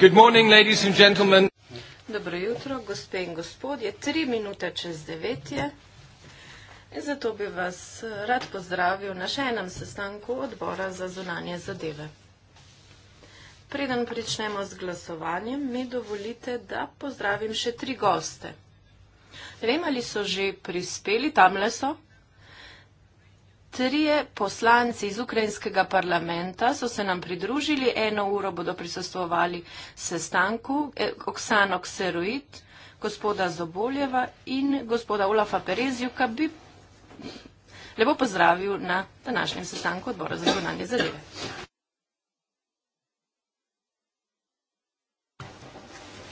Good morning, ladies and gentlemen. Dobro jutro, gospe in gospodje. Tri minute čez devet je. In zato bi vas rad pozdravil na še enem sestanku odbora za zunanje zadeve. Preden pričnemo z glasovanjem, mi dovolite, da pozdravim še tri goste. Ne vem, ali so že prispeli, tam le so. Trije poslanci iz ukrajinskega parlamenta so se nam pridružili, eno uro bodo prisostovali sestanku e, Oksano Kseruit, gospoda Zoboljeva in gospoda Olafa Perezjuka bi lepo pozdravil na današnjem sestanku odbora za zunanje zadeve.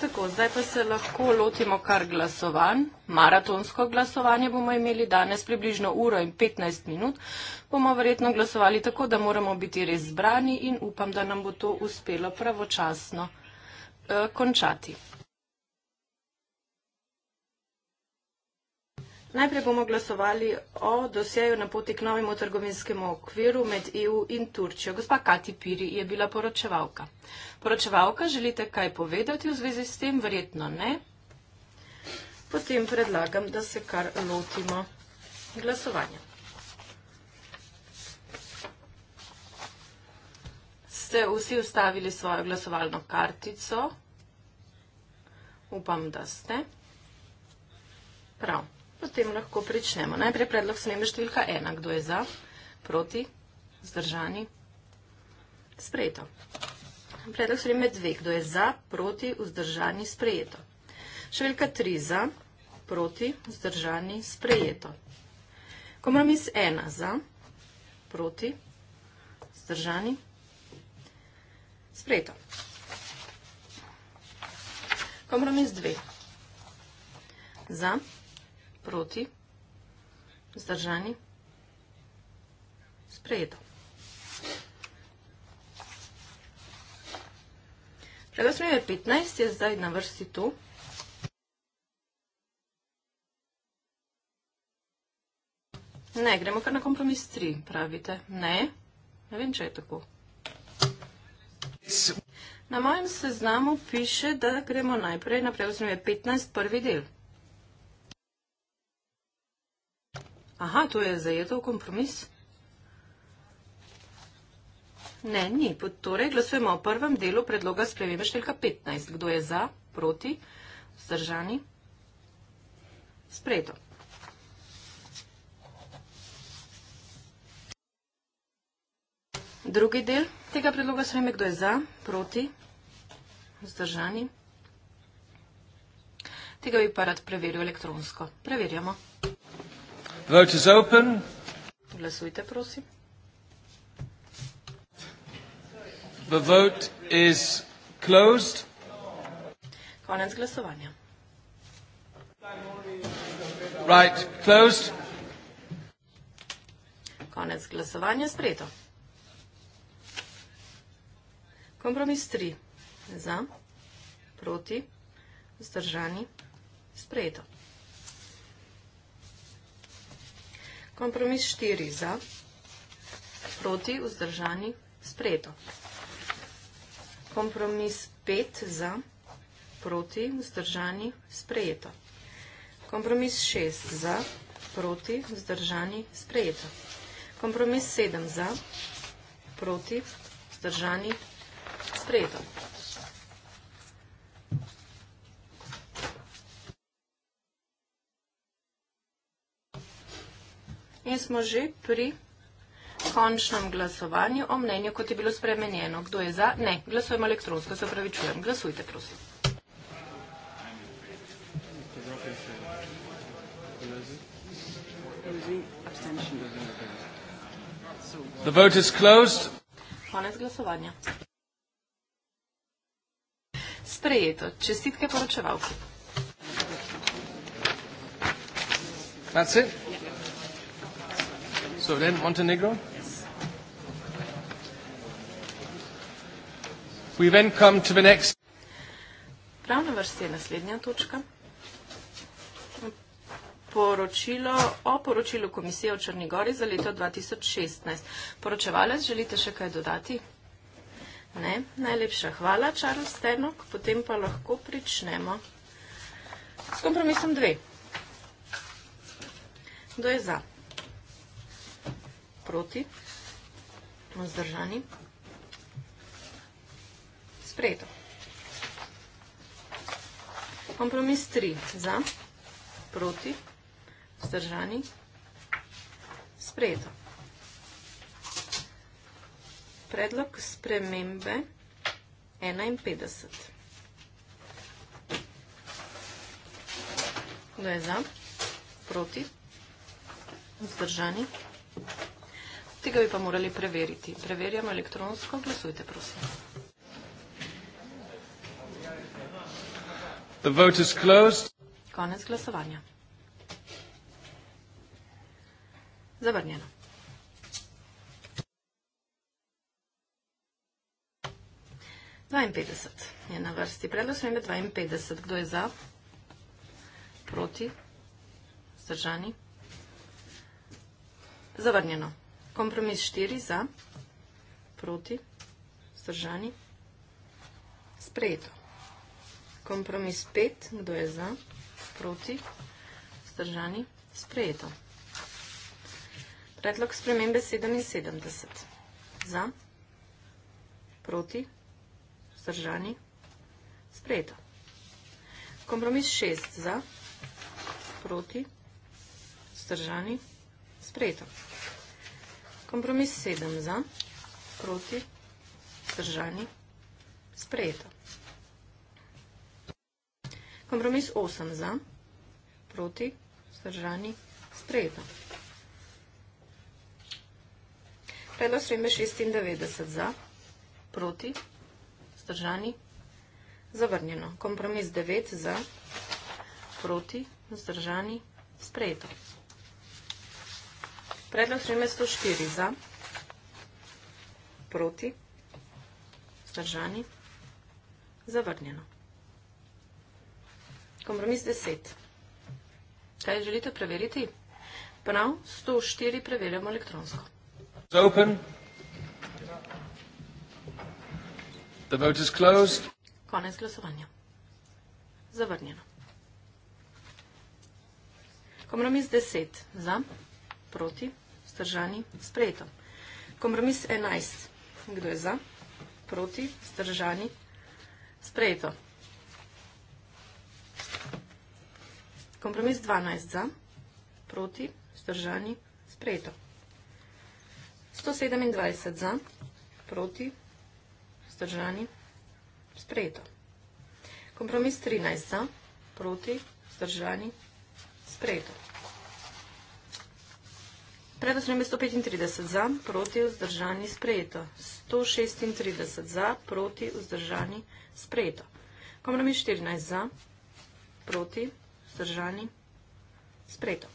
Tako, zdaj pa se lahko lotimo kar glasovanj. Maratonsko glasovanje bomo imeli danes približno uro in 15 minut. Bomo verjetno glasovali tako, da moramo biti res zbrani in upam, da nam bo to uspelo pravočasno eh, končati. Najprej bomo glasovali o dosjeju na poti k novemu trgovinskemu okviru med EU in Turčijo. Gospa Kati Piri je bila poročevalka. Poročevalka, želite kaj povedati v zvezi s tem? Verjetno ne. Potem predlagam, da se kar lotimo glasovanja. Ste vsi ustavili svojo glasovalno kartico? Upam, da ste. Prav potem lahko pričnemo. Najprej predlog snembe številka ena. Kdo je za, proti, vzdržani, sprejeto. Predlog snembe dve. Kdo je za, proti, vzdržani, sprejeto. Številka tri za, proti, vzdržani, sprejeto. Kompromis ena za, proti, vzdržani, sprejeto. Kompromis dve. Za, proti, vzdržani, sprejeto. Proti. Zdržani. Sprejeto. Prega smjeve 15 je zdaj na vrsti tu. Ne, gremo kar na kompromis 3, pravite. Ne, ne vem, če je tako. Na mojem seznamu piše, da gremo najprej na prega smjeve 15 prvi del. Aha, to je zajetov kompromis. Ne, ni. Torej, glasujemo o prvem delu predloga spremembe številka 15. Kdo je za, proti, vzdržani? Sprejeto. Drugi del tega predloga spremembe, kdo je za, proti, vzdržani? Tega bi pa rad preveril elektronsko. Preverjamo. Vote is open. Glasujte, prosim. The vote is closed. Konec glasovanja. Right, closed. Konec glasovanja sprejeto. Kompromis 3. Za, proti, vzdržani, sprejeto. Kompromis 4 za, proti, vzdržani, sprejeto. Kompromis 5 za, proti, vzdržani, sprejeto. Kompromis 6 za, proti, vzdržani, sprejeto. Kompromis 7 za, proti, vzdržani, sprejeto. In smo že pri končnem glasovanju o mnenju, kot je bilo spremenjeno. Kdo je za? Ne, glasujemo elektronsko, se pravi čujem. Glasujte, prosim. The vote is closed. Konec glasovanja. Sprejeto. Čestitke poročevalki. That's it. Slovenija, Montenegro. Pravna vrsta je naslednja točka. Poročilo o poročilu Komisije o Črnigori za leto 2016. Poročevalec, želite še kaj dodati? Ne? Najlepša hvala, Charles Tenok. Potem pa lahko pričnemo s kompromisom dve. Kdo je za? proti, vzdržani. Sprejeto. Kompromis 3. Za, proti, vzdržani. Sprejeto. Predlog spremembe 51. Kdo je za, proti, vzdržani. Sprejeto tistega bi pa morali preveriti. Preverjamo elektronsko, glasujte prosim. The vote is closed. Konec glasovanja. Zavrnjeno. Dvainpetdeset je na vrsti. Predlog sprejme dvainpetdeset. Kdo je za? Proti? Zdržani? Zavrnjeno. Kompromis 4 za, proti, vzdržani, sprejeto. Kompromis 5, kdo je za, proti, vzdržani, sprejeto. Predlog spremembe 77. Za, proti, vzdržani, sprejeto. Kompromis 6 za, proti, vzdržani, sprejeto. Sprejeto. Kompromis 7 za, proti, vzdržani, sprejeto. Kompromis 8 za, proti, vzdržani, sprejeto. Predlog sprejme 96 za, proti, vzdržani, zavrnjeno. Kompromis 9 za, proti, vzdržani, sprejeto. Kompromis 9 za, proti, vzdržani, sprejeto. Predlog sprejme 104 za, proti, vzdržani, zavrnjeno. Kompromis 10. Kaj želite preveriti? Prav 104 preverjamo elektronsko. The vote is closed. Konec glasovanja. Zavrnjeno. Kompromis 10 za proti, vzdržani, sprejeto. Kompromis 11. Kdo je za, proti, vzdržani, sprejeto. Kompromis 12. Za, proti, vzdržani, sprejeto. 127. Za, proti, vzdržani, sprejeto. Kompromis 13. Za, proti, vzdržani, sprejeto. Predlog sprejme 135 za, proti vzdržani sprejeto. 136 za, proti vzdržani sprejeto. Komorami 14 za, proti vzdržani sprejeto.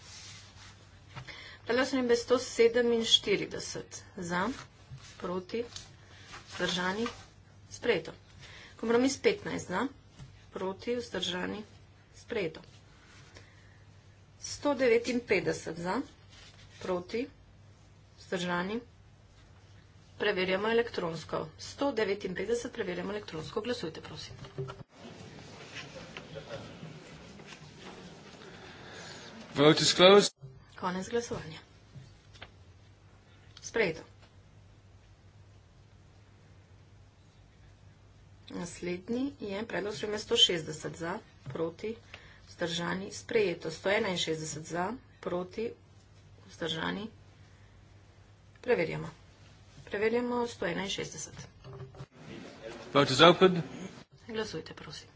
Predlog sprejme 147 za, proti vzdržani sprejeto. Komorami 15 za, proti vzdržani sprejeto. 159 za, proti vzdržani sprejeto proti, vzdržani. Preverjamo elektronsko. 159 preverjamo elektronsko. Glasujte, prosim. Vote is closed. Konec glasovanja. Sprejeto. Naslednji je predlog sprejme 160 za, proti, vzdržani, sprejeto. 161 za, proti, zdržani. Preverjamo. Preverjamo 161. Vote is open. Glasujte, prosim.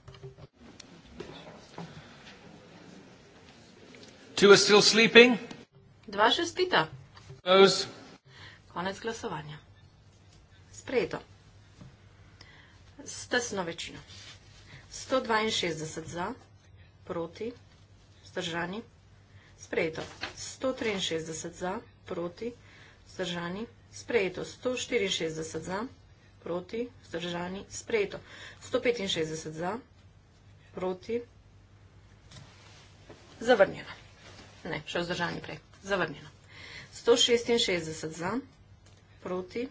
Two are still sleeping. Dva še spita. Close. Konec glasovanja. Sprejeto. Stesno večino. 162 za, proti, zdržani. Sprejeto. 163 za, proti, vzdržani. Sprejeto. 164 za, proti, vzdržani. Sprejeto. 165 za, proti, zavrnjeno. Ne, še vzdržani prej. Zavrnjeno. 166 za, proti,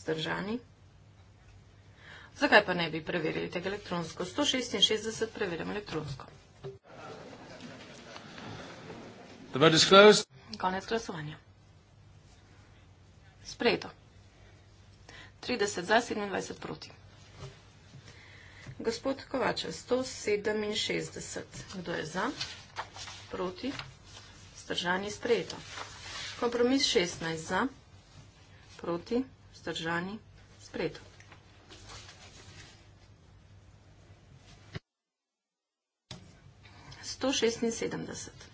vzdržani. Zakaj pa ne bi preverili tega elektronsko? 166 preverjamo elektronsko. 166. Konec glasovanja. Sprejeto. 30 za, 27 proti. Gospod Kovače, 167. Kdo je za? Proti. Stržanje sprejeto. Kompromis 16 za. Proti. Stržanje sprejeto. 176.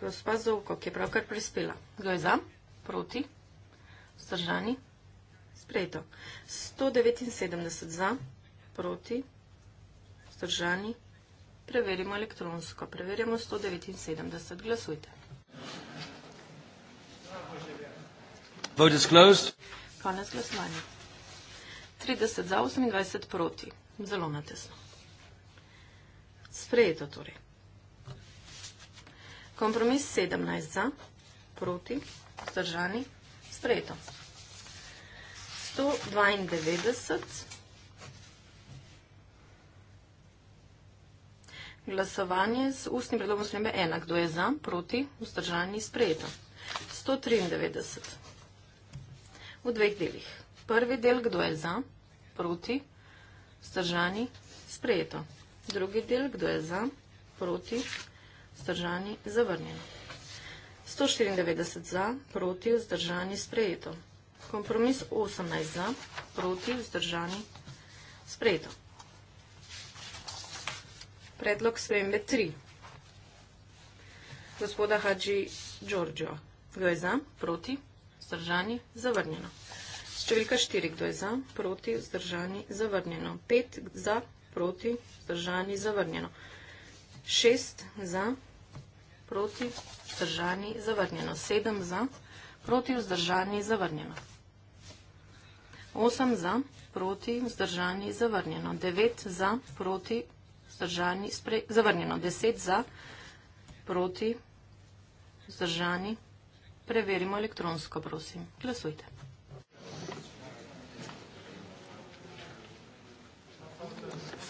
Gospa Zovko, ki je pravkar prispela. Kdo je za? Proti? Vzdržani? Sprejeto. 179 za, proti, vzdržani. Preverimo elektronsko. Preverjamo 179. Glasujte. Vote is closed. Konec glasovanja. 30 za, 28 proti. Zelo natesno. Sprejeto torej. Kompromis 17 za, proti, vzdržani, sprejeto. 192 glasovanje z ustnim predlogom spremembe 1. Kdo je za, proti, vzdržani, sprejeto. 193 v dveh delih. Prvi del, kdo je za, proti, vzdržani, sprejeto. Drugi del, kdo je za, proti, vzdržani, sprejeto vzdržani, zavrnjeno. 194 za, proti, vzdržani, sprejeto. Kompromis 18 za, proti, vzdržani, sprejeto. Predlog spremembe 3. Gospoda Hadži Giorgio. Kdo je za, proti, vzdržani, zavrnjeno. Številka 4. Kdo je za, proti, vzdržani, zavrnjeno. 5. Za, proti, vzdržani, zavrnjeno. 6. Za, proti, vzdržani, zavrnjeno. 7 za, proti, vzdržani, zavrnjeno. 8 za, proti, vzdržani, zavrnjeno. 9 za, proti, vzdržani, zavrnjeno. 10 za, proti, vzdržani, preverimo elektronsko, prosim. Glasujte.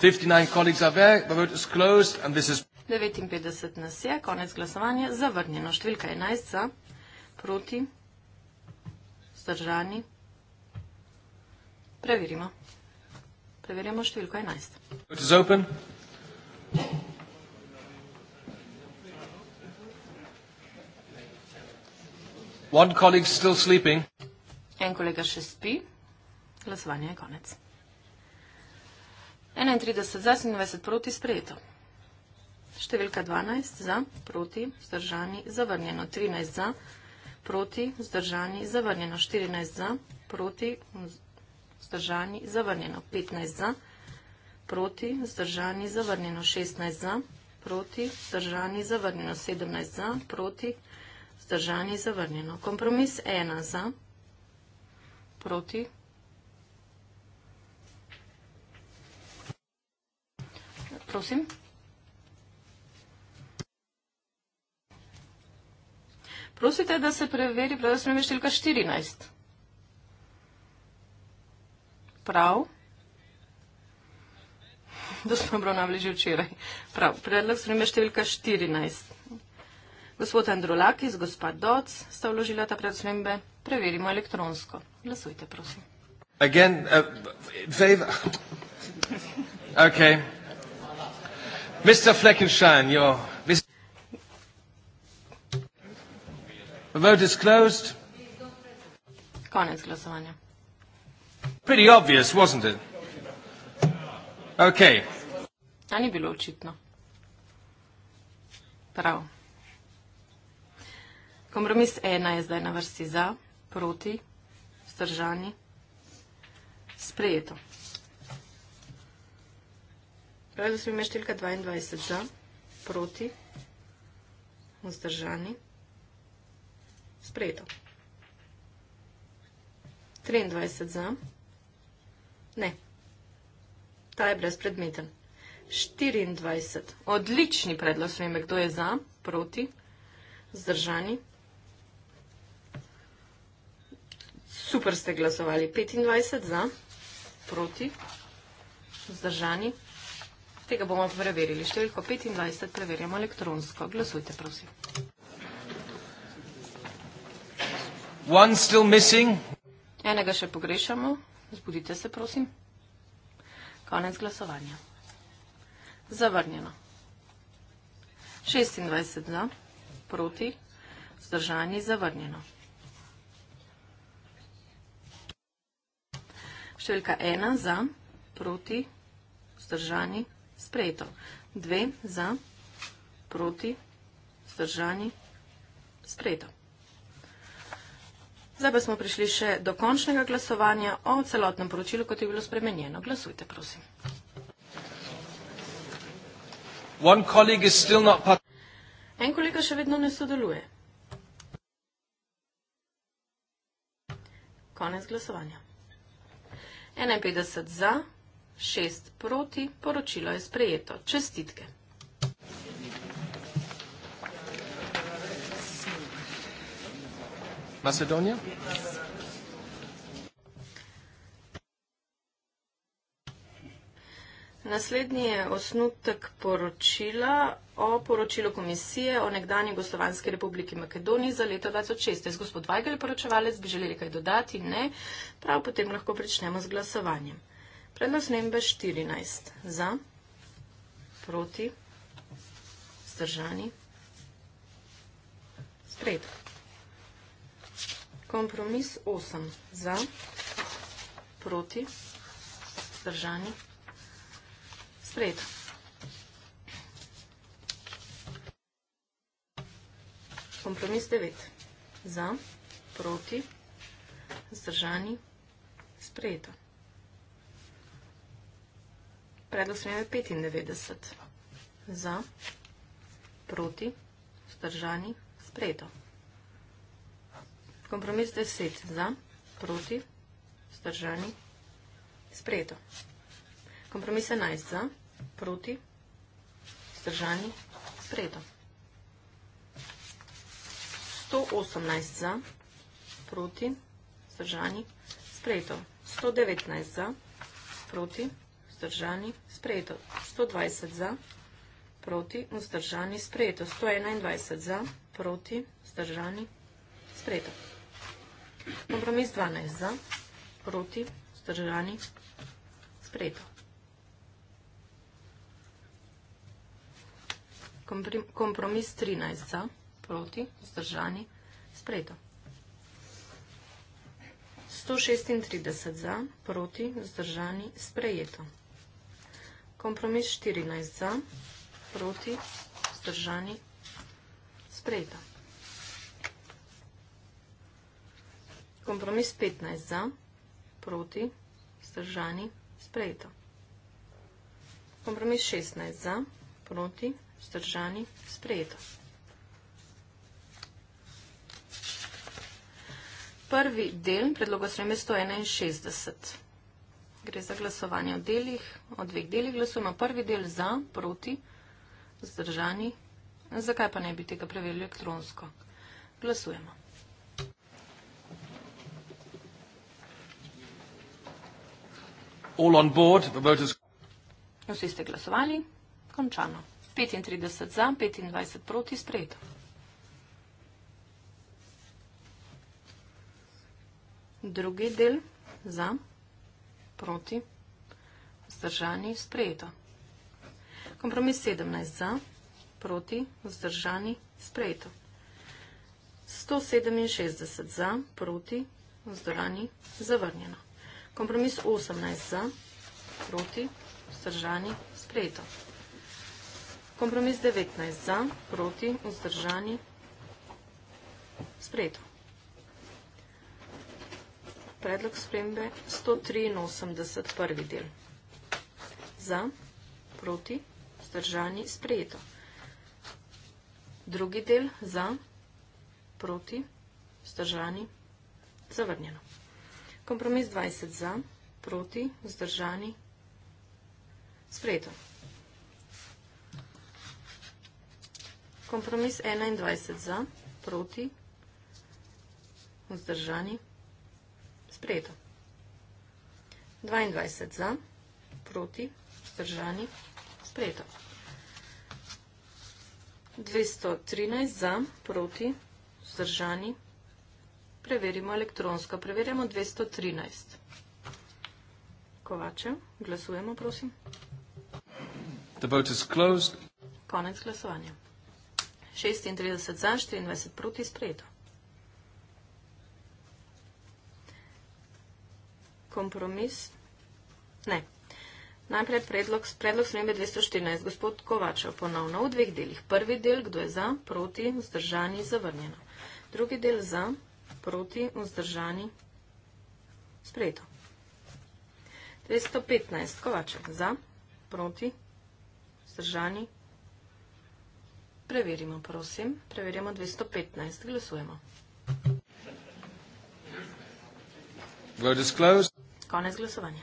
Fifty-nine colleagues are there. The vote is closed, and this is. 59 nas je, konec glasovanja, zavrnjeno. Številka 11 za, proti, zdržani. Preverimo. Preverjamo številko 11. It is open. One colleague still sleeping. En kolega še spi. Glasovanje je konec. 31 za, 27 proti, sprejeto. Številka 12 za, proti, zdržani, zavrnjeno. 13 za, proti, zdržani, zavrnjeno. 14 za, proti, zdržani, zavrnjeno. 15 za, proti, zdržani, zavrnjeno. 16 za, proti, zdržani, zavrnjeno. 17 za, proti, zdržani, zavrnjeno. Kompromis 1 za, proti. Prosim. Prosim. Prosite, da se preveri, prav, da smo imeli številka 14. Prav. Da smo obravnavali že včeraj. Prav, predlog sprememe številka 14. Gospod Androlakis, gospod Doc sta vložila ta predlog spremembe. Preverimo elektronsko. Glasujte, prosim. Again, uh, favor. Okay. Mr. Fleckenstein, you're The vote is closed. Konec glasovanja. Pretty obvious, wasn't it? Okay. A ni bilo očitno. Prav. Kompromis ena je zdaj na vrsti za, proti, vzdržani, sprejeto. Pravi, da smo imeli številka 22 za, proti, vzdržani, sprejeto. Sprejeto. 23 za. Ne. Ta je brezpredmeten. 24. Odlični predlog, vem, kdo je za, proti, zdržani. Super ste glasovali. 25 za, proti, zdržani. Tega bomo preverili. Številko 25 preverjamo elektronsko. Glasujte, prosim. One still missing. Enega še pogrešamo. Zbudite se, prosim. Konec glasovanja. Zavrnjeno. 26 za, proti, vzdržani, zavrnjeno. Številka 1 za, proti, vzdržani, sprejeto. 2 za, proti, vzdržani, sprejeto. Zdaj pa smo prišli še do končnega glasovanja o celotnem poročilu, kot je bilo spremenjeno. Glasujte, prosim. En kolega še vedno ne sodeluje. Konec glasovanja. 51 za, 6 proti, poročilo je sprejeto. Čestitke. Macedonia? Naslednji je osnutek poročila o poročilu komisije o nekdani Goslovanske republiki Makedoniji za leto 2006. Gospod Vajgel, poročevalec, bi želeli kaj dodati? Ne. Prav potem lahko pričnemo z glasovanjem. Predlog snembe 14. Za? Proti? Zdržani? Sprejeto. Kompromis 8. Za, proti, zdržani, spred. Kompromis 9. Za, proti, zdržani, sprejeto. Predlog smeme 95. Za, proti, zdržani, sprejeto. Kompromis 10 za, proti, vzdržani, sprejeto. Kompromis 11 za, proti, vzdržani, sprejeto. 118 za, proti, vzdržani, sprejeto. 119 za, proti, vzdržani, sprejeto. 120 za, proti, vzdržani, sprejeto. 121 za, proti, vzdržani, sprejeto. Kompromis 12 za, proti, zdržani, sprejeto. Kompromis 13 za, proti, zdržani, sprejeto. 136 za, proti, zdržani, sprejeto. Kompromis 14 za, proti, zdržani, sprejeto. Kompromis 15 za, proti, vzdržani, sprejeto. Kompromis 16 za, proti, vzdržani, sprejeto. Prvi del predloga sreme 161. Gre za glasovanje o delih, o dveh delih glasujemo. Prvi del za, proti, vzdržani. Zakaj pa ne bi tega preverili elektronsko? Glasujemo. All on board, the voters. Vsi ste glasovali, končano. 35 za, 25 proti, sprejeto. Drugi del za, proti, vzdržani, sprejeto. Kompromis 17 za, proti, vzdržani, sprejeto. 167 za, proti, vzdržani, zavrnjeno. Kompromis 18 za, proti, vzdržani, sprejeto. Kompromis 19 za, proti, vzdržani, sprejeto. Predlog spremembe 183 prvi del. Za, proti, vzdržani, sprejeto. Drugi del za, proti, vzdržani, zavrnjeno. Kompromis 20 za, proti, vzdržani, sprejeto. Kompromis 21 za, proti, vzdržani, sprejeto. 22 za, proti, vzdržani, sprejeto. 213 za, proti, vzdržani, sprejeto preverimo elektronsko. Preverjamo 213. Kovačem, glasujemo, prosim. The vote is closed. Konec glasovanja. 36 za, 24 proti sprejeto. Kompromis? Ne. Najprej predlog, predlog sprembe 214. Gospod Kovačev, ponovno v dveh delih. Prvi del, kdo je za, proti, zdržani, zavrnjeno. Drugi del za, proti, vzdržani, sprejeto. 215, kovaček, za, proti, vzdržani, preverimo, prosim, preverimo 215, glasujemo. Vote is closed. Konec glasovanja.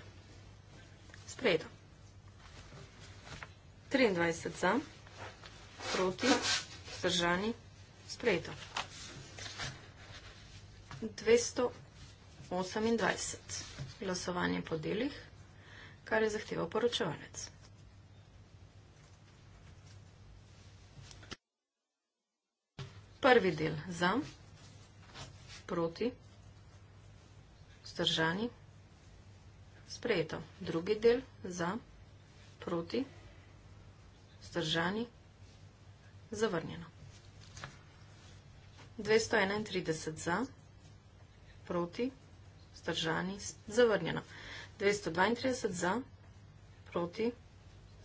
Sprejeto. 23 za, proti, vzdržani, sprejeto. 228. Glasovanje po delih, kar je zahteval poročevalec. Prvi del za, proti, vzdržani, sprejeto. Drugi del za, proti, vzdržani, zavrnjeno. 231 za, proti, vzdržani, zavrnjeno. 231 za, proti, vzdržani, zavrnjeno. 232 za, proti,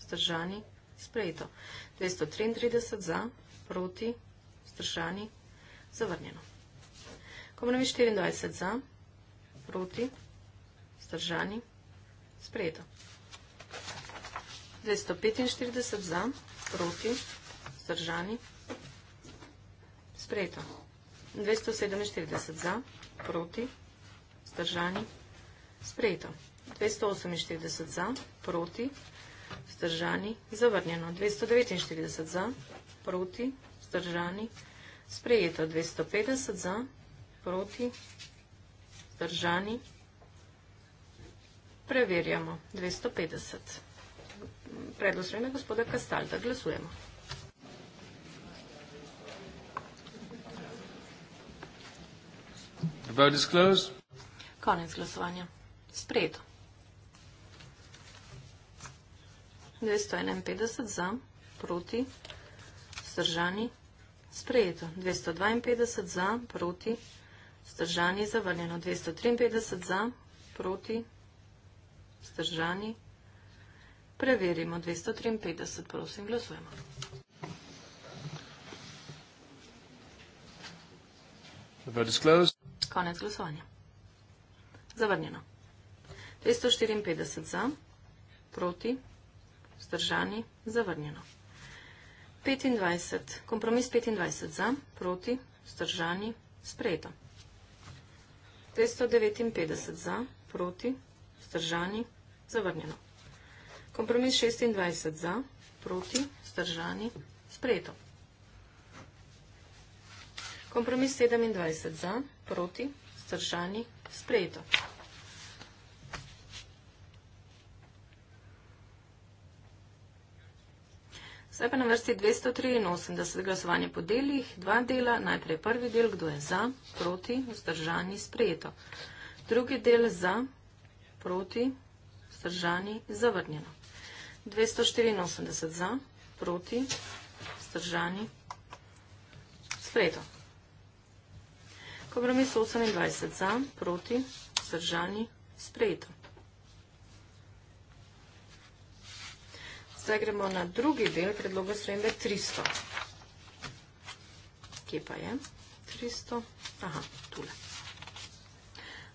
vzdržani, sprejeto. 233 za, proti, vzdržani, zavrnjeno. Komunovi 24 za, proti, vzdržani, sprejeto. 245 za, proti, vzdržani, sprejeto. 247 za, proti, vzdržani, sprejeto proti, vzdržani, sprejeto. 248 za, proti, vzdržani, zavrnjeno. 249 za, proti, vzdržani, sprejeto. 250 za, proti, vzdržani, preverjamo. 250. Predlog gospoda Kastalda. Glasujemo. The vote is closed. Konec glasovanja. Spredo. 251 za, proti, stržani, sprejeto. 252 za, proti, stržani, zavrnjeno. 253 za, proti, stržani, preverimo. 253, prosim, glasujemo. The vote is closed. Konec glasovanja. Zavrnjeno. 254 za, proti, vzdržani, zavrnjeno. 25, kompromis 25 za, proti, vzdržani, sprejeto. 259 za, proti, vzdržani, zavrnjeno. Kompromis 26 za, proti, vzdržani, sprejeto. Kompromis 27 za, proti, stržani, sprejeto. Zdaj pa na vrsti 283 glasovanje po delih, dva dela, najprej prvi del, kdo je za, proti, vzdržani, sprejeto. Drugi del za, proti, vzdržani, zavrnjeno. 284 za, proti, vzdržani, sprejeto. Kompromis 28 za, proti, vzdržani, sprejeto. Zdaj gremo na drugi del predloga spremembe 300. Kje pa je? 300. Aha, tule.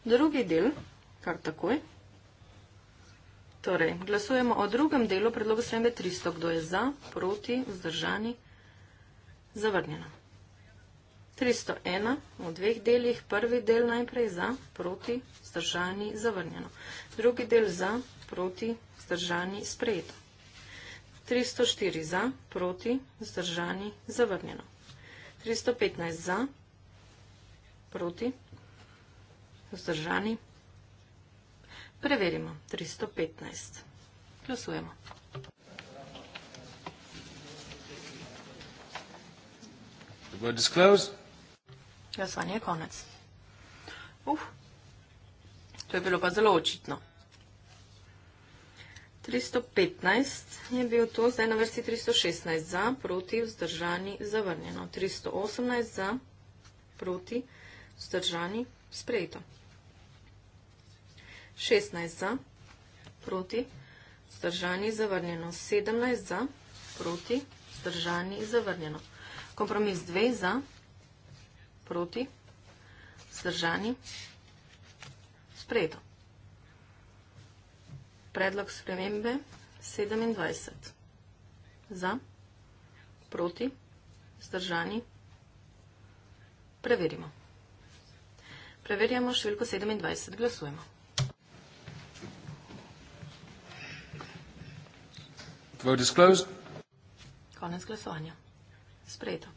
Drugi del, kar takoj. Torej, glasujemo o drugem delu predloga spremembe 300. Kdo je za, proti, vzdržani, zavrnjeno. 301 v dveh delih, prvi del najprej za, proti, zdržani, zavrnjeno. Drugi del za, proti, zdržani, sprejeto. 304 za, proti, zdržani, zavrnjeno. 315 za, proti, zdržani. Preverimo. 315. Glasujemo. The vote is closed. Jasanje je konec. Uf, to je bilo pa zelo očitno. 315 je bil to, zdaj na vrsti 316 za, proti, vzdržani, zavrnjeno. 318 za, proti, vzdržani, sprejeto. 16 za, proti, vzdržani, zavrnjeno. 17 za, proti, vzdržani, zavrnjeno. Kompromis 2 za, proti, vzdržani, zavrnjeno proti, zdržani, sprejeto. Predlog spremembe 27. Za, proti, zdržani, preverimo. Preverjamo številko 27, glasujemo. Vote is closed. Konec glasovanja. Sprejeto.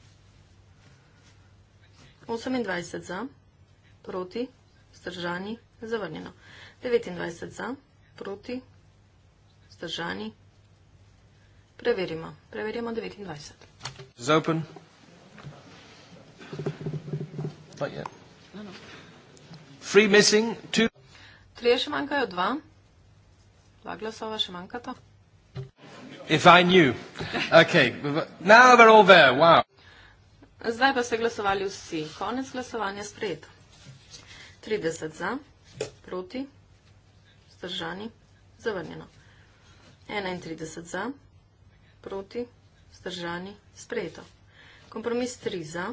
28 za, proti, vzdržani, zavrnjeno. 29 za, proti, vzdržani, preverimo. Preverimo 29. Zopen. Three missing, two. Trije še manjkajo dva. Dva glasova še manjkata. If I knew. Okay, now they're all there, wow. Zdaj pa ste glasovali vsi. Konec glasovanja sprejeto. 30 za, proti, zdržani, zavrnjeno. 31 za, proti, zdržani, sprejeto. Kompromis 3 za,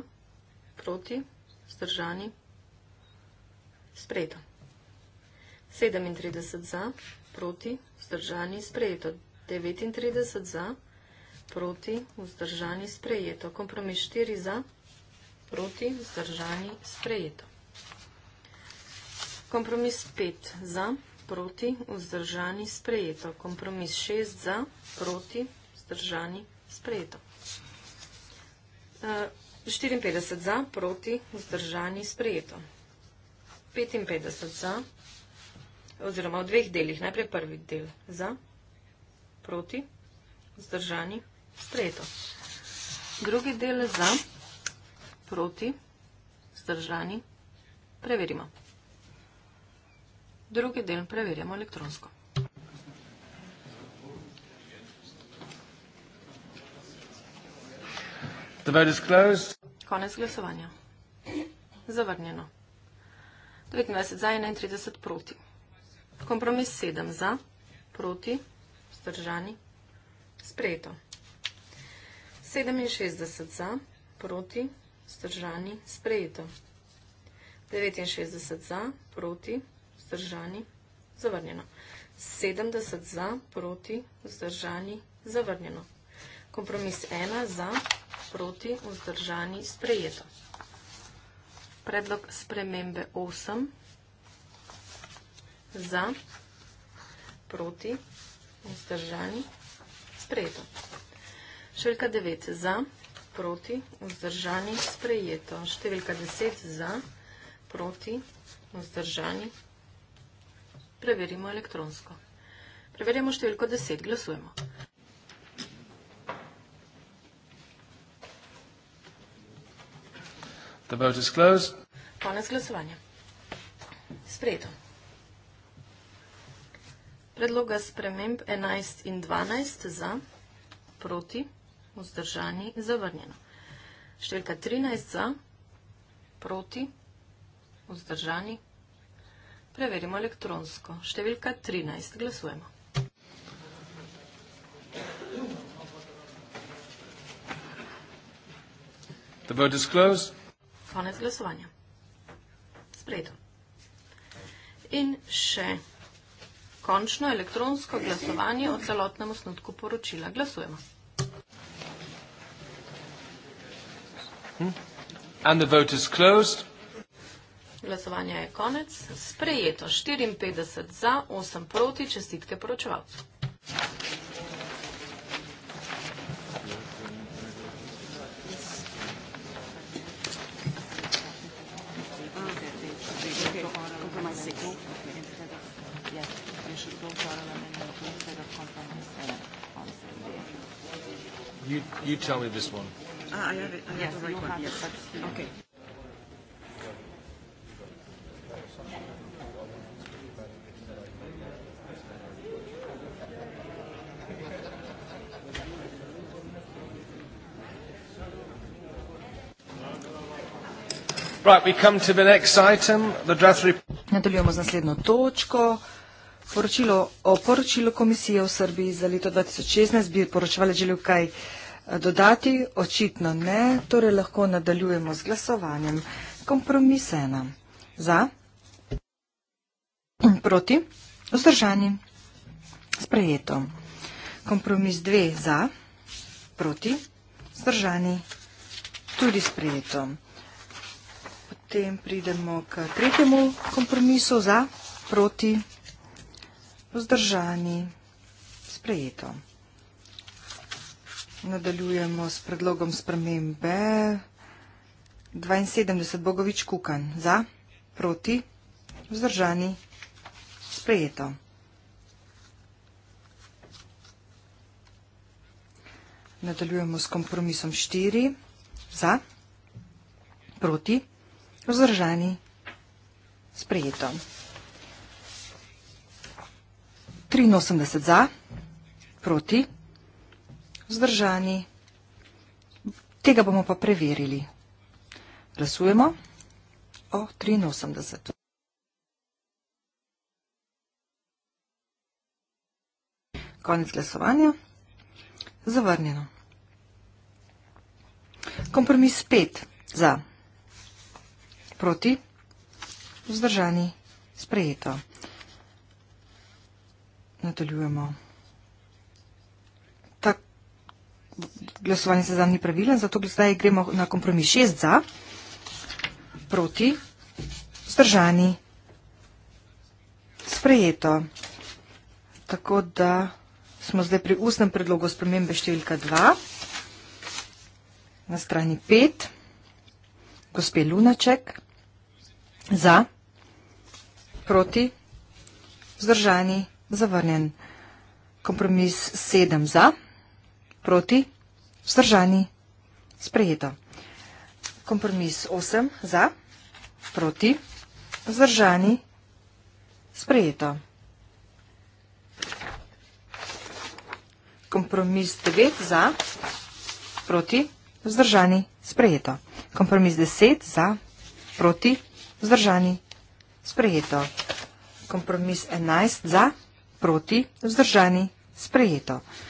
proti, zdržani, sprejeto. 37 za, proti, zdržani, sprejeto. 39 za, proti, zdržani, sprejeto proti, vzdržani, sprejeto. Kompromis 4 za, proti, vzdržani, sprejeto. Kompromis 5 za, proti, vzdržani, sprejeto. Kompromis 6 za, proti, vzdržani, sprejeto. 54 e, za, proti, vzdržani, sprejeto. 55 za, oziroma v dveh delih, najprej prvi del za, proti, vzdržani, sprejeto sprejeto. Drugi del za, proti, zdržani, preverimo. Drugi del preverjamo elektronsko. The vote is closed. Konec glasovanja. Zavrnjeno. 19 za, 31 proti. Kompromis 7 za, proti, zdržani, sprejeto. 67 za, proti, vzdržani, sprejeto. 69 za, proti, vzdržani, zavrnjeno. 70 za, proti, vzdržani, zavrnjeno. Kompromis 1 za, proti, vzdržani, sprejeto. Predlog spremembe 8 za, proti, vzdržani, sprejeto. Sprejeto. Številka 9 za, proti, vzdržani, sprejeto. Številka 10 za, proti, vzdržani. Preverimo elektronsko. Preverjamo številko 10. Glasujemo. The vote is closed. Konec glasovanja. Sprejeto. Predloga sprememb 11 in 12 za, proti, vzdržani vzdržani, zavrnjeno. Številka 13 za, proti, vzdržani, preverimo elektronsko. Številka 13, glasujemo. The vote is closed. Konec glasovanja. Sprejeto. In še končno elektronsko glasovanje o celotnem osnutku poročila. Glasujemo. Glasujemo. Hmm? And the vote is closed. Glasovanje je konec. Sprejeto 54 za, 8 proti. Čestitke poročevalcu. You, you tell me this one. Ah, I have it. I yes, have you have yes. it. Okay. Right, we come to the next item, the draft Nadaljujemo z naslednjo točko. Poročilo o poročilu komisije v Srbiji za leto 2016 bi poročevali želju kaj dodati? Očitno ne, torej lahko nadaljujemo z glasovanjem. Kompromis ena. Za? Proti? Vzdržani? Sprejeto. Kompromis dve. Za? Proti? Vzdržani? Tudi sprejeto. Potem pridemo k tretjemu kompromisu. Za? Proti? Vzdržani? Sprejeto. Sprejeto. Nadaljujemo s predlogom spremembe. 72, Bogovič Kukan. Za, proti, vzdržani, sprejeto. Nadaljujemo s kompromisom 4. Za, proti, vzdržani, sprejeto. 83 za, proti, vzdržani, sprejeto vzdržani. Tega bomo pa preverili. Glasujemo o 83. Konec glasovanja. Zavrnjeno. Kompromis 5. Za. Proti. Vzdržani. Sprejeto. Nadaljujemo. glasovanje se zdaj ni pravilen, zato zdaj gremo na kompromis. Šest za, proti, zdržani, sprejeto. Tako da smo zdaj pri ustnem predlogu spremembe številka 2 na strani 5. Gospe Lunaček, za, proti, zdržani, zavrnjen. Kompromis 7 za, proti, zdržani. Vzdržani. Sprejeto. Kompromis 8 za, proti, vzdržani. Sprejeto. Kompromis 9 za, proti, vzdržani. Sprejeto. Kompromis 10 za, proti, vzdržani. Sprejeto. Kompromis 11 za, proti, vzdržani. Sprejeto. Sprejeto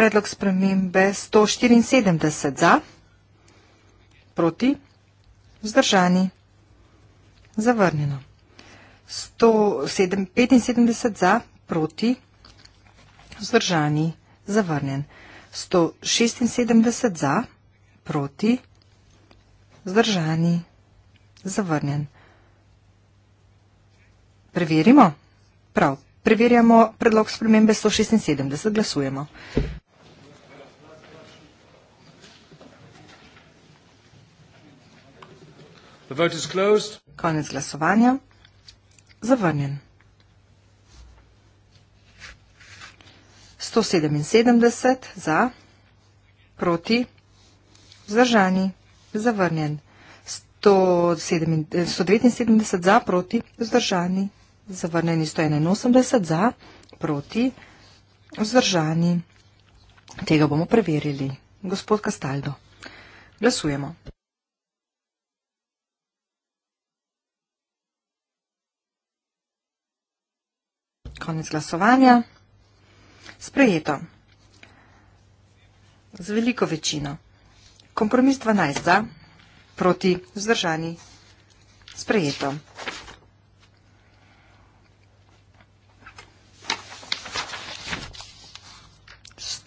predlog spremembe 174 za, proti, vzdržani, zavrnjeno. 175 za, proti, vzdržani, zavrnjen. 176 za, proti, vzdržani, zavrnjen. Preverimo? Prav. Preverjamo predlog spremembe 176. Glasujemo. Konec glasovanja. Zavrnjen. 177 za, proti, vzdržani, zavrnjen. 179 za, proti, vzdržani, zavrnjeni. 181 za, proti, vzdržani. Tega bomo preverili. Gospod Kastaldo. Glasujemo. Konec glasovanja. Sprejeto. Z veliko večino. Kompromis 12 za, proti zdržani. Sprejeto.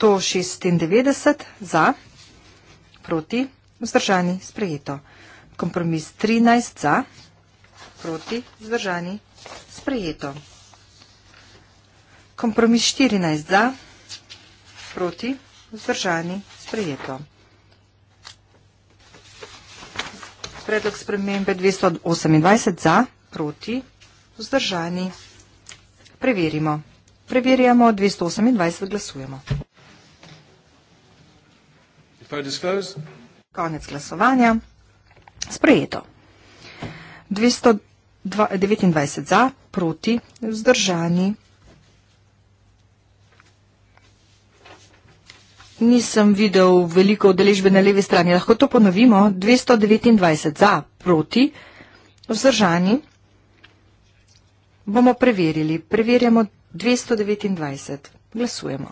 To 96 za, proti, vzdržani, sprejeto. Kompromis 13 za, proti, vzdržani, sprejeto. Kompromis 14 za, proti, vzdržani, sprejeto. Predlog spremembe 228 za, proti, vzdržani. Preverimo. Preverjamo 228, glasujemo. Konec glasovanja. Sprejeto. 229 za, proti, vzdržani, nisem videl veliko udeležbe na levi strani. Lahko to ponovimo. 229 za, proti, vzdržani. Bomo preverili. Preverjamo 229. Glasujemo.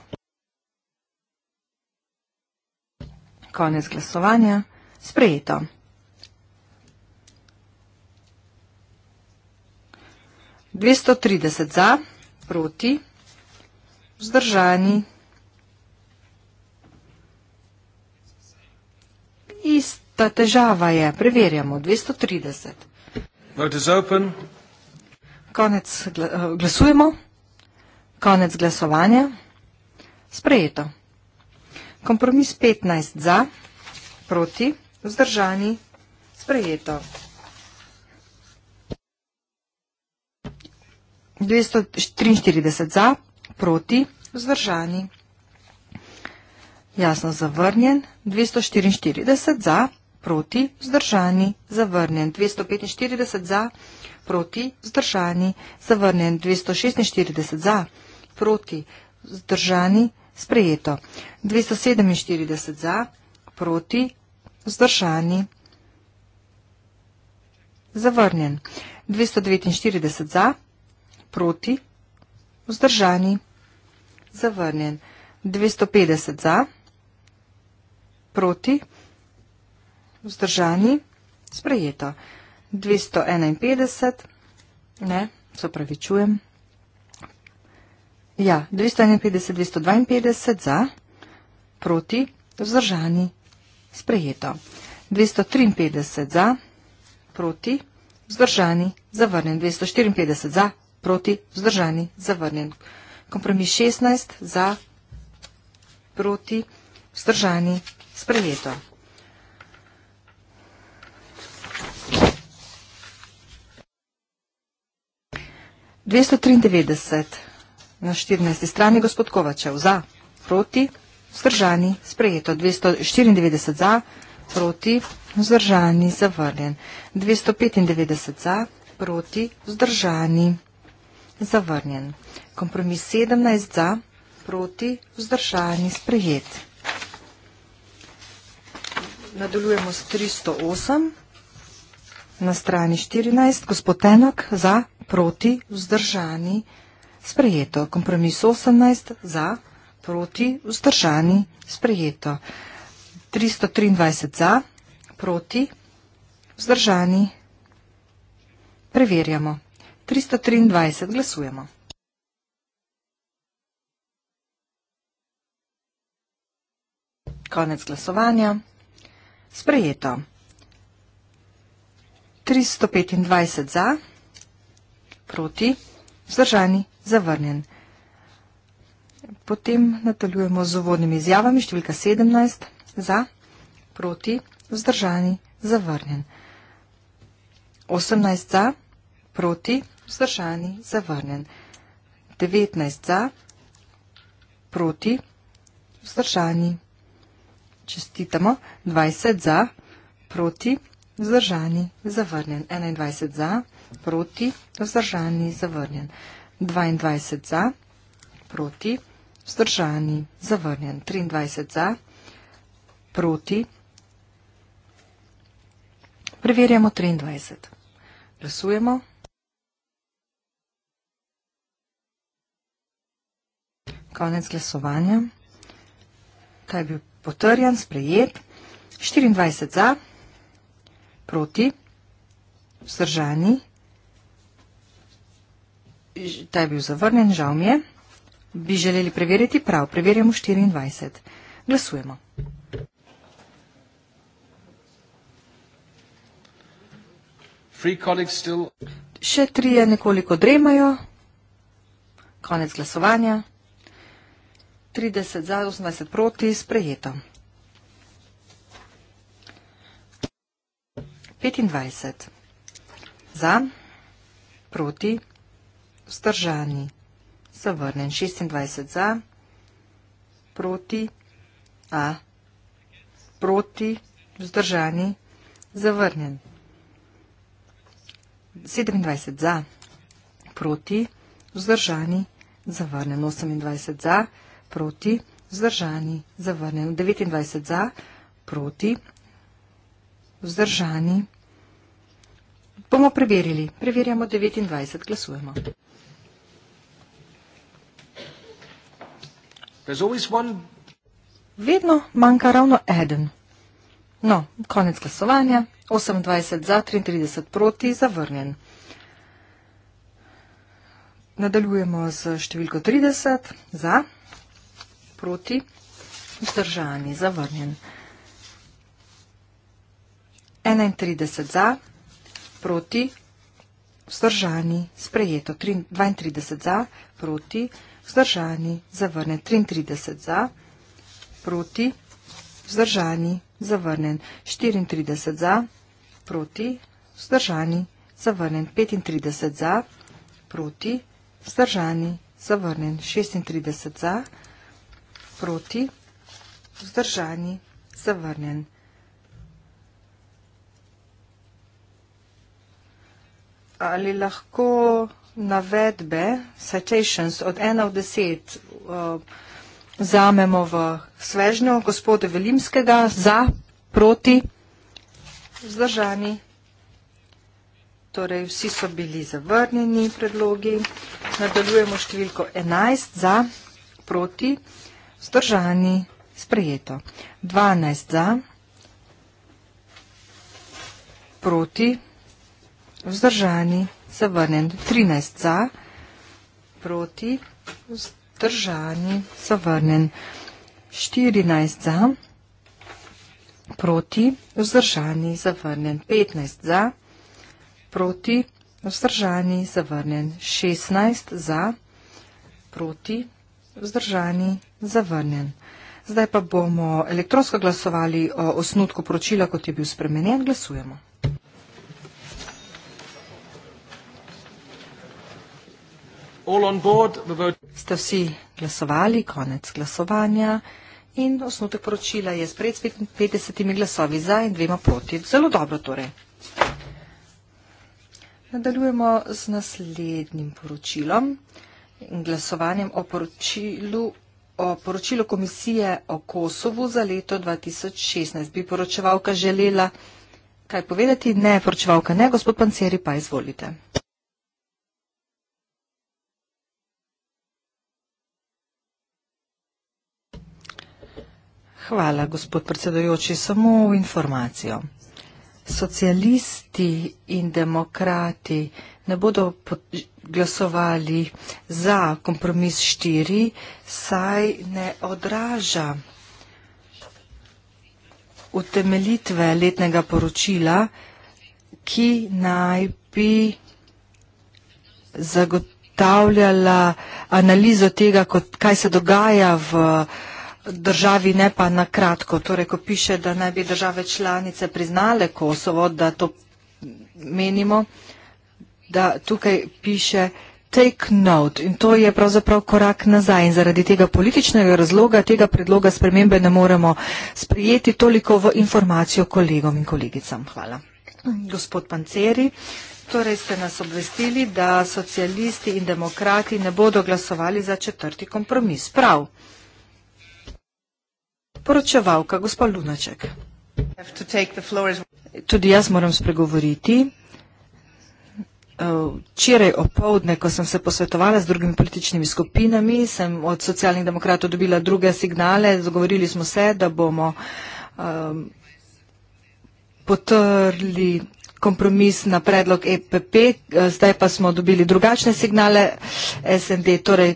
Konec glasovanja. Sprejeto. Dvesto trideset za, proti, vzdržani. ista težava je. Preverjamo. 230. Konec gl eh, glasujemo. Konec glasovanja. Sprejeto. Kompromis 15 za, proti, vzdržani, sprejeto. 243 za, proti, vzdržani jasno zavrnjen, 244 za, proti, zdržani, zavrnjen, 245 za, proti, zdržani, zavrnjen, 246 za, proti, zdržani, sprejeto, 247 za, proti, zdržani, zavrnjen, 249 za, proti, zdržani, zavrnjen, 250 za, proti, zdržani, zavrnjen, 250 za, proti, vzdržani, sprejeto. 251, ne, se pravi čujem. Ja, 251, 252 za, proti, vzdržani, sprejeto. 253 za, proti, vzdržani, zavrnjen. 254 za, proti, vzdržani, zavrnjen. Kompromis 16 za, proti, vzdržani, sprejeto. Dvesto triindevetdeset na štirinajsti strani gospod Kovačev za, proti, vzdržani, sprejeto. Dvesto štiriindevetdeset za, proti, vzdržani, zavrnjen. Dvesto petindevetdeset za, proti, vzdržani, zavrnjen. Kompromis sedemnajst za, proti, vzdržani, sprejeto. Nadaljujemo s 308 na strani 14. Gospod Tenak za proti vzdržani sprejeto. Kompromis 18 za proti vzdržani sprejeto. 323 za proti vzdržani. Preverjamo. 323 glasujemo. Konec glasovanja. Sprejeto. 325 za, proti, vzdržani, zavrnjen. Potem nadaljujemo z uvodnimi izjavami, številka 17, za, proti, vzdržani, zavrnjen. 18 za, proti, vzdržani, zavrnjen. 19 za, proti, vzdržani, zavrnjen čestitamo 20 za, proti, vzdržani, zavrnjen. 21 za, proti, vzdržani, zavrnjen. 22 za, proti, vzdržani, zavrnjen. 23 za, proti. Preverjamo 23. Glasujemo. Konec glasovanja. Kaj je bil potrjen, sprejet, 24 za, proti, vzdržani, ta je bil zavrnen, žal mi je, bi želeli preveriti prav, preverjamo 24, glasujemo. Še trije nekoliko dremajo. Konec glasovanja. 30 za, 18 proti, sprejeto. 25 za, proti, vzdržani, zavrnen. 26 za, proti, a, proti, vzdržani, zavrnen. 27 za, proti, vzdržani, zavrnen. 28 za, proti, vzdržani, zavrnen proti, vzdržani, zavrnjen. 29 za, proti, vzdržani. Bomo preverili. Preverjamo 29. Glasujemo. Vedno manjka ravno eden. No, konec glasovanja. 28 za, 33 proti, zavrnjen. Nadaljujemo z številko 30 za proti, vzdržani, zavrnjen. 31 za, proti, vzdržani, sprejeto. 32 za, proti, vzdržani, zavrnjen. 33 za, proti, vzdržani, zavrnjen. 34 za, proti, vzdržani, zavrnjen. 35 za, proti, vzdržani, zavrnjen. 36 za, proti, vzdržani, zavrnjen. 36 za, proti, vzdržani, zavrnjen. 36 za, proti, vzdržani, zavrnjen proti, vzdržani, zavrnjen. Ali lahko navedbe, citations od 1 v 10 eh, zamemo v svežnjo gospode Velimskega za, proti, vzdržani. Torej, vsi so bili zavrnjeni predlogi. Nadaljujemo številko 11 za, proti, vzdržani vzdržani, sprejeto. 12 za, proti, vzdržani, zavrnjen. 13 za, proti, vzdržani, zavrnjen. 14 za, proti, vzdržani, zavrnjen. 15 za, proti, vzdržani, zavrnjen. 16 za, proti, vzdržani, zavrnjen. Vzdržani, zavrnjen. Zdaj pa bomo elektronsko glasovali o osnutku poročila, kot je bil spremenjen. Glasujemo. Board, Ste vsi glasovali, konec glasovanja in osnutek poročila je s 55 glasovi za in dvema proti. Zelo dobro torej. Nadaljujemo z naslednjim poročilom glasovanjem o poročilu, o poročilu komisije o Kosovu za leto 2016. Bi poročevalka želela kaj povedati? Ne, poročevalka ne, gospod Panceri pa izvolite. Hvala, gospod predsedojoči. Samo v informacijo. Socialisti in demokrati ne bodo glasovali za kompromis 4, saj ne odraža utemeljitve letnega poročila, ki naj bi zagotavljala analizo tega, kot, kaj se dogaja v državi, ne pa na kratko. Torej, ko piše, da naj bi države članice priznale Kosovo, da to menimo, da tukaj piše take note in to je pravzaprav korak nazaj in zaradi tega političnega razloga tega predloga spremembe ne moremo sprijeti toliko v informacijo kolegom in kolegicam. Hvala. Gospod Panceri. Torej ste nas obvestili, da socialisti in demokrati ne bodo glasovali za četrti kompromis. Prav. Poročevalka, gospod Lunaček. Tudi jaz moram spregovoriti. Eh, včeraj opovdne, ko sem se posvetovala z drugimi političnimi skupinami, sem od socialnih demokratov dobila druge signale, zagovorili smo se, da bomo ehm, potrli kompromis na predlog EPP, eh, zdaj pa smo dobili drugačne signale SND. Torej,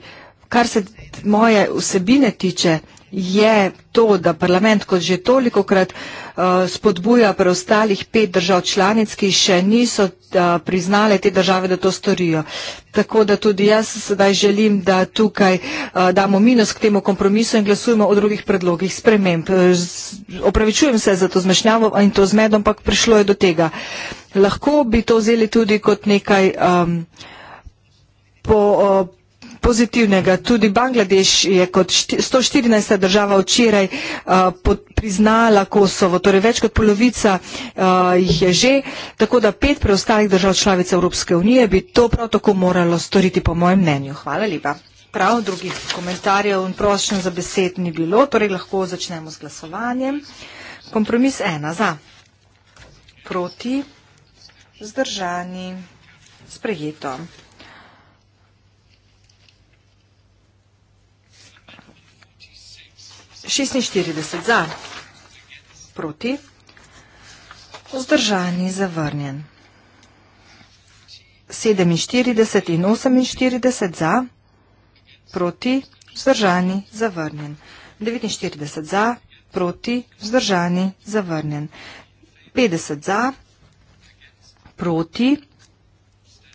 kar se moje vsebine tiče, je to, da parlament kot že tolikokrat uh, spodbuja preostalih pet držav članic, ki še niso uh, priznale te države, da to storijo. Tako da tudi jaz sedaj želim, da tukaj uh, damo minus k temu kompromisu in glasujemo o drugih predlogih sprememb. Opravičujem se za to zmešnjavo in to zmedom, ampak prišlo je do tega. Lahko bi to vzeli tudi kot nekaj um, po. Uh, pozitivnega. Tudi Bangladeš je kot 114. država včeraj uh, priznala Kosovo, torej več kot polovica uh, jih je že, tako da pet preostalih držav članic Evropske unije bi to prav tako moralo storiti, po mojem mnenju. Hvala lepa. Prav drugih komentarjev in prošen za besed ni bilo, torej lahko začnemo z glasovanjem. Kompromis ena za, proti, zdržani, sprejeto. 46 za, proti, vzdržani, zavrnjen. 47 in 48 za, proti, vzdržani, zavrnjen. 49 za, proti, vzdržani, zavrnjen. 50 za, proti,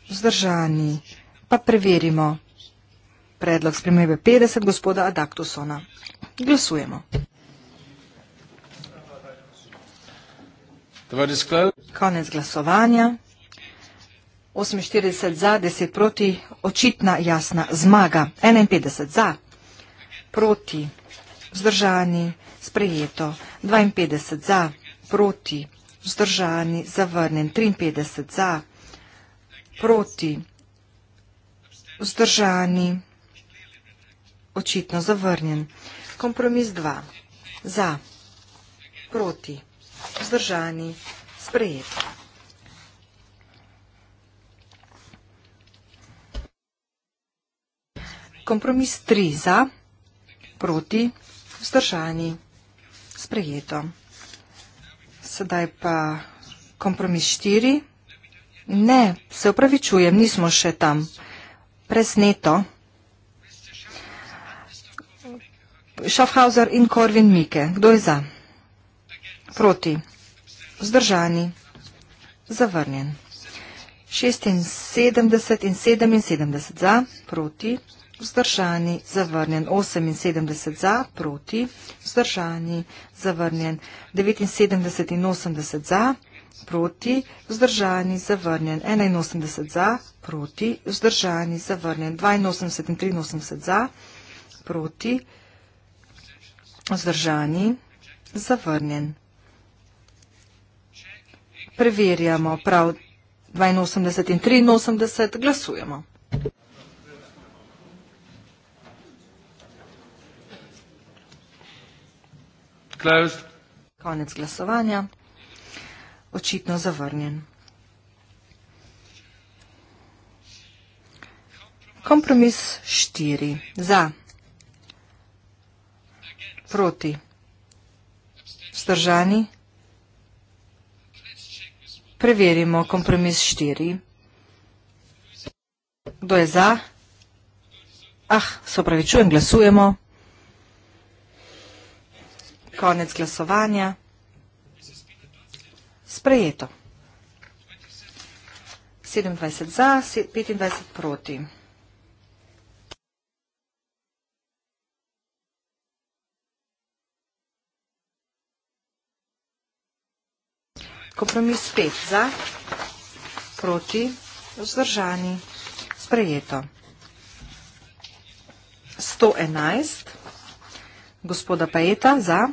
vzdržani. Pa preverimo predlog spremljive 50 gospoda Adaktusona. Glasujemo. Konec glasovanja. 48 za, 10 proti, očitna jasna zmaga. 51 za, proti, vzdržani, sprejeto. 52 za, proti, vzdržani, zavrnen. 53 za, proti, vzdržani, vzdržani očitno zavrnjen. Kompromis 2. Za. Proti. Vzdržani. Sprejet. Kompromis 3. Za. Proti. Vzdržani. Sprejeto. Sedaj pa kompromis 4. Ne, se upravičujem, nismo še tam. Presneto. Schaffhauser in Korvin Mike. Kdo je za? Proti. Zdržani. Zavrnjen. 76 in 77 za, proti, vzdržani, zavrnjen, 78 za, proti, vzdržani, zavrnjen, 79 in 80 za, proti, vzdržani, zavrnjen, 81 za, proti, vzdržani, zavrnjen, 82 in 83 za, proti, vzdržani, zavrnjen vzdržani, zavrnjen. Preverjamo prav 82 in 83, glasujemo. Closed. Konec glasovanja. Očitno zavrnjen. Kompromis štiri. Za proti. Stržani, preverimo kompromis štiri. Kdo je za? Ah, se pravi, čujem, glasujemo. Konec glasovanja. Sprejeto. 27 za, 25 proti. kompromis 5 za, proti, vzdržani, sprejeto. 111, gospoda Pajeta za,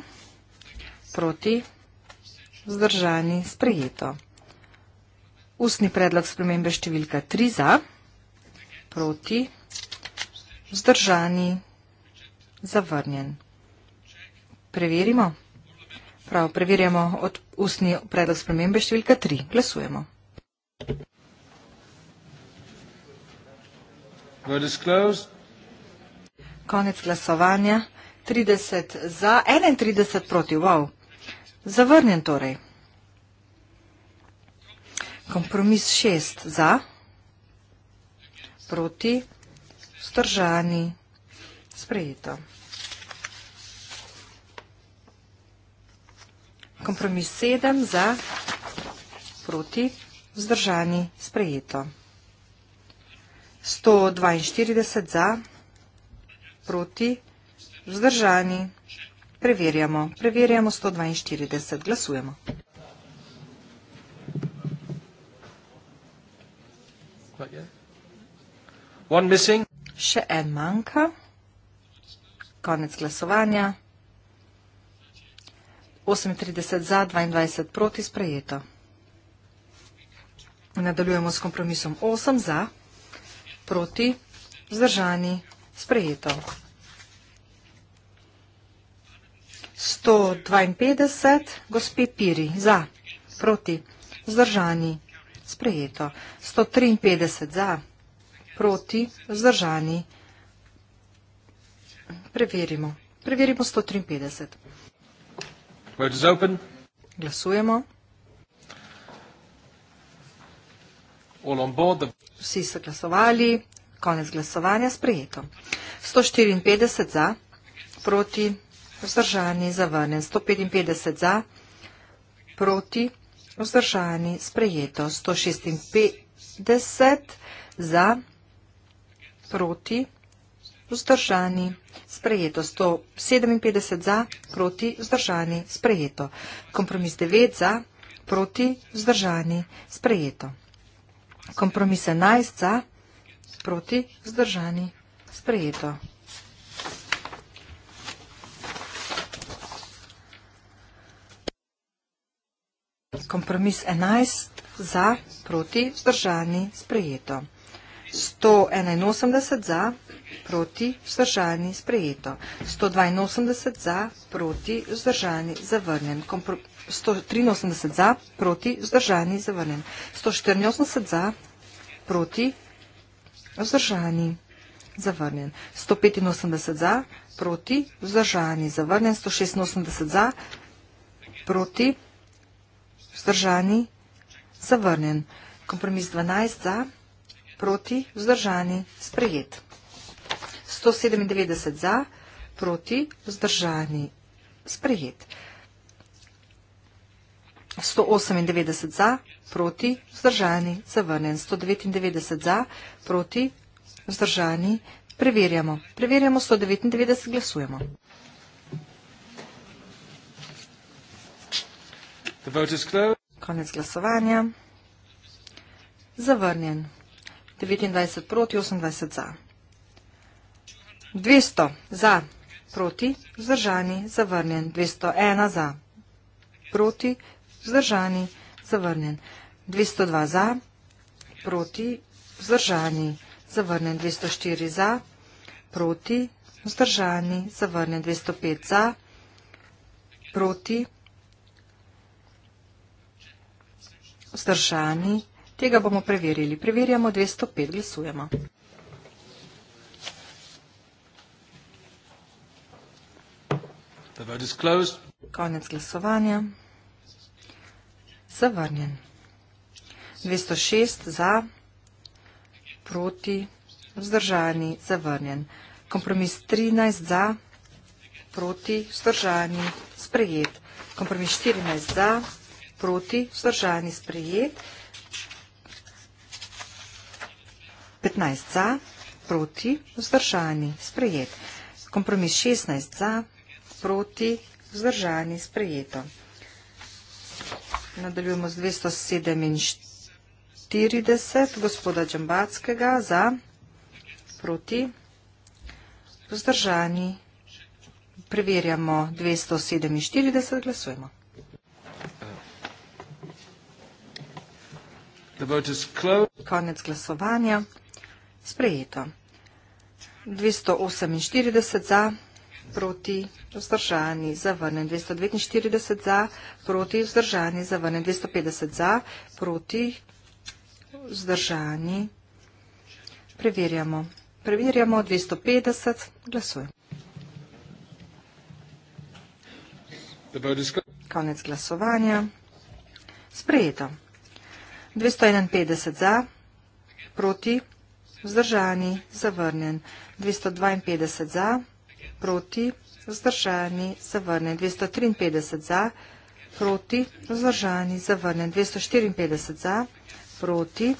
proti, vzdržani, sprejeto. Ustni predlog spremembe številka 3 za, proti, vzdržani, zavrnjen. Preverimo. Prav, preverjamo od ustni predlog spremembe številka 3. Glasujemo. Konec glasovanja. 30 za, 31 proti. Wow. Zavrnjen torej. Kompromis 6 za, proti, stržani, sprejeto. Kompromis sedem za, proti, vzdržani, sprejeto. 142 za, proti, vzdržani, preverjamo, preverjamo 142, glasujemo. Še en manjka, konec glasovanja. 38 za, 22 proti sprejeto. Nadaljujemo s kompromisom 8 za, proti, vzdržani, sprejeto. 152, gospe Piri, za, proti, vzdržani, sprejeto. 153 za, proti, vzdržani, preverimo. Preverimo 153. Vote is open. Glasujemo. All on board the... Vsi so glasovali. Konec glasovanja sprejeto. 154 za, proti, vzdržani, zavrnen. 155 za, proti, vzdržani, sprejeto. 156 za, proti, vzdržani vzdržani, sprejeto 157 za, proti vzdržani, sprejeto. Kompromis 9 za, proti vzdržani, sprejeto. Kompromis 11 za, proti vzdržani, sprejeto. Kompromis 11 za, proti vzdržani, sprejeto. 181 za, proti vzdržani, sprejeto proti, vzdržani, sprejeto. 182 za, proti, vzdržani, zavrnem. 183 za, proti, vzdržani, zavrnem. 184 za, proti, vzdržani, zavrnem. 185 za, proti, vzdržani, zavrnem. 186 za, proti, vzdržani, zavrnem. Kompromis 12 za, proti, vzdržani, sprejeto. 197 za, proti, vzdržani, sprejet. 198 za, proti, vzdržani, zavrnen. 199 za, proti, vzdržani, preverjamo. Preverjamo 199, glasujemo. Konec glasovanja. Zavrnjen. 29 proti, 28 za. 200 za, proti, vzdržani, zavrnjen. 201 za, proti, vzdržani, zavrnjen. 202 za, proti, vzdržani, zavrnjen. 204 za, proti, vzdržani, zavrnjen. 205 za, proti, vzdržani. Tega bomo preverili. Preverjamo 205, glasujemo. Konec glasovanja. Zavrnjen. 206 za, proti, vzdržani, zavrnjen. Kompromis 13 za, proti, vzdržani, sprejet. Kompromis 14 za, proti, vzdržani, sprejet. 15 za, proti, vzdržani, sprejet. Kompromis 16 za, proti, vzdržani, sprejet proti, vzdržani, sprejeto. Nadaljujemo z 247 gospoda Džambackega za, proti, vzdržani, preverjamo 247, glasujemo. Konec glasovanja, sprejeto. 248 za, proti, vzdržani, sprejeto proti vzdržani, zavrnjen 249 za, proti vzdržani, zavrnjen 250 za, proti vzdržani. Preverjamo. Preverjamo 250. Glasujem. Konec glasovanja. Sprejeto. 251 za, proti vzdržani, zavrnjen 252 za, proti vzdržani proti, vzdržani, zavrne 253 za, proti, vzdržani, zavrne 254 za, proti,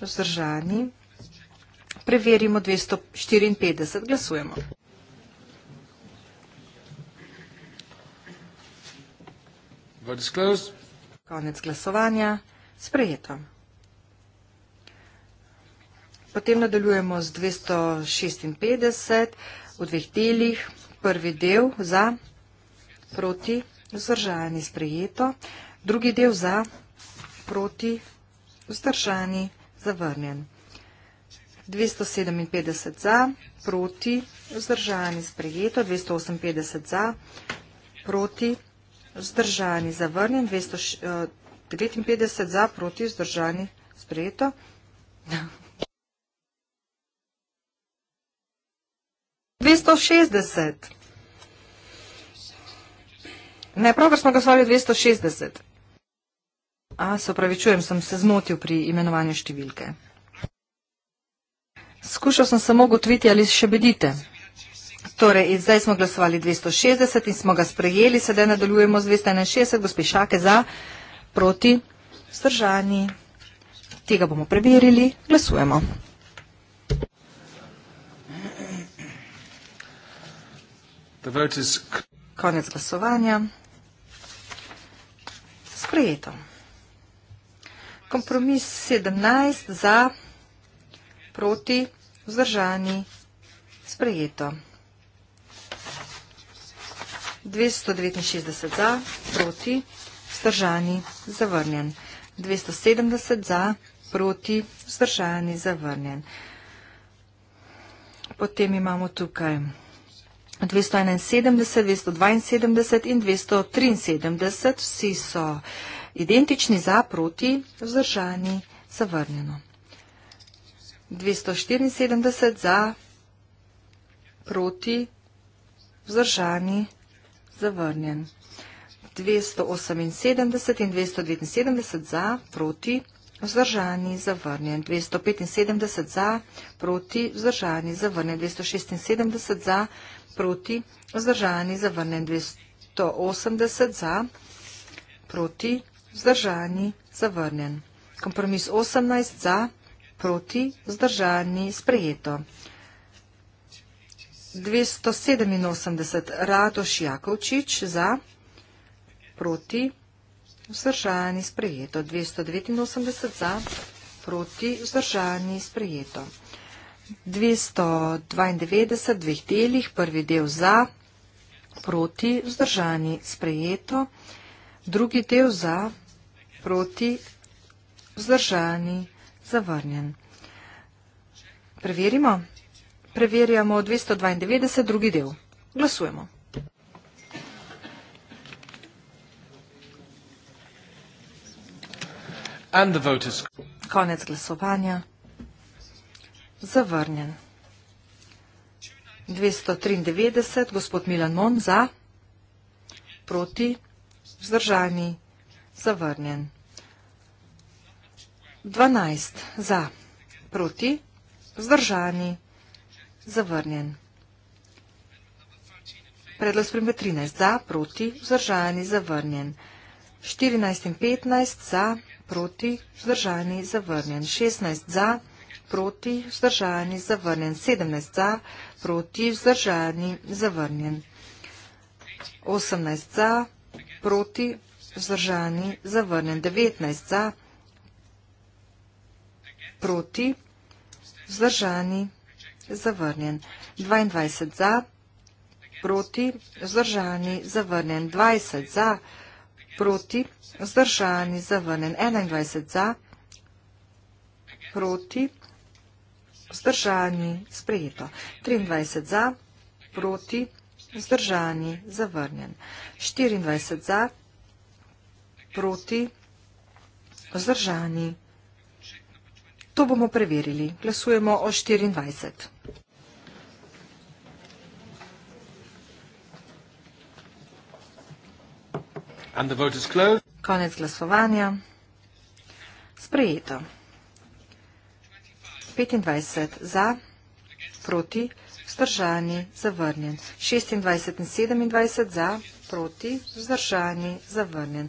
vzdržani, preverimo 254, glasujemo. Konec glasovanja, sprejeto. Potem nadaljujemo z 256 v dveh delih. Prvi del za, proti, vzdržani, sprejeto. Drugi del za, proti, vzdržani, zavrnjen. 257 za, proti, vzdržani, sprejeto. 258 za, proti, vzdržani, zavrnjen. 259 eh, za, proti, vzdržani, sprejeto. 260. Ne, pravkar smo glasovali 260. A, se opravičujem, sem se zmotil pri imenovanju številke. Skušal sem samo ugotoviti, ali še bedite. Torej, zdaj smo glasovali 260 in smo ga sprejeli, sedaj nadaljujemo z 261, gospe Šake, za, proti, vzdržani. Tega bomo preverili, glasujemo. Konec glasovanja. Sprejeto. Kompromis 17 za, proti, vzdržani. Sprejeto. 269 za, proti, vzdržani, zavrnjen. 270 za, proti, vzdržani, zavrnjen. Potem imamo tukaj 271, 272 in 273. Vsi so identični za, proti, vzdržani, zavrnjeno. 274 za, proti, vzdržani, zavrnjen. 278 in 279 za, proti, vzdržani vzdržani, zavrnjen 275 za, proti vzdržani, zavrnjen 276 za, proti vzdržani, zavrnjen 280 za, proti vzdržani, zavrnjen. Kompromis 18 za, proti vzdržani, sprejeto. 287 Ratoš Jakovčič za, proti vzdržani vzdržani sprejeto, 289 za, proti vzdržani sprejeto. 292 dveh delih, prvi del za, proti vzdržani sprejeto, drugi del za, proti vzdržani zavrnjen. Preverimo. Preverjamo 292 drugi del. Glasujemo. And the voters. Konec glasovanja. Zavrnjen. 293, gospod Milan Mon, za, proti, vzdržani, zavrnjen. 12, za, proti, vzdržani, zavrnjen. Predlog spremembe 13, za, proti, vzdržani, zavrnjen. 14 in 15, za, proti, vzdržani, zavrnjen. 16 za, proti, vzdržani, zavrnjen. 17 za, proti, vzdržani, zavrnjen. 18 za, proti, vzdržani, zavrnjen. 19 za, proti, vzdržani, zavrnjen. 22 za, proti, vzdržani, zavrnjen. 20 za, proti, proti, vzdržani, zavrnen, 21 za, proti, vzdržani, sprejeto, 23 za, proti, vzdržani, zavrnen, 24 za, proti, vzdržani, to bomo preverili, glasujemo o 24. Konec glasovanja. Sprejeto. 25 za, proti, vzdržani, zavrnjen. 26 in 27 za, proti, vzdržani, zavrnjen.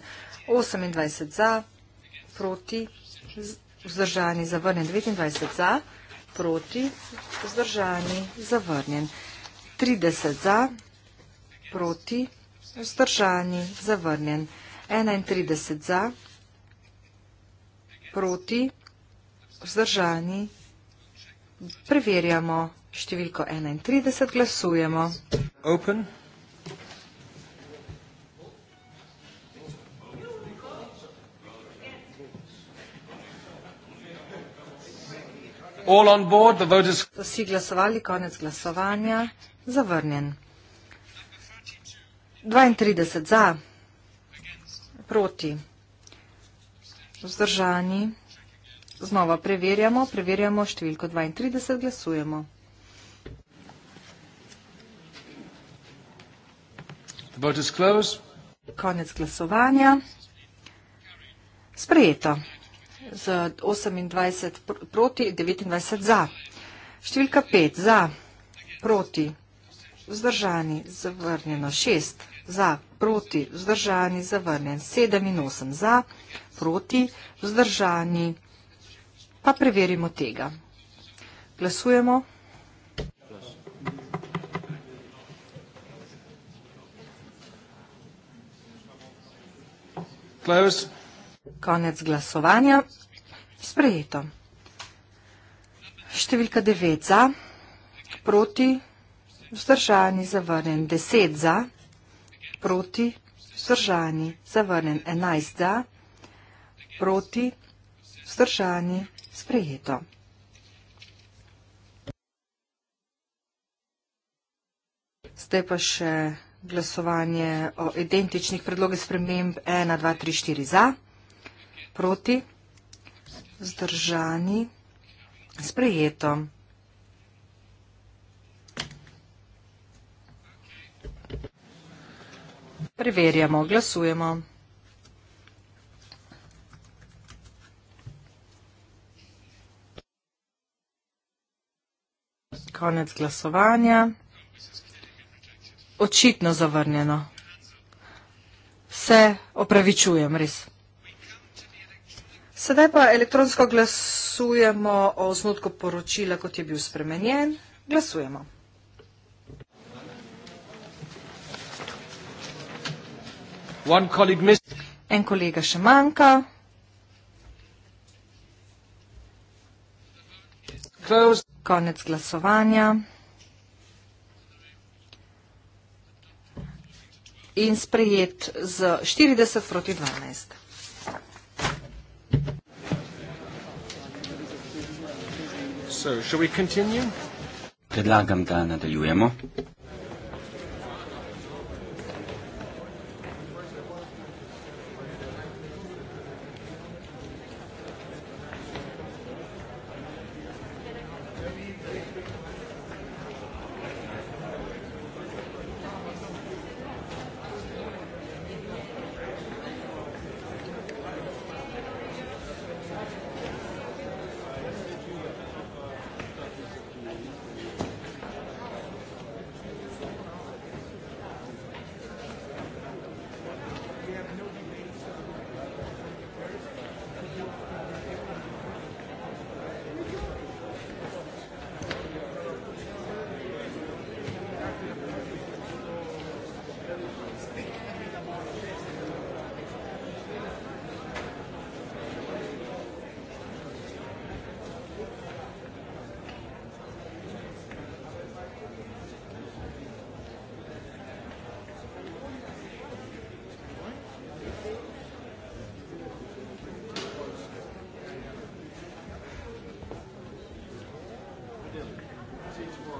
28 za, proti, vzdržani, zavrnjen. 29 za, proti, vzdržani, zavrnjen. 30 za, proti, vzdržani, zavrnjen. Vzdržani, zavrnjen. 31 za, proti, vzdržani. Preverjamo številko 31, glasujemo. Open. All on board, the voters... Vsi glasovali, konec glasovanja, zavrnjen. 32 za, proti, vzdržani, znova preverjamo, preverjamo številko 32, glasujemo. Konec glasovanja. Sprejeto. Z 28 proti, 29 za. Številka 5 za, proti, vzdržani, zavrnjeno 6 za, proti, vzdržani, zavrnjen, 7 in 8 za, proti, vzdržani, pa preverimo tega. Glasujemo. Close. Konec glasovanja. Sprejeto. Številka 9 za, proti, vzdržani, zavrnjen, 10 za, proti, vzdržani, zavrnjen, 11 za, proti, vzdržani, sprejeto. Zdaj pa še glasovanje o identičnih predloge sprememb 1, 2, 3, 4 za, proti, vzdržani, sprejeto. Preverjamo, glasujemo. Konec glasovanja. Očitno zavrnjeno. Vse opravičujem, res. Sedaj pa elektronsko glasujemo o osnutku poročila, kot je bil spremenjen. Glasujemo. En kolega še manjka. Konec glasovanja. In sprejet z 40 proti 12. So, Predlagam, da nadaljujemo. teach more.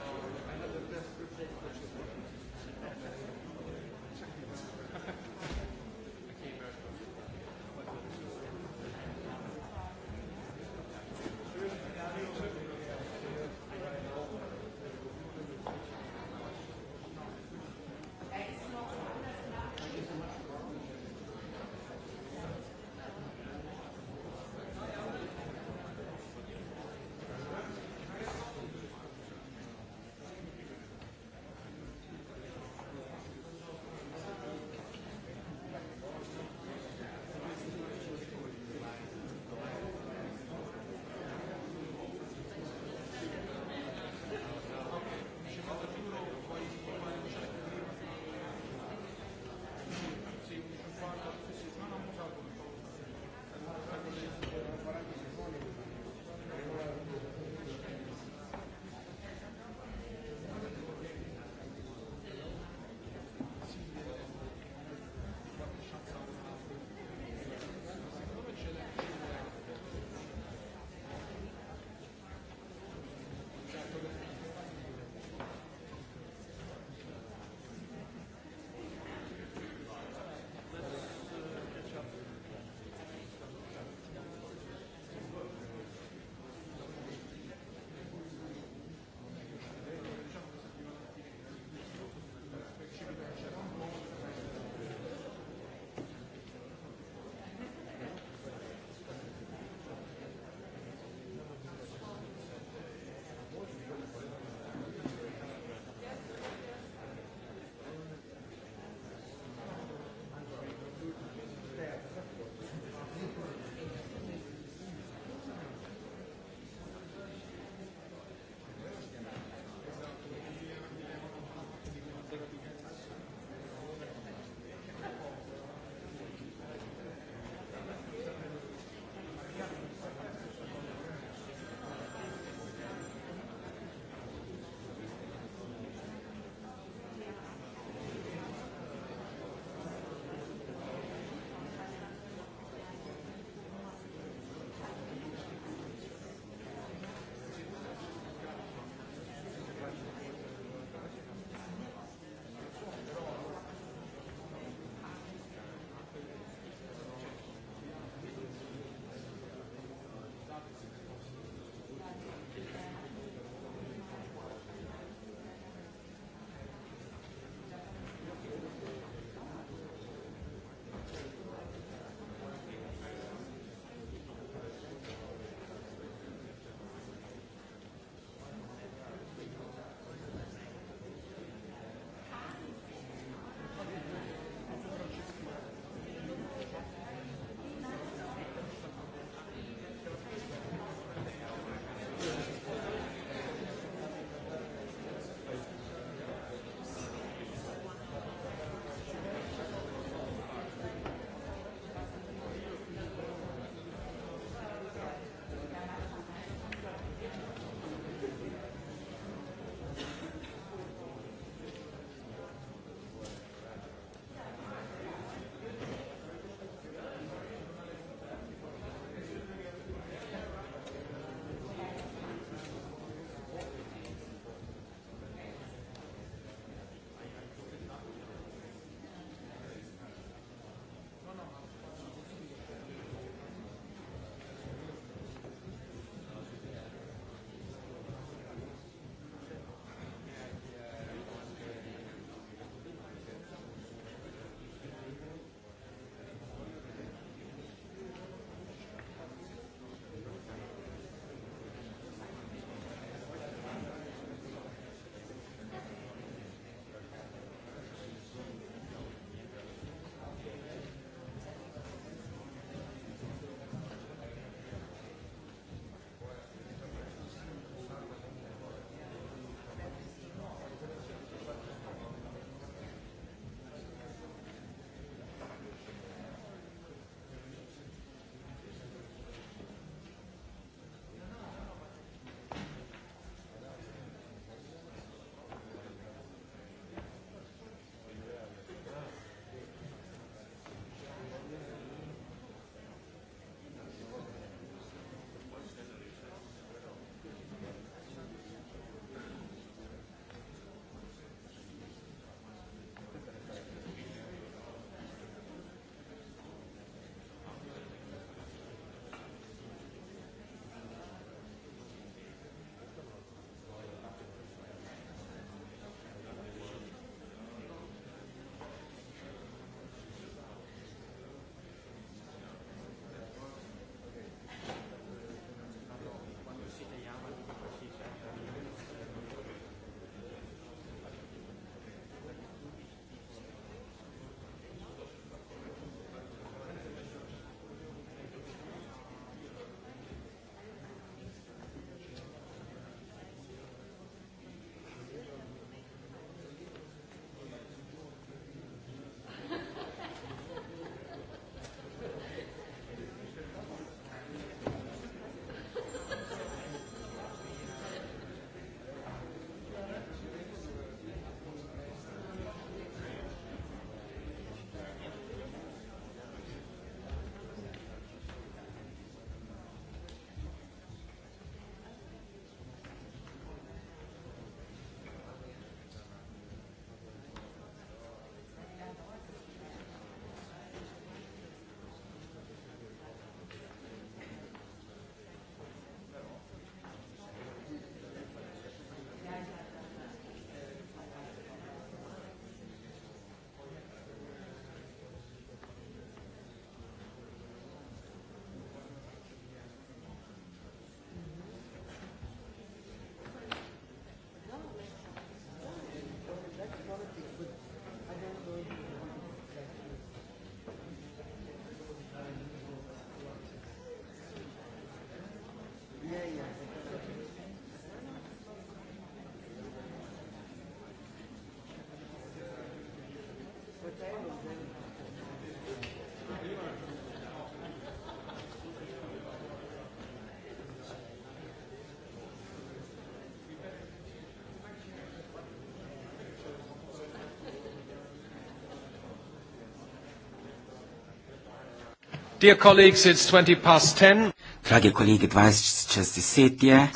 Dear colleagues, it's 20 past 10. Drage kolege, 20 čas 10 je.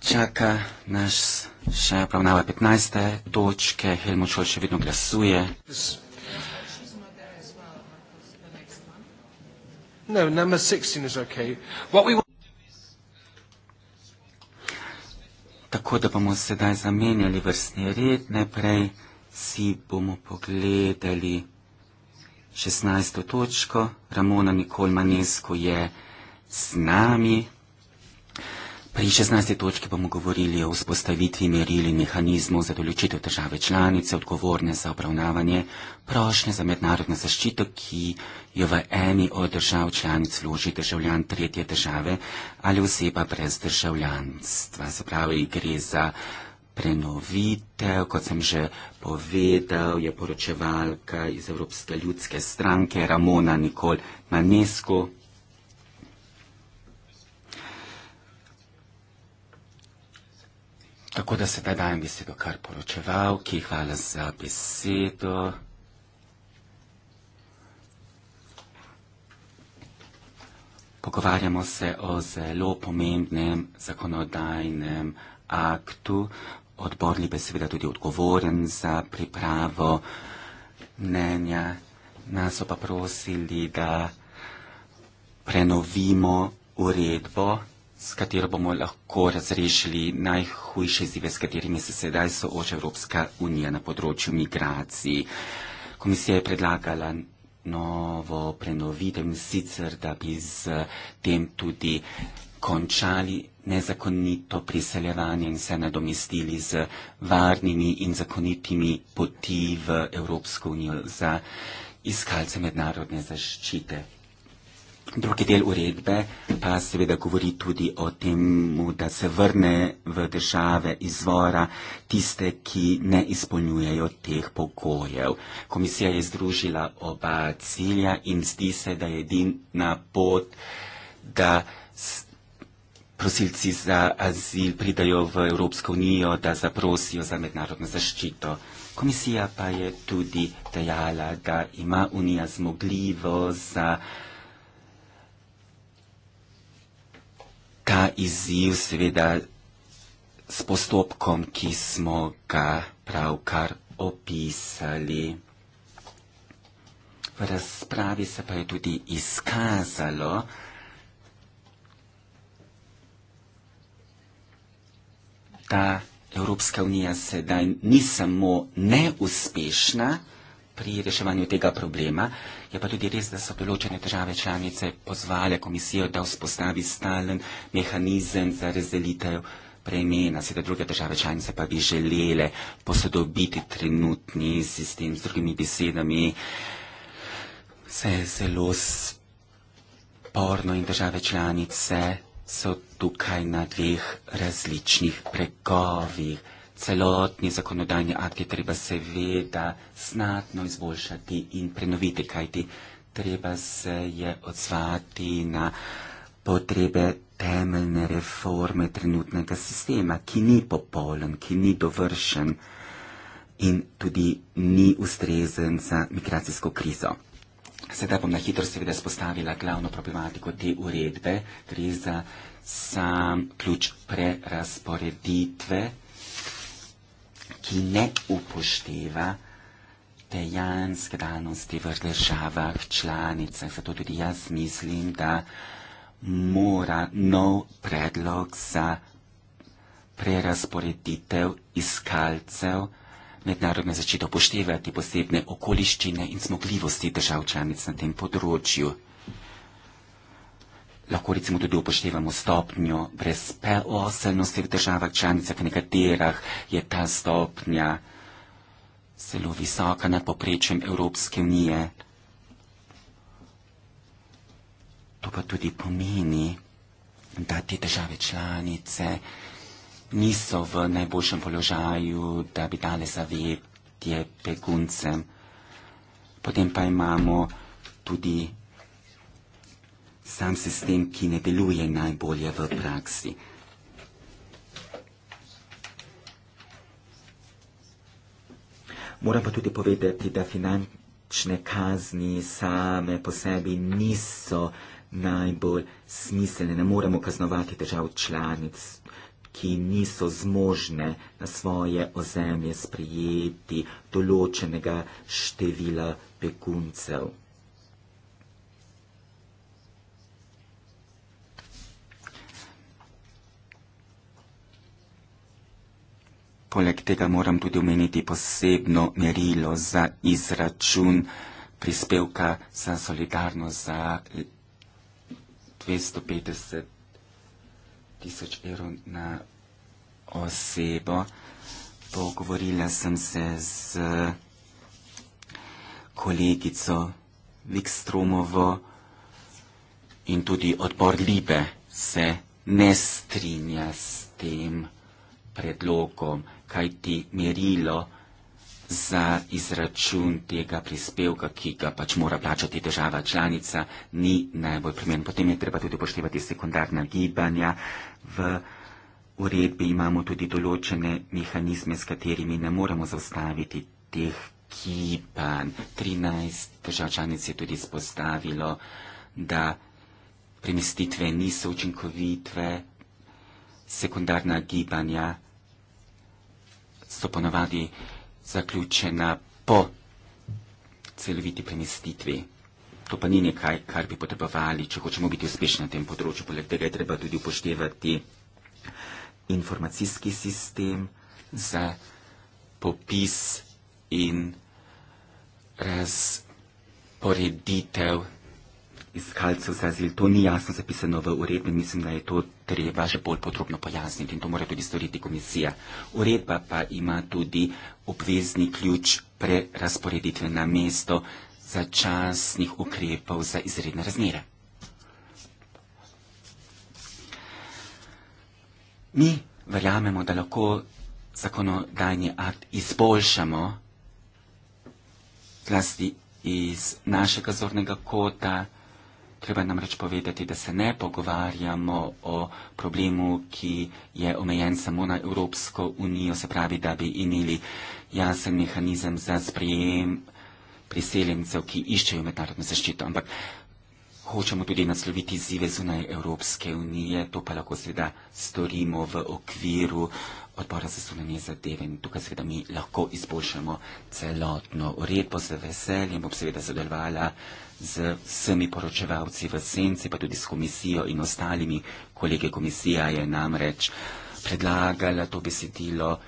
Čaka nas še obravnava 15. točke. Helmut Scholl še vedno glasuje. No, number 16 is okay. What we Tako da bomo sedaj zamenjali vrstni red. Najprej si bomo pogledali 16. točko. Ramona Nikol Manesko je z nami. Pri 16. točki bomo govorili o vzpostavitvi meril in mehanizmov za določitev države članice, odgovorne za obravnavanje prošnje za mednarodno zaščito, ki jo v eni od držav članic loži državljan tretje države ali oseba brez državljanstva. Se pravi, gre za prenovitev, kot sem že povedal, je poročevalka iz Evropske ljudske stranke Ramona Nikol Manesko. Tako da sedaj dajem besedo kar poročevalki. Hvala za besedo. Pogovarjamo se o zelo pomembnem zakonodajnem aktu, odbor Libe seveda tudi odgovoren za pripravo mnenja. Nas so pa prosili, da prenovimo uredbo, s katero bomo lahko razrešili najhujše zive, s katerimi se sedaj sooča Evropska unija na področju migracij. Komisija je predlagala novo prenovitev in sicer, da bi z tem tudi končali nezakonito priseljevanje in se nadomestili z varnimi in zakonitimi poti v Evropsko unijo za iskalce mednarodne zaščite. Drugi del uredbe pa seveda govori tudi o tem, da se vrne v države izvora tiste, ki ne izpolnjujejo teh pogojev. Komisija je združila oba cilja in zdi se, da je edina pot, da prosilci za azil pridajo v Evropsko unijo, da zaprosijo za mednarodno zaščito. Komisija pa je tudi dejala, da ima Unija zmogljivo za ta izziv, seveda s postopkom, ki smo ga pravkar opisali. V razpravi se pa je tudi izkazalo, da ta Evropska unija sedaj ni samo neuspešna pri reševanju tega problema, je pa tudi res, da so določene države članice pozvale komisijo, da vzpostavi stalen mehanizem za razdelitev premena, sedaj druge države članice pa bi želele posodobiti trenutni sistem z drugimi besedami. Vse je zelo sporno in države članice so tukaj na dveh različnih pregovih. Celotni zakonodajni akt je treba seveda znatno izboljšati in prenoviti, kajti treba se je odzvati na potrebe temeljne reforme trenutnega sistema, ki ni popoln, ki ni dovršen in tudi ni ustrezen za migracijsko krizo. Sedaj bom na hitro seveda spostavila glavno problematiko te uredbe, gre za sam ključ prerasporeditve, ki ne upošteva dejanske danosti v državah članicah. Zato tudi jaz mislim, da mora nov predlog za prerasporeditev iskalcev, mednarodno začeti upoštevati posebne okoliščine in zmogljivosti držav članic na tem področju. Lahko recimo tudi upoštevamo stopnjo brezpelosebnosti v državah članicah, v nekaterih je ta stopnja zelo visoka nad poprečjem Evropske unije. To pa tudi pomeni, da te države članice niso v najboljšem položaju, da bi dale zavetje beguncem. Potem pa imamo tudi sam sistem, ki ne deluje najbolje v praksi. Moram pa tudi povedati, da finančne kazni same po sebi niso najbolj smiselne. Ne moremo kaznovati držav članic. Uh, ki niso zmožne na svoje ozemlje sprijeti določenega števila peguncev. Poleg tega moram tudi omeniti posebno merilo za izračun prispevka za solidarnost za 250 tisoč evrov na osebo. Pogovorila sem se z kolegico Vikstromovo in tudi odbor Libe se ne strinja s tem predlogom, kajti merilo, ki je za izračun tega prispevka, ki ga pač mora plačati država članica, ni najbolj primeren. Potem je treba tudi upoštevati sekundarna gibanja. V uredbi imamo tudi določene mehanizme, s katerimi ne moremo zaustaviti teh gibanj. 13 držav članic je tudi spostavilo, da premestitve niso učinkovitve, sekundarna gibanja so ponovadi zaključena po celoviti premestitvi. To pa ni nekaj, kar bi potrebovali, če hočemo biti uspešni na tem področju. Poleg tega je treba tudi upoštevati informacijski sistem za popis in razporeditev iskalcev za azil. To ni jasno zapisano v uredbi, mislim, da je to treba že bolj podrobno pojasniti in to mora tudi storiti komisija. Uredba pa ima tudi obvezni ključ prerasporeditve na mesto začasnih ukrepov za izredne razmere. Mi verjamemo, da lahko zakonodajni akt izboljšamo zlasti iz našega zornega kota, Treba nam reč povedati, da se ne pogovarjamo o problemu, ki je omejen samo na Evropsko unijo, se pravi, da bi imeli jasen mehanizem za sprejem priseljencev, ki iščejo mednarodno zaščito, ampak hočemo tudi nasloviti zive zunaj Evropske unije, to pa lahko seveda storimo v okviru odbora za zunanje zadeve in tukaj seveda mi lahko izboljšamo celotno uredbo, z veseljem bom seveda zadovoljala z vsemi poročevalci v senci, pa tudi s komisijo in ostalimi kolege. Komisija je namreč predlagala to besedilo.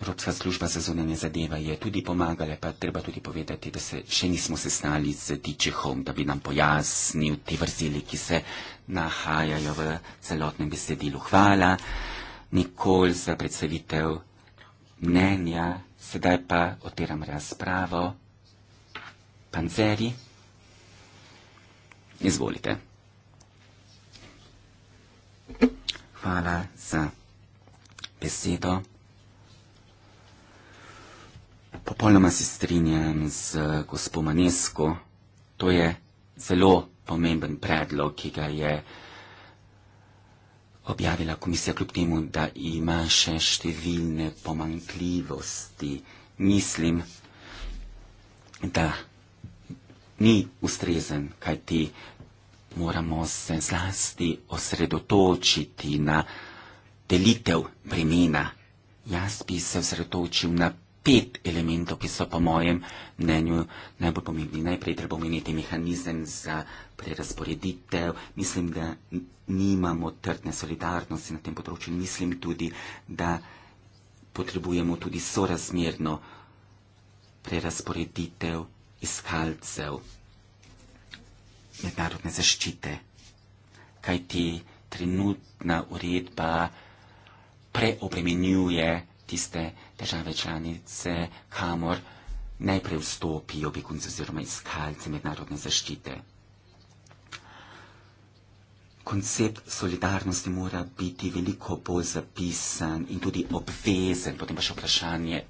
Evropska služba za zunanje zadeve je tudi pomagala, pa treba tudi povedati, da se še nismo sestali z Dičehom, da bi nam pojasnil te vrzeli, ki se nahajajo v celotnem besedilu. Hvala Nikol za predstavitev mnenja. Sedaj pa otiram razpravo. Panzeri, izvolite. Hvala za besedo. Popolnoma se strinjam z gospod Manesko. To je zelo pomemben predlog, ki ga je uh, objavila komisija kljub temu, da ima še številne pomankljivosti. Mislim, da ni ustrezen, kaj ti moramo se zlasti osredotočiti na delitev bremena. Jaz bi se osredotočil na pet elementov, ki so po mojem mnenju najbolj pomembni. Najprej treba omeniti mehanizem za prerasporeditev. Mislim, da nimamo trdne solidarnosti na tem področju. Mislim tudi, da potrebujemo tudi sorazmerno prerasporeditev iskalcev mednarodne zaščite. Kaj ti trenutna uredba preobremenjuje tiste države članice, kamor najprej vstopijo begunci oziroma iskalci mednarodne zaščite. Koncept solidarnosti mora biti veliko bolj zapisan in tudi obvezen, potem pa še vprašanje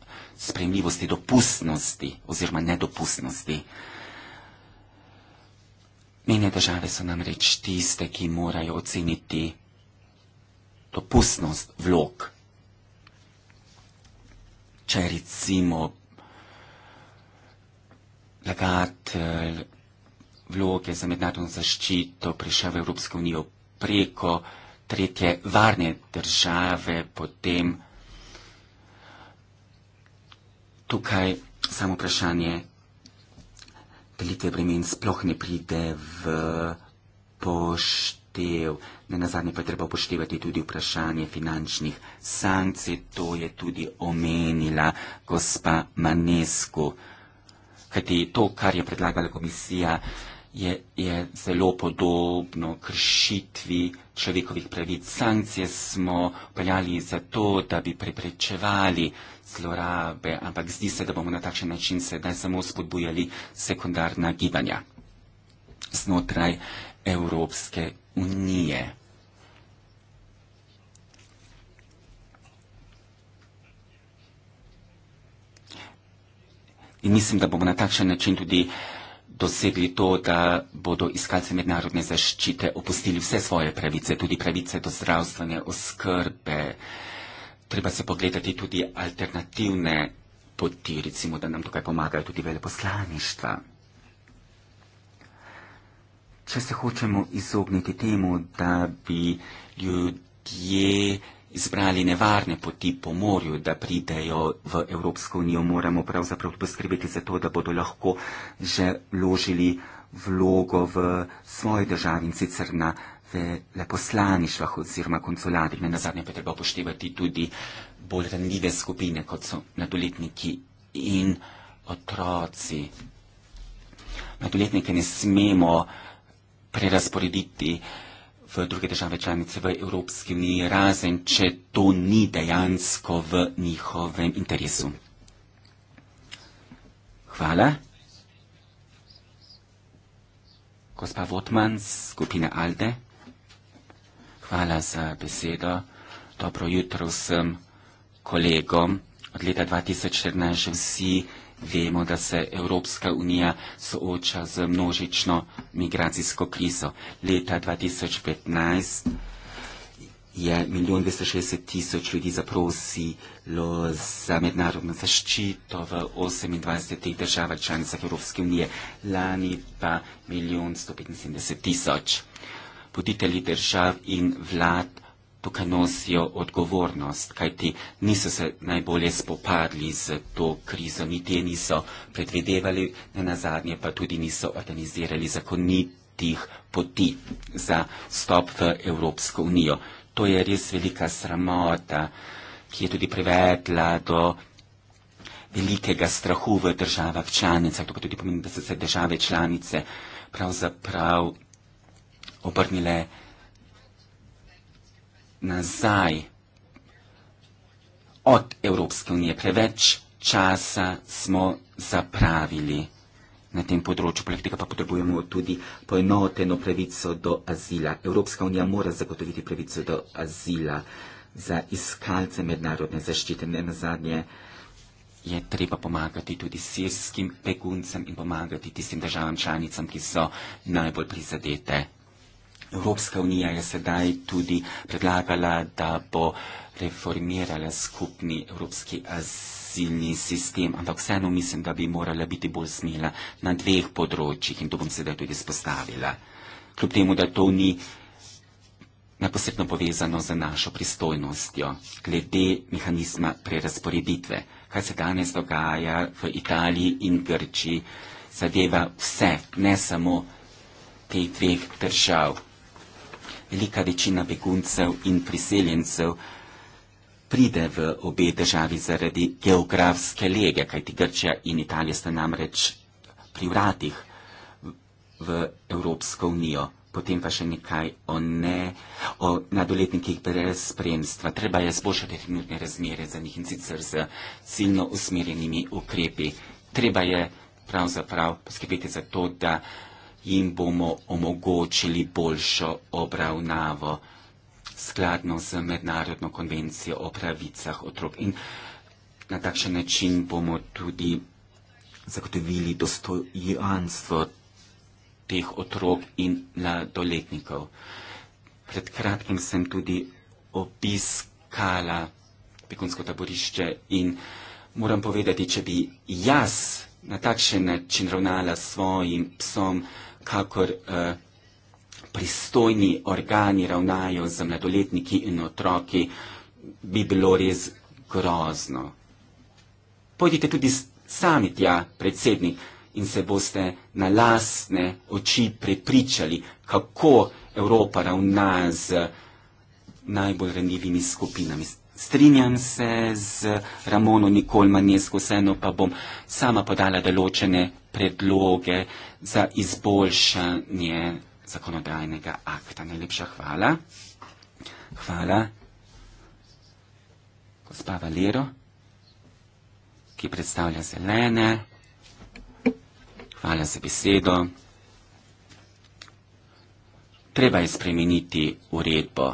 sprejemljivosti, dopustnosti oziroma nedopustnosti. Mene države so namreč tiste, ki morajo oceniti dopustnost vlog c'è recimo legatelj eh, vloge za mednarodno zaščito prišel v Evropsko unijo preko tretje varne države, potem tukaj samo vprašanje delitve bremen sploh ne pride v pošti. 20 ev. Ne nazadnje pa je treba upoštevati tudi vprašanje finančnih sankcij. To je tudi omenila gospa Manesko. Kajti to, kar je predlagala komisija, je, je zelo podobno kršitvi človekovih pravic. Sankcije smo peljali zato, da bi preprečevali zlorabe, ampak zdi se, da bomo na takšen način sedaj samo spodbujali sekundarna gibanja znotraj Evropske Unije. In mislim, da bomo na takšen način tudi dosegli to, da bodo iskalci mednarodne zaščite opustili vse svoje pravice, tudi pravice do zdravstvene oskrbe. Treba se pogledati tudi alternativne poti, recimo, da nam tukaj pomagajo tudi veleposlaništva če se hočemo izogniti temu, da bi ljudje izbrali nevarne poti po morju, da pridejo v Evropsko unijo, moramo pravzaprav poskrbeti za to, da bodo lahko že ložili vlogo v svoji državi in sicer na veleposlaništvah oziroma konzulatih. Ne nazadnje pa treba upoštevati tudi bolj ranljive skupine, kot so mladoletniki in otroci. Mladoletnike ne smemo uh, prerasporediti v druge države članice v Evropski uniji, razen če to ni dejansko v njihovem interesu. Hvala. Gospa Votman z skupine Alde. Hvala za besedo. Dobro jutro vsem kolegom. Od leta 2014 vsi Vemo, da se Evropska unija sooča z množično migracijsko krizo. Leta 2015 je milijon 260 tisoč ljudi zaprosilo za mednarodno zaščito v 28 državah članicah Evropske unije, lani pa milijon 175 tisoč. Voditelji držav in vlad tukaj nosijo odgovornost, kajti niso se najbolje spopadli z to krizo, niti je niso predvidevali, ne na zadnje pa tudi niso organizirali zakonitih poti za vstop v Evropsko unijo. To je res velika sramota, ki je tudi privedla do velikega strahu v državah članicah, to pa tudi pomeni, da so se države članice pravzaprav obrnile nazaj od Evropske unije. Preveč časa smo zapravili na tem področju. Poleg tega pa potrebujemo tudi poenoteno pravico do azila. Evropska unija mora zagotoviti pravico do azila za iskalce mednarodne zaščite. Ne na zadnje je treba pomagati tudi sirskim beguncem in pomagati tistim državam članicam, ki so najbolj prizadete. Evropska unija je sedaj tudi predlagala, da bo reformirala skupni evropski azilni sistem, ampak vseeno mislim, da bi morala biti bolj smela na dveh področjih in to bom sedaj tudi spostavila. Kljub temu, da to ni neposredno povezano z našo pristojnostjo glede mehanizma prerasporeditve, kaj se danes dogaja v Italiji in Grčiji, zadeva vse, ne samo teh dveh držav velika večina beguncev in priseljencev pride v obe državi zaradi geografske lege, kajti Grčija in Italija sta namreč pri vratih v Evropsko unijo. Potem pa še nekaj o, ne, o nadoletnikih brez spremstva. Treba je zboljšati trenutne razmere za njih in sicer z ciljno usmerjenimi ukrepi. Treba je pravzaprav poskrbeti za to, da jim bomo omogočili boljšo obravnavo skladno z mednarodno konvencijo o pravicah otrok. In na takšen način bomo tudi zagotovili dostojanstvo teh otrok in mladoletnikov. Pred kratkim sem tudi obiskala pekunsko taborišče in moram povedati, če bi jaz na takšen način ravnala svojim psom, kakor eh, pristojni organi ravnajo z mladoletniki in otroki, bi bilo res grozno. Pojdite tudi sami tja, predsednik, in se boste na lasne oči prepričali, kako Evropa ravna z najbolj ranljivimi skupinami, strinjam se z Ramono Nikolma Nesko, vseeno pa bom sama podala določene predloge za izboljšanje zakonodajnega akta. Najlepša hvala. Hvala. Gospa Valero, ki predstavlja zelene. Hvala za besedo. Treba je spremeniti uredbo.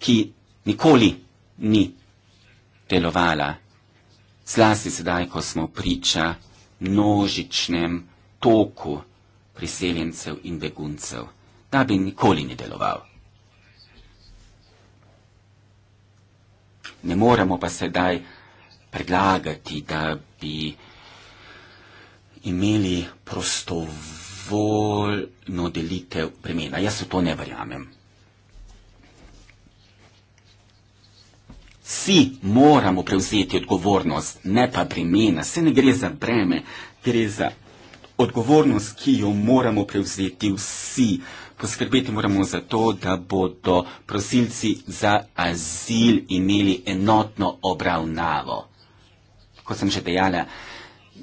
ki nikoli ni delovala. Zlasti sedaj, ko smo priča množičnem toku priseljencev in beguncev, da bi nikoli ni deloval. Ne moremo pa sedaj predlagati, da bi imeli prostovoljno delitev bremena. Jaz v to ne verjamem. Vsi moramo prevzeti odgovornost, ne pa bremena, se ne gre za breme, gre za odgovornost, ki jo moramo prevzeti vsi. Poskrbeti moramo za to, da bodo prosilci za azil imeli enotno obravnavo. Kot sem že dejala,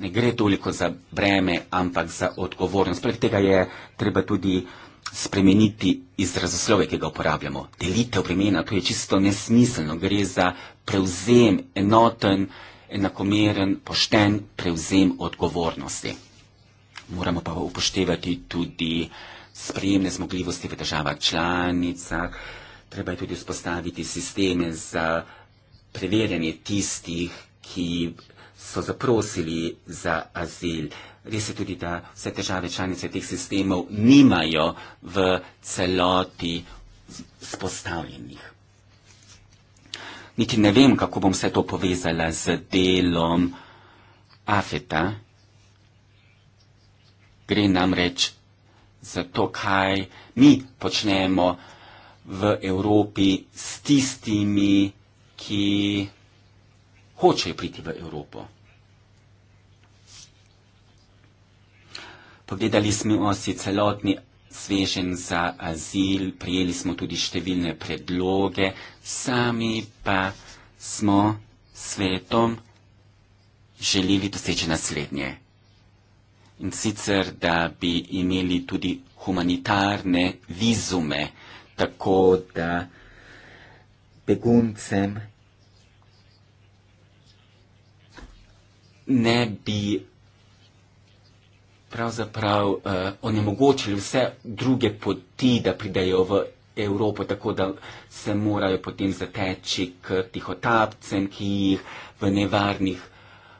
ne gre toliko za breme, ampak za odgovornost. Prek tega je treba tudi spremeniti izrazoslove, ki ga uporabljamo. Delitev bremena, to je čisto nesmiselno, gre za prevzem enoten, enakomeren, pošten prevzem odgovornosti. Moramo pa upoštevati tudi sprejemne zmogljivosti v državah članicah, treba je tudi vzpostaviti sisteme za preverjanje tistih, ki so zaprosili za azil. Res je tudi, da vse države članice teh sistemov nimajo v celoti spostavljenih. Niti ne vem, kako bom vse to povezala z delom Afeta. Gre namreč za to, kaj mi počnemo v Evropi s tistimi, ki hočejo priti v Evropo. Povedali smo si celotni svežen za azil, prijeli smo tudi številne predloge, sami pa smo svetom želeli doseči naslednje. In sicer, da bi imeli tudi humanitarne vizume, tako da beguncem ne bi pravzaprav uh, onemogočili vse druge poti, da pridejo v Evropo, tako da se morajo potem zateči k tihotapcem, ki jih v nevarnih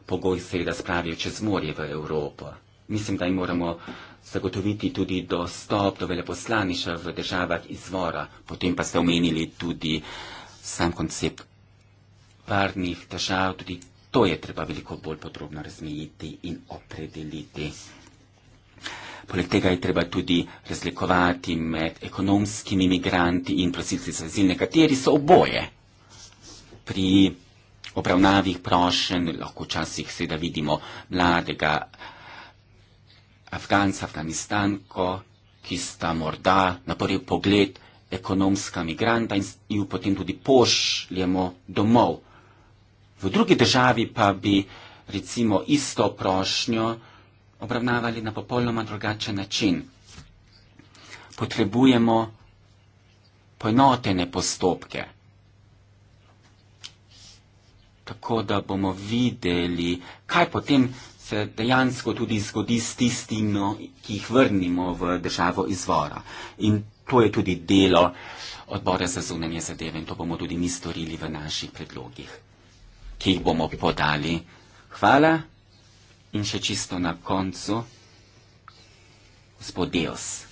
pogojih seveda spravijo čez morje v Evropo. Mislim, da jim moramo zagotoviti tudi dostop do veleposlaniša v državah izvora. Potem pa ste omenili tudi sam koncept varnih držav, tudi to je treba veliko bolj podrobno razmejiti in opredeliti. Poleg tega je treba tudi razlikovati med ekonomskimi imigranti in prosilci za azil, nekateri so oboje. Pri obravnavih prošen lahko včasih seveda vidimo mladega Afganca, Afganistanko, ki sta morda na prvi pogled ekonomska migranta in jo potem tudi pošljemo domov. V drugi državi pa bi recimo isto prošnjo obravnavali na popolnoma drugačen način. Potrebujemo poenotene postopke, tako da bomo videli, kaj potem se dejansko tudi zgodi s tistimi, ki jih vrnimo v državo izvora. In to je tudi delo odbora za zunanje zadeve in to bomo tudi mi storili v naših predlogih, ki jih bomo podali. Hvala. In še čisto na koncu, gospod Dios.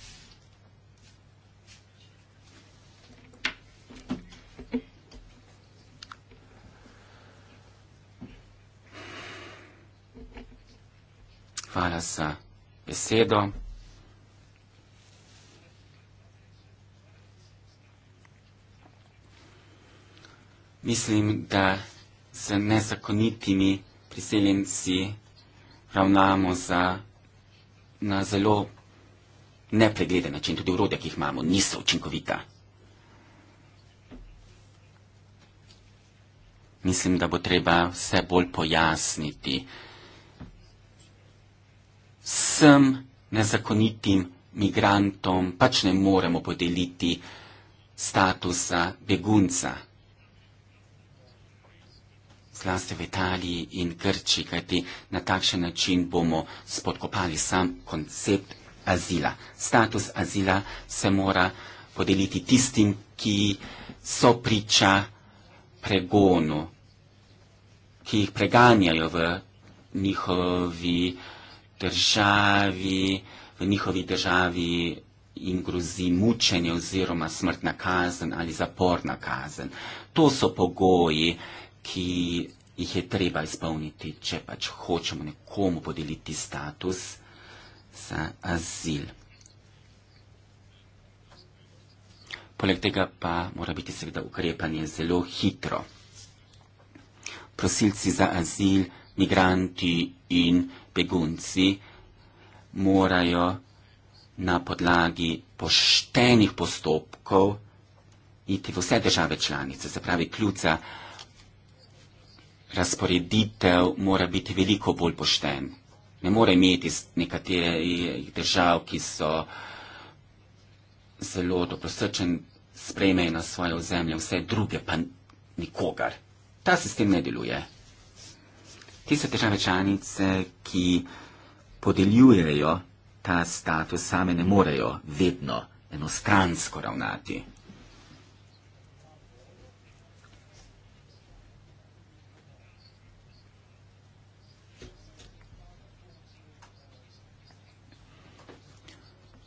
Hvala za besedo. Mislim, da z nezakonitimi priseljenci ravnamo za, na zelo nepregleden način. Tudi urode, ki jih imamo, niso učinkovita. Mislim, da bo treba vse bolj pojasniti vsem nezakonitim migrantom, pač ne moremo podeliti statusa begunca strasti v Italiji in Grči, kajti na takšen način bomo spodkopali sam koncept azila. Status azila se mora podeliti tistim, ki so priča pregonu, ki jih preganjajo v njihovi državi, v njihovi državi jim grozi mučenje oziroma smrtna kazen ali zaporna kazen. To so pogoji, ki jih je treba izpolniti, če pač hočemo nekomu podeliti status za azil. Poleg tega pa mora biti seveda ukrepanje zelo hitro. Prosilci za azil, migranti in begunci morajo na podlagi poštenih postopkov iti v vse države članice, se pravi kljuca, razporeditev mora biti veliko bolj pošten. Ne more imeti nekatere držav, ki so zelo dobrosrčen, sprejmejo na svoje ozemlje, vse druge pa nikogar. Ta sistem ne deluje. Ti so države članice, ki podeljujejo ta status, same ne morejo vedno enostransko ravnati.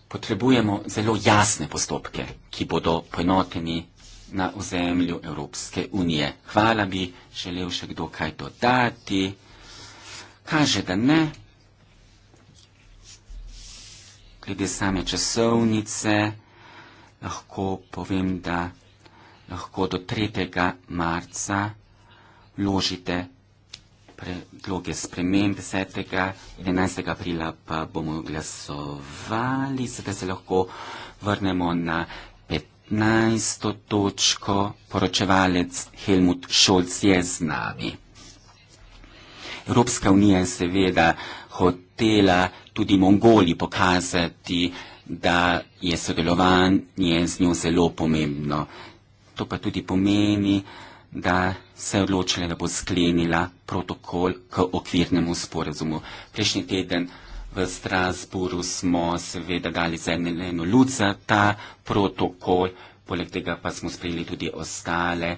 potrebujemo zelo jasne postopke, ki bodo poenoteni na ozemlju Evropske unije. Hvala bi želel še kdo kaj dodati. Kaže, da ne. Glede same časovnice lahko povem, da lahko do 3. marca ložite predloge sprememb 10. in 11. aprila pa bomo glasovali, zato se lahko vrnemo na 15. točko. Poročevalec Helmut Šolc je z nami. Evropska unija je seveda hotela tudi Mongoli pokazati, da je sodelovanje z njo zelo pomembno. To pa tudi pomeni, da se je odločila, da bo sklenila protokol k okvirnemu sporazumu. Prejšnji teden v Strasburu smo seveda dali zeleno luč za ta protokol, poleg tega pa smo sprejeli tudi ostale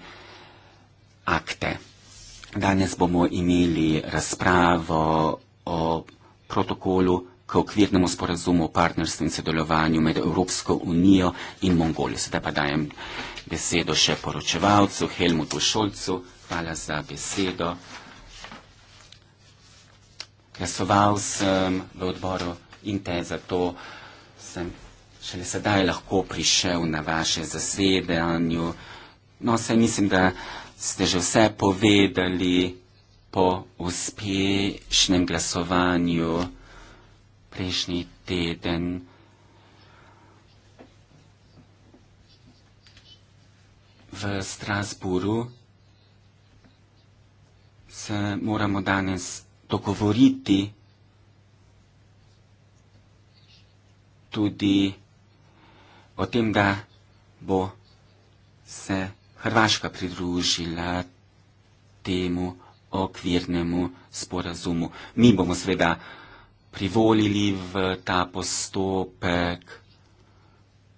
akte. Danes bomo imeli razpravo o protokolu k okvirnemu sporazumu o partnerstvu in sodelovanju med Evropsko unijo in Mongolijo. Sedaj pa dajem besedo še poročevalcu Helmutu Šolcu. Hvala za besedo. Glasoval sem v odboru INTE, zato sem šele sedaj lahko prišel na vaše zasedanje. No, saj mislim, da ste že vse povedali po uspešnem glasovanju prejšnji teden v Strasburu, se moramo danes dogovoriti tudi o tem, da bo se Hrvaška pridružila temu okvirnemu sporazumu. Mi bomo seveda privolili v ta postopek.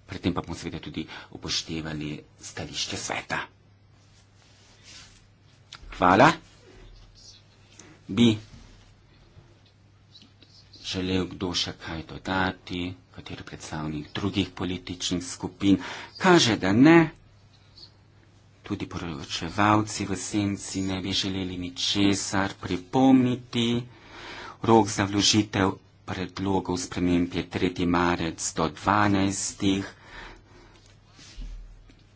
Predtem pa bomo seveda tudi upoštevali stališče sveta. Hvala. Bi želel kdo še kaj dodati, kateri predstavnik drugih političnih skupin. Kaže, da ne. Tudi poročevalci v senci ne bi želeli ničesar pripomniti. Rok za vložitev predlogov sprememb je 3. marec do 12.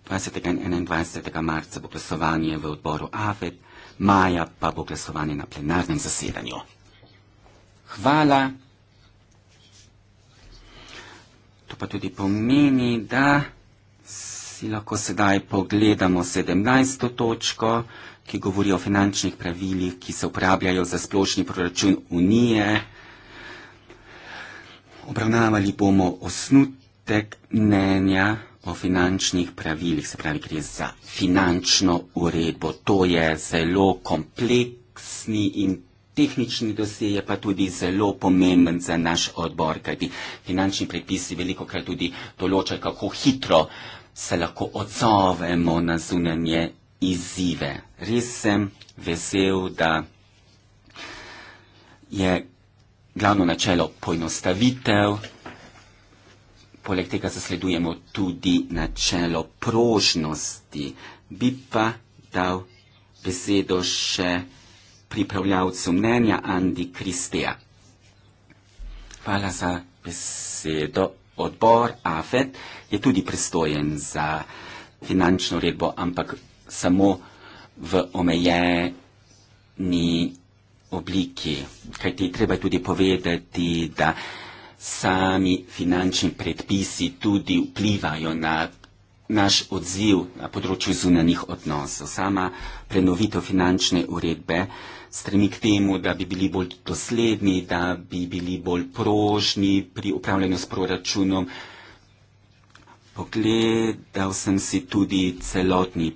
20. in 21. marca bo glasovanje v odboru AFED, maja pa bo glasovanje na plenarnem zasedanju. Hvala. To pa tudi pomeni, da si lahko sedaj pogledamo 17. točko, ki govori o finančnih pravilih, ki se uporabljajo za splošni proračun Unije. Obravnavali bomo osnutek mnenja o finančnih pravilih, se pravi, gre za finančno uredbo. To je zelo kompleksni in tehnični dosej, je pa tudi zelo pomemben za naš odbor, kajti finančni predpisi veliko krat tudi določajo, kako hitro se lahko odzovemo na zunanje izzive. Res sem vesel, da je glavno načelo poenostavitev, poleg tega zasledujemo tudi načelo prožnosti. Bi pa dal besedo še pripravljavcu mnenja Andi Kristeja. Hvala za besedo. Odbor AFET je tudi pristojen za finančno redbo, ampak samo v omejeni obliki. Kajti treba je tudi povedati, da sami finančni predpisi tudi vplivajo na naš odziv na področju zunanih odnosov. Sama prenovitev finančne uredbe stremi k temu, da bi bili bolj dosledni, da bi bili bolj prožni pri upravljanju s proračunom. Pogledal sem si tudi celotni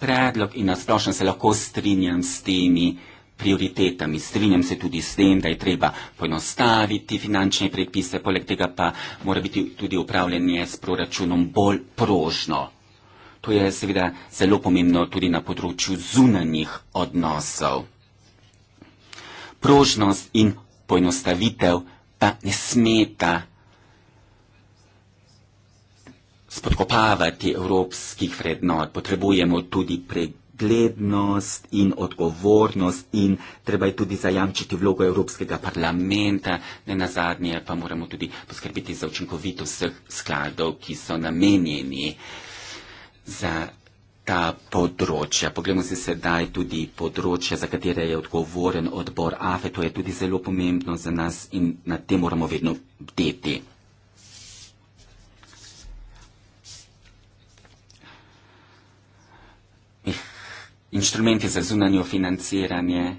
predlog in nasplošno se lahko strinjam s temi prioritetami. Strinjam se tudi s tem, da je treba poenostaviti finančne predpise, poleg tega pa mora biti tudi upravljanje s proračunom bolj prožno. To je seveda zelo pomembno tudi na področju zunanjih odnosov. Prožnost in poenostavitev pa ne smeta spodkopavati evropskih vrednot. Potrebujemo tudi preglednost in odgovornost in treba je tudi zajamčiti vlogo Evropskega parlamenta. Ne na zadnje pa moramo tudi poskrbiti za učinkovitost vseh skladov, ki so namenjeni za ta področja. Poglejmo si sedaj tudi področja, za katere je odgovoren odbor AFE. To je tudi zelo pomembno za nas in na tem moramo vedno bdeti. inštrumenti za zunanje financiranje,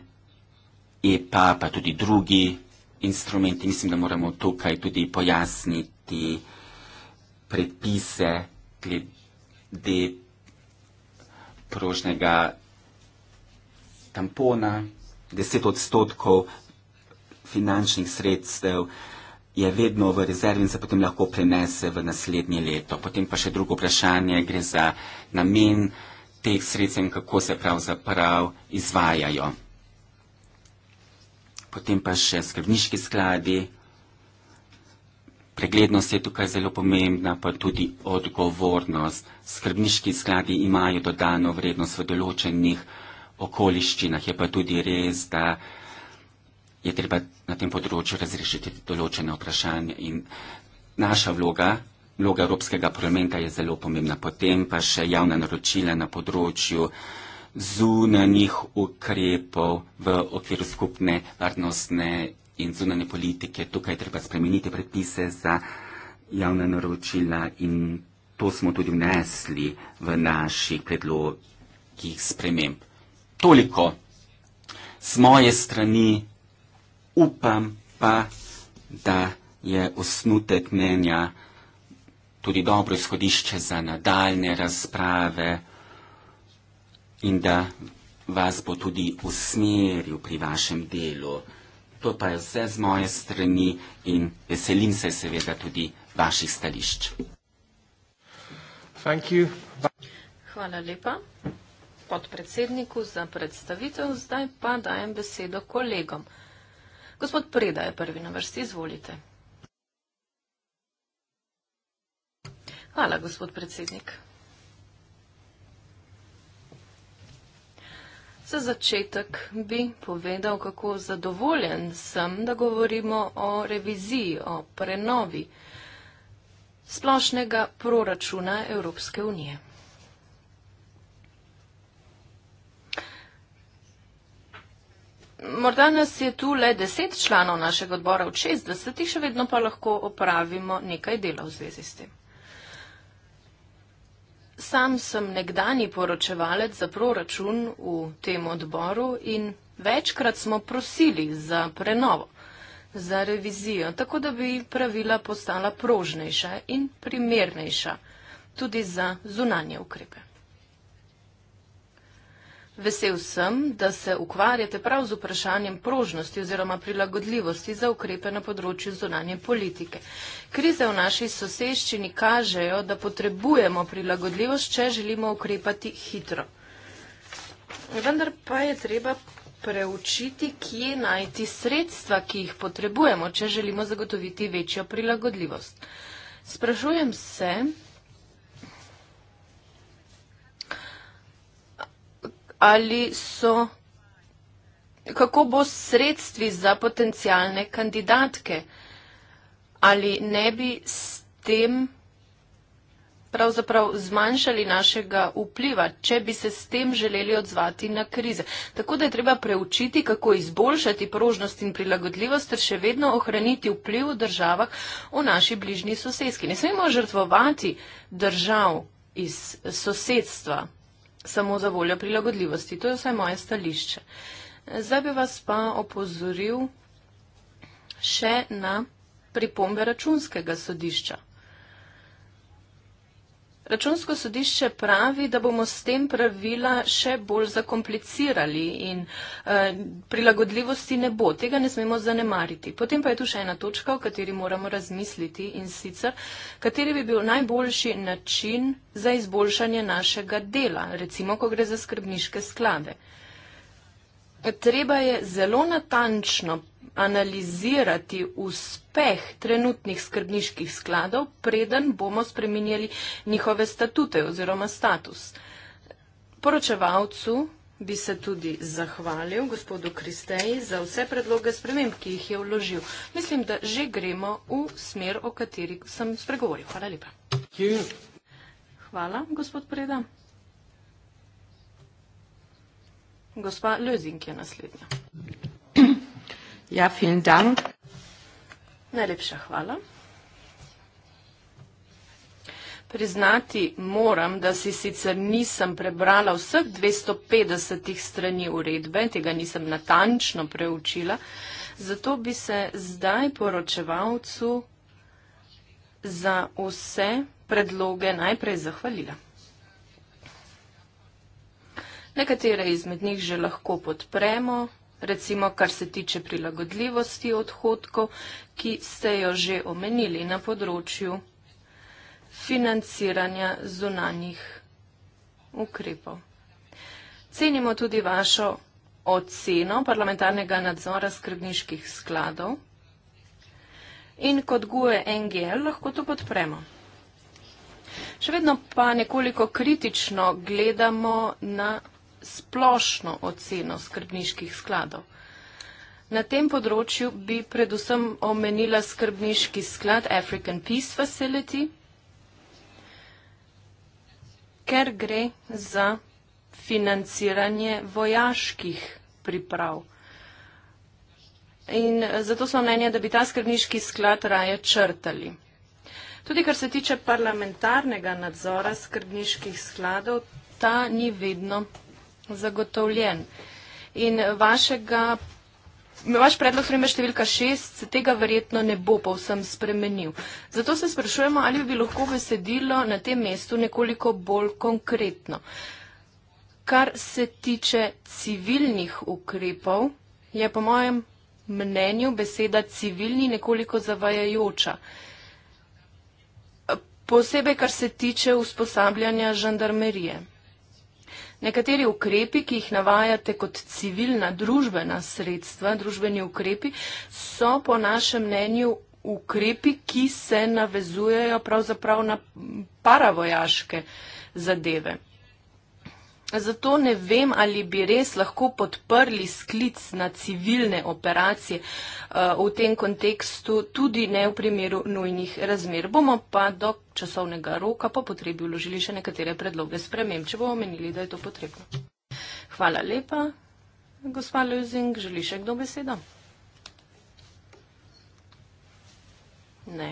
EPA, pa tudi drugi instrumenti. Mislim, da moramo tukaj tudi pojasniti predpise glede prožnega tampona. 10 odstotkov finančnih sredstev je vedno v rezervi in se potem lahko prenese v naslednje leto. Potem pa še drugo vprašanje gre za namen teh sredstev in kako se pravzaprav izvajajo. Potem pa še skrbniški skladi. Preglednost je tukaj zelo pomembna, pa tudi odgovornost. Skrbniški skladi imajo dodano vrednost v določenih okoliščinah. Je pa tudi res, da je treba na tem področju razrešiti določene vprašanja. In naša vloga vloga Evropskega parlamenta je zelo pomembna. Potem pa še javna naročila na področju zunanjih ukrepov v okviru skupne varnostne in zunanje politike. Tukaj treba spremeniti predpise za javna naročila in to smo tudi vnesli v naših predlogih sprememb. Toliko z moje strani upam pa, da je osnutek mnenja tudi dobro izhodišče za nadaljne razprave in da vas bo tudi usmeril pri vašem delu. To pa je vse z moje strani in veselim se seveda tudi vaših stališč. Hvala lepa podpredsedniku za predstavitev. Zdaj pa dajem besedo kolegom. Gospod Preda je prvi na vrsti, izvolite. Hvala, gospod predsednik. Za začetek bi povedal, kako zadovoljen sem, da govorimo o reviziji, o prenovi splošnega proračuna Evropske unije. Morda nas je tu le deset članov našega odbora od 60, še vedno pa lahko opravimo nekaj dela v zvezi s tem. Sam sem nekdani poročevalec za proračun v tem odboru in večkrat smo prosili za prenovo, za revizijo, tako da bi pravila postala prožnejša in primernejša tudi za zunanje ukrepe. Vesel sem, da se ukvarjate prav z vprašanjem prožnosti oziroma prilagodljivosti za ukrepe na področju zunanje politike. Krize v naši soseščini kažejo, da potrebujemo prilagodljivost, če želimo ukrepati hitro. Vendar pa je treba preučiti, kje najti sredstva, ki jih potrebujemo, če želimo zagotoviti večjo prilagodljivost. Sprašujem se, ali so, kako bo s sredstvi za potencijalne kandidatke, ali ne bi s tem pravzaprav zmanjšali našega vpliva, če bi se s tem želeli odzvati na krize. Tako da je treba preučiti, kako izboljšati prožnost in prilagodljivost ter še vedno ohraniti vpliv v državah v naši bližnji sosedski. Ne smemo žrtvovati držav iz sosedstva samo za voljo prilagodljivosti. To je vsaj moje stališče. Zdaj bi vas pa opozoril še na pripombe računskega sodišča. Računsko sodišče pravi, da bomo s tem pravila še bolj zakomplicirali in eh, prilagodljivosti ne bo. Tega ne smemo zanemariti. Potem pa je tu še ena točka, o kateri moramo razmisliti in sicer, kateri bi bil najboljši način za izboljšanje našega dela, recimo, ko gre za skrbniške sklade. Treba je zelo natančno analizirati uspeh trenutnih skrbniških skladov, preden bomo spremenjali njihove statute oziroma status. Poročevalcu bi se tudi zahvalil gospodu Kristeji za vse predloge sprememb, ki jih je vložil. Mislim, da že gremo v smer, o kateri sem spregovoril. Hvala lepa. Hvala, gospod Preda. Gospa Lözink je naslednja. Ja, vielen Dank. Najlepša hvala. Priznati moram, da si sicer nisem prebrala vseh 250 strani uredbe, tega nisem natančno preučila, zato bi se zdaj poročevalcu za vse predloge najprej zahvalila. Nekatere izmed njih že lahko podpremo, recimo kar se tiče prilagodljivosti odhodkov, ki ste jo že omenili na področju financiranja zunanjih ukrepov. Cenimo tudi vašo oceno parlamentarnega nadzora skrbniških skladov in kot guje NGL lahko to podpremo. Še vedno pa nekoliko kritično gledamo na splošno oceno skrbniških skladov. Na tem področju bi predvsem omenila skrbniški sklad African Peace Facility, ker gre za financiranje vojaških priprav. In zato smo mnenja, da bi ta skrbniški sklad raje črtali. Tudi kar se tiče parlamentarnega nadzora skrbniških skladov, ta ni vedno zagotovljen. In vašega, vaš predlog spremembe številka šest se tega verjetno ne bo povsem spremenil. Zato se sprašujemo, ali bi lahko besedilo na tem mestu nekoliko bolj konkretno. Kar se tiče civilnih ukrepov, je po mojem mnenju beseda civilni nekoliko zavajajoča. Posebej, kar se tiče usposabljanja žandarmerije. Nekateri ukrepi, ki jih navajate kot civilna družbena sredstva, družbeni ukrepi, so po našem mnenju ukrepi, ki se navezujejo pravzaprav na paravojaške zadeve. Zato ne vem, ali bi res lahko podprli sklic na civilne operacije eh, v tem kontekstu, tudi ne v primeru nujnih razmer. Bomo pa do časovnega roka po potrebi vložili še nekatere predloge sprememb, če bomo menili, da je to potrebno. Hvala lepa, gospa Ljuzing. Želi še kdo besedo? Ne.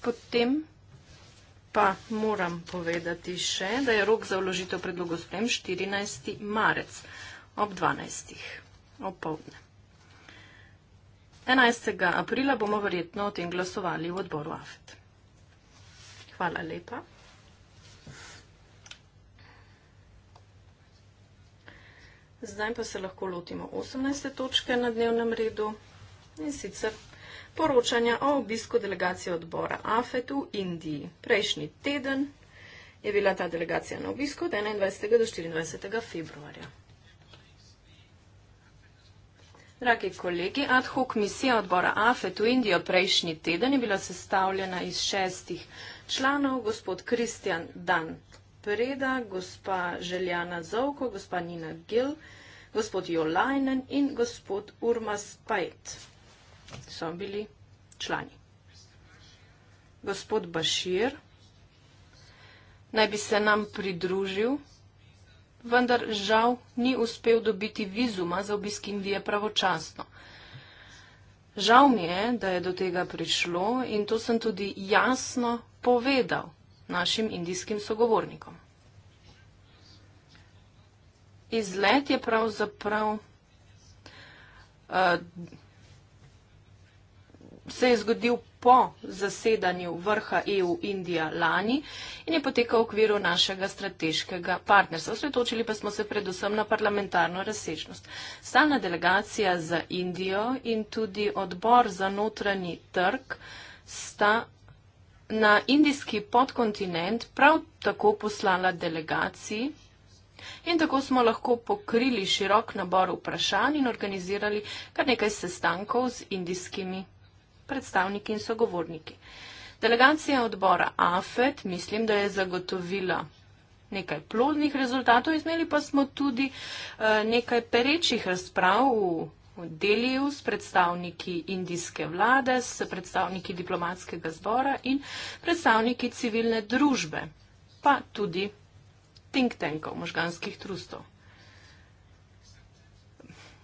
Potem Pa moram povedati še, da je rok za vložitev predlogov sprem 14. marec ob 12. opovdne. 11. aprila bomo verjetno o tem glasovali v odboru AFET. Hvala lepa. Zdaj pa se lahko lotimo 18. točke na dnevnem redu in sicer poročanja o obisku delegacije odbora AFET v Indiji. Prejšnji teden je bila ta delegacija na obisku od 21. do 24. februarja. Dragi kolegi, ad hoc misija odbora AFET v Indijo prejšnji teden je bila sestavljena iz šestih članov, gospod Kristjan Dan Preda, gospa Željana Zovko, gospa Nina Gil, gospod Jo Lajnen in gospod Urmas Pajt so bili člani. Gospod Bašir naj bi se nam pridružil, vendar žal ni uspel dobiti vizuma za obisk Indije pravočasno. Žal mi je, da je do tega prišlo in to sem tudi jasno povedal našim indijskim sogovornikom. Izlet je pravzaprav. Uh, se je zgodil po zasedanju vrha EU Indija lani in je potekal v okviru našega strateškega partnerstva. Osredotočili pa smo se predvsem na parlamentarno razsežnost. Stalna delegacija za Indijo in tudi odbor za notranji trg sta na indijski podkontinent prav tako poslala delegaciji. In tako smo lahko pokrili širok nabor vprašanj in organizirali kar nekaj sestankov z indijskimi predstavniki in sogovorniki. Delegacija odbora AFET mislim, da je zagotovila nekaj plodnih rezultatov, izmeli pa smo tudi eh, nekaj perečih razprav v deliju s predstavniki indijske vlade, s predstavniki diplomatskega zbora in predstavniki civilne družbe, pa tudi think tankov, možganskih trustov.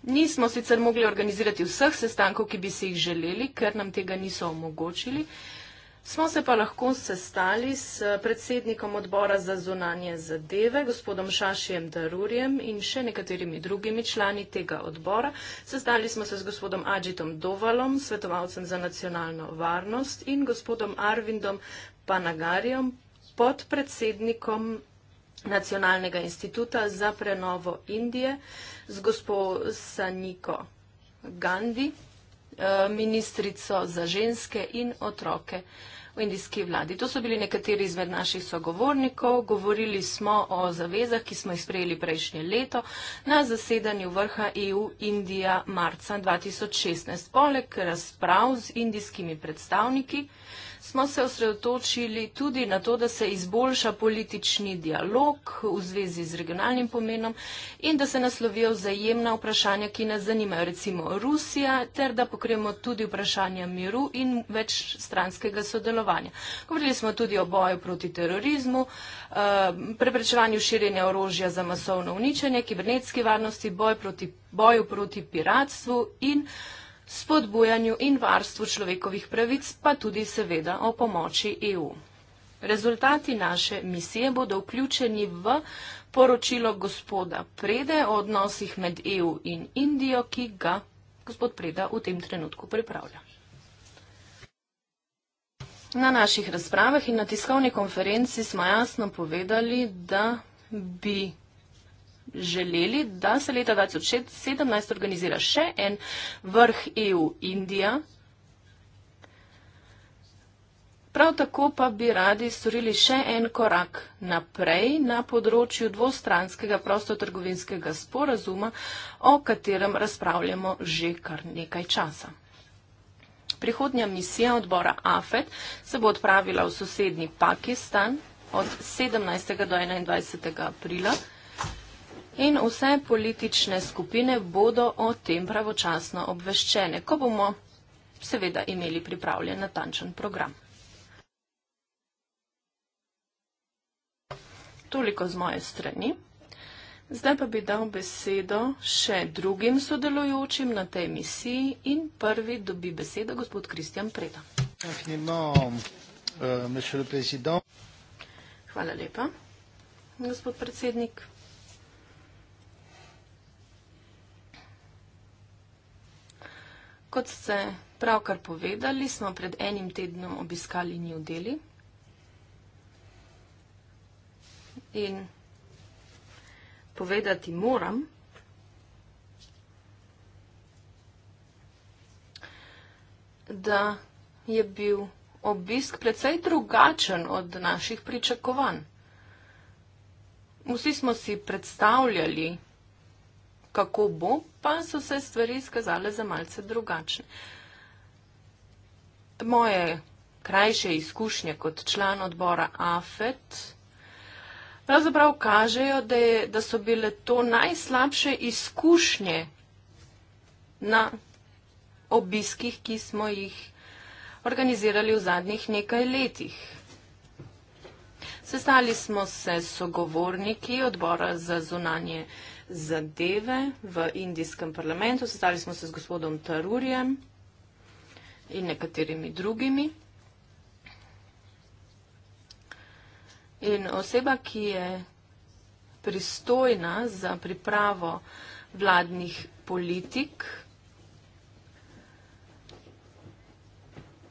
Nismo sicer mogli organizirati vseh sestankov, ki bi si jih želeli, ker nam tega niso omogočili. Smo se pa lahko sestali s predsednikom odbora za zunanje zadeve, gospodom Šašijem Darurjem in še nekaterimi drugimi člani tega odbora. Sestali smo se s gospodom Ađitom Dovalom, svetovalcem za nacionalno varnost in gospodom Arvindom Panagarjem, podpredsednikom Nacionalnega instituta za prenovo Indije z gospod Saniko Gandhi, eh, ministrico za ženske in otroke v indijski vladi. To so bili nekateri izmed naših sogovornikov. Govorili smo o zavezah, ki smo jih sprejeli prejšnje leto na zasedanju vrha EU Indija marca 2016. Poleg razprav z indijskimi predstavniki smo se osredotočili tudi na to, da se izboljša politični dialog v zvezi z regionalnim pomenom in da se naslovijo vzajemna vprašanja, ki nas zanimajo, recimo Rusija, ter da pokrijemo tudi vprašanja miru in večstranskega sodelovanja. Govorili smo tudi o boju proti terorizmu, eh, preprečevanju širjenja orožja za masovno uničenje, kibernetski varnosti, boj proti, boju proti piratstvu in spodbujanju in varstvu človekovih pravic, pa tudi seveda o pomoči EU. Rezultati naše misije bodo vključeni v poročilo gospoda Prede o odnosih med EU in Indijo, ki ga gospod Preda v tem trenutku pripravlja. Na naših razpravah in na tiskovni konferenci smo jasno povedali, da bi želeli, da se leta 2017 organizira še en vrh EU-Indija. Prav tako pa bi radi storili še en korak naprej na področju dvostranskega prostotrgovinskega sporazuma, o katerem razpravljamo že kar nekaj časa. Prihodnja misija odbora AFED se bo odpravila v sosednji Pakistan od 17. do 21. aprila in vse politične skupine bodo o tem pravočasno obveščene, ko bomo seveda imeli pripravljen natančen program. Toliko z moje strani. Zdaj pa bi dal besedo še drugim sodelujočim na tej misiji in prvi dobi besedo gospod Kristjan Preda. Euh, Hvala lepa, gospod predsednik. kot ste pravkar povedali, smo pred enim tednom obiskali New Delhi. In povedati moram, da je bil obisk precej drugačen od naših pričakovanj. Vsi smo si predstavljali, kako bo, pa so se stvari izkazale za malce drugačne. Moje krajše izkušnje kot član odbora AFET pravzaprav kažejo, da, je, da so bile to najslabše izkušnje na obiskih, ki smo jih organizirali v zadnjih nekaj letih. Sestali smo se s sogovorniki odbora za zunanje zadeve v indijskem parlamentu. Sestali smo se z gospodom Tarurjem in nekaterimi drugimi. In oseba, ki je pristojna za pripravo vladnih politik,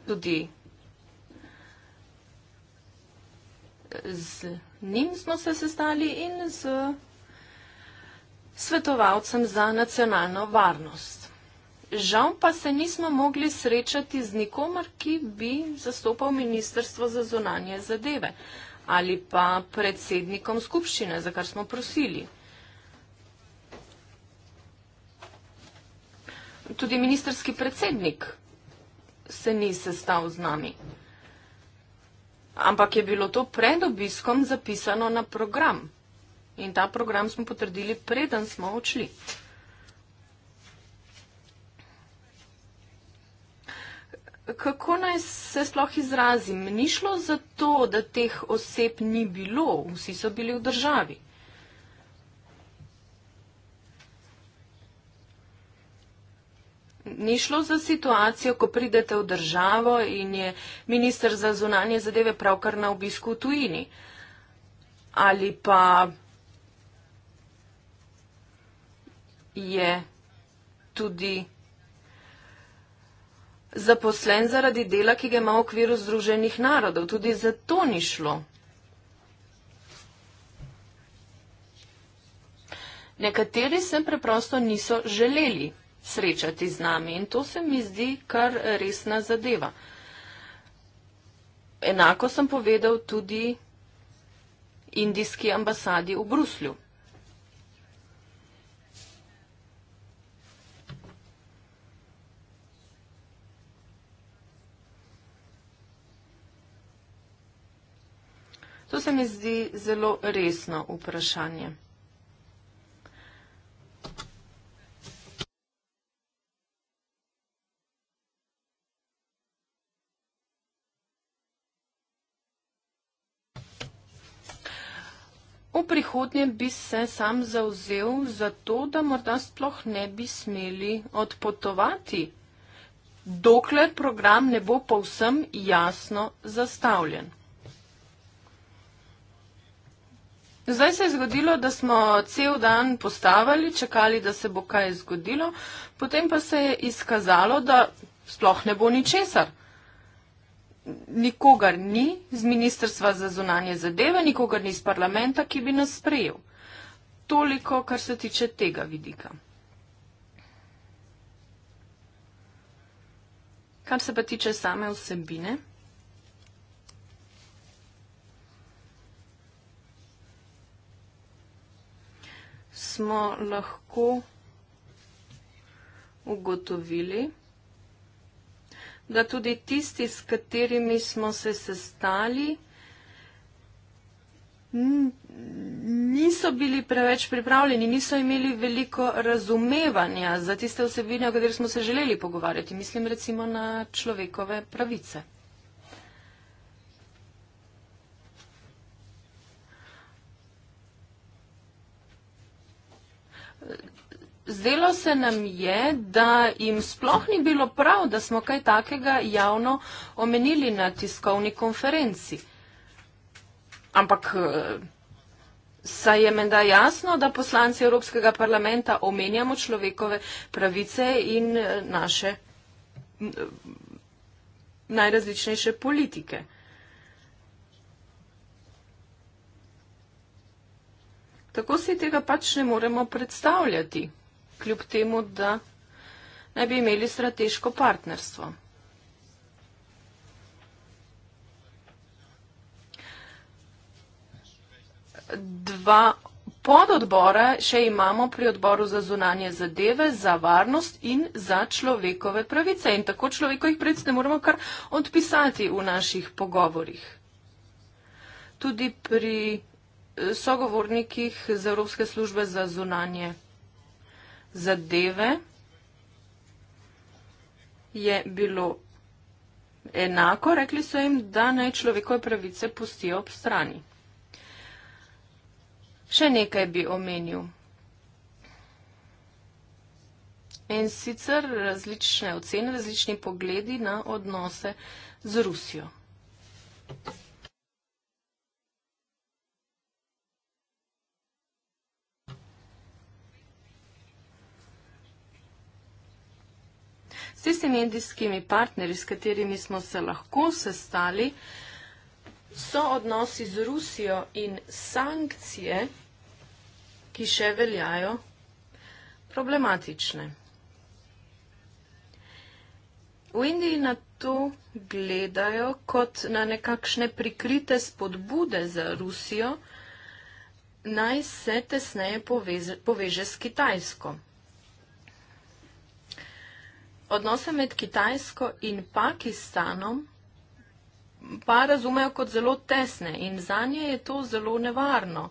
tudi z njim smo se sestali in z svetovalcem za nacionalno varnost. Žal pa se nismo mogli srečati z nikomer, ki bi zastopal Ministrstvo za zunanje zadeve ali pa predsednikom skupščine, za kar smo prosili. Tudi ministerski predsednik se ni sestal z nami. Ampak je bilo to pred obiskom zapisano na program. In ta program smo potrdili, preden smo odšli. Kako naj se sploh izrazim? Ni šlo za to, da teh oseb ni bilo, vsi so bili v državi. Ni šlo za situacijo, ko pridete v državo in je minister za zunanje zadeve pravkar na obisku v tujini. Ali pa je tudi zaposlen zaradi dela, ki ga ima v okviru Združenih narodov. Tudi za to ni šlo. Nekateri se preprosto niso želeli srečati z nami in to se mi zdi kar resna zadeva. Enako sem povedal tudi indijski ambasadi v Bruslju. To se mi zdi zelo resno vprašanje. V prihodnje bi se sam zauzel za to, da morda sploh ne bi smeli odpotovati, dokler program ne bo povsem jasno zastavljen. Zdaj se je zgodilo, da smo cel dan postavili, čakali, da se bo kaj zgodilo, potem pa se je izkazalo, da sploh ne bo ničesar. Nikogar ni z Ministrstva za zunanje zadeve, nikogar ni iz parlamenta, ki bi nas sprejel. Toliko, kar se tiče tega vidika. Kar se pa tiče same vsebine. smo lahko ugotovili, da tudi tisti, s katerimi smo se sestali, niso bili preveč pripravljeni, niso imeli veliko razumevanja za tiste vsebine, o katerih smo se želeli pogovarjati. Mislim recimo na človekove pravice. Zdelo se nam je, da jim sploh ni bilo prav, da smo kaj takega javno omenili na tiskovni konferenci. Ampak eh, saj je menda jasno, da poslanci Evropskega parlamenta omenjamo človekove pravice in eh, naše eh, najrazličnejše politike. Tako si tega pač ne moremo predstavljati kljub temu, da naj bi imeli strateško partnerstvo. Dva pododbora še imamo pri odboru za zunanje zadeve, za varnost in za človekove pravice. In tako človekovih pravic ne moramo kar odpisati v naših pogovorih. Tudi pri eh, sogovornikih z Evropske službe za zunanje zadeve zadeve je bilo enako, rekli so jim, da naj človekove pravice pustijo ob strani. Še nekaj bi omenil. In sicer različne ocene, različni pogledi na odnose z Rusijo. Thank you. tistimi indijskimi partnerji, s katerimi smo se lahko sestali, so odnosi z Rusijo in sankcije, ki še veljajo, problematične. V Indiji na to gledajo kot na nekakšne prikrite spodbude za Rusijo, naj se tesneje poveže, poveže s Kitajsko odnose med Kitajsko in Pakistanom pa razumejo kot zelo tesne in za nje je to zelo nevarno.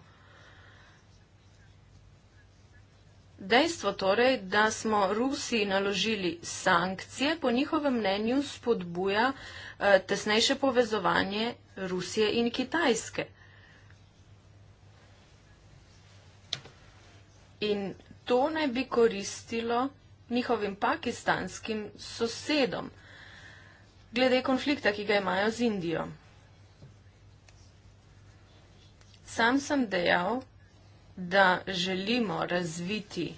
Dejstvo torej, da smo Rusiji naložili sankcije, po njihovem mnenju spodbuja eh, tesnejše povezovanje Rusije in Kitajske. In to naj bi koristilo njihovim pakistanskim sosedom glede konflikta, ki ga imajo z Indijo. Sam sem dejal, da želimo razviti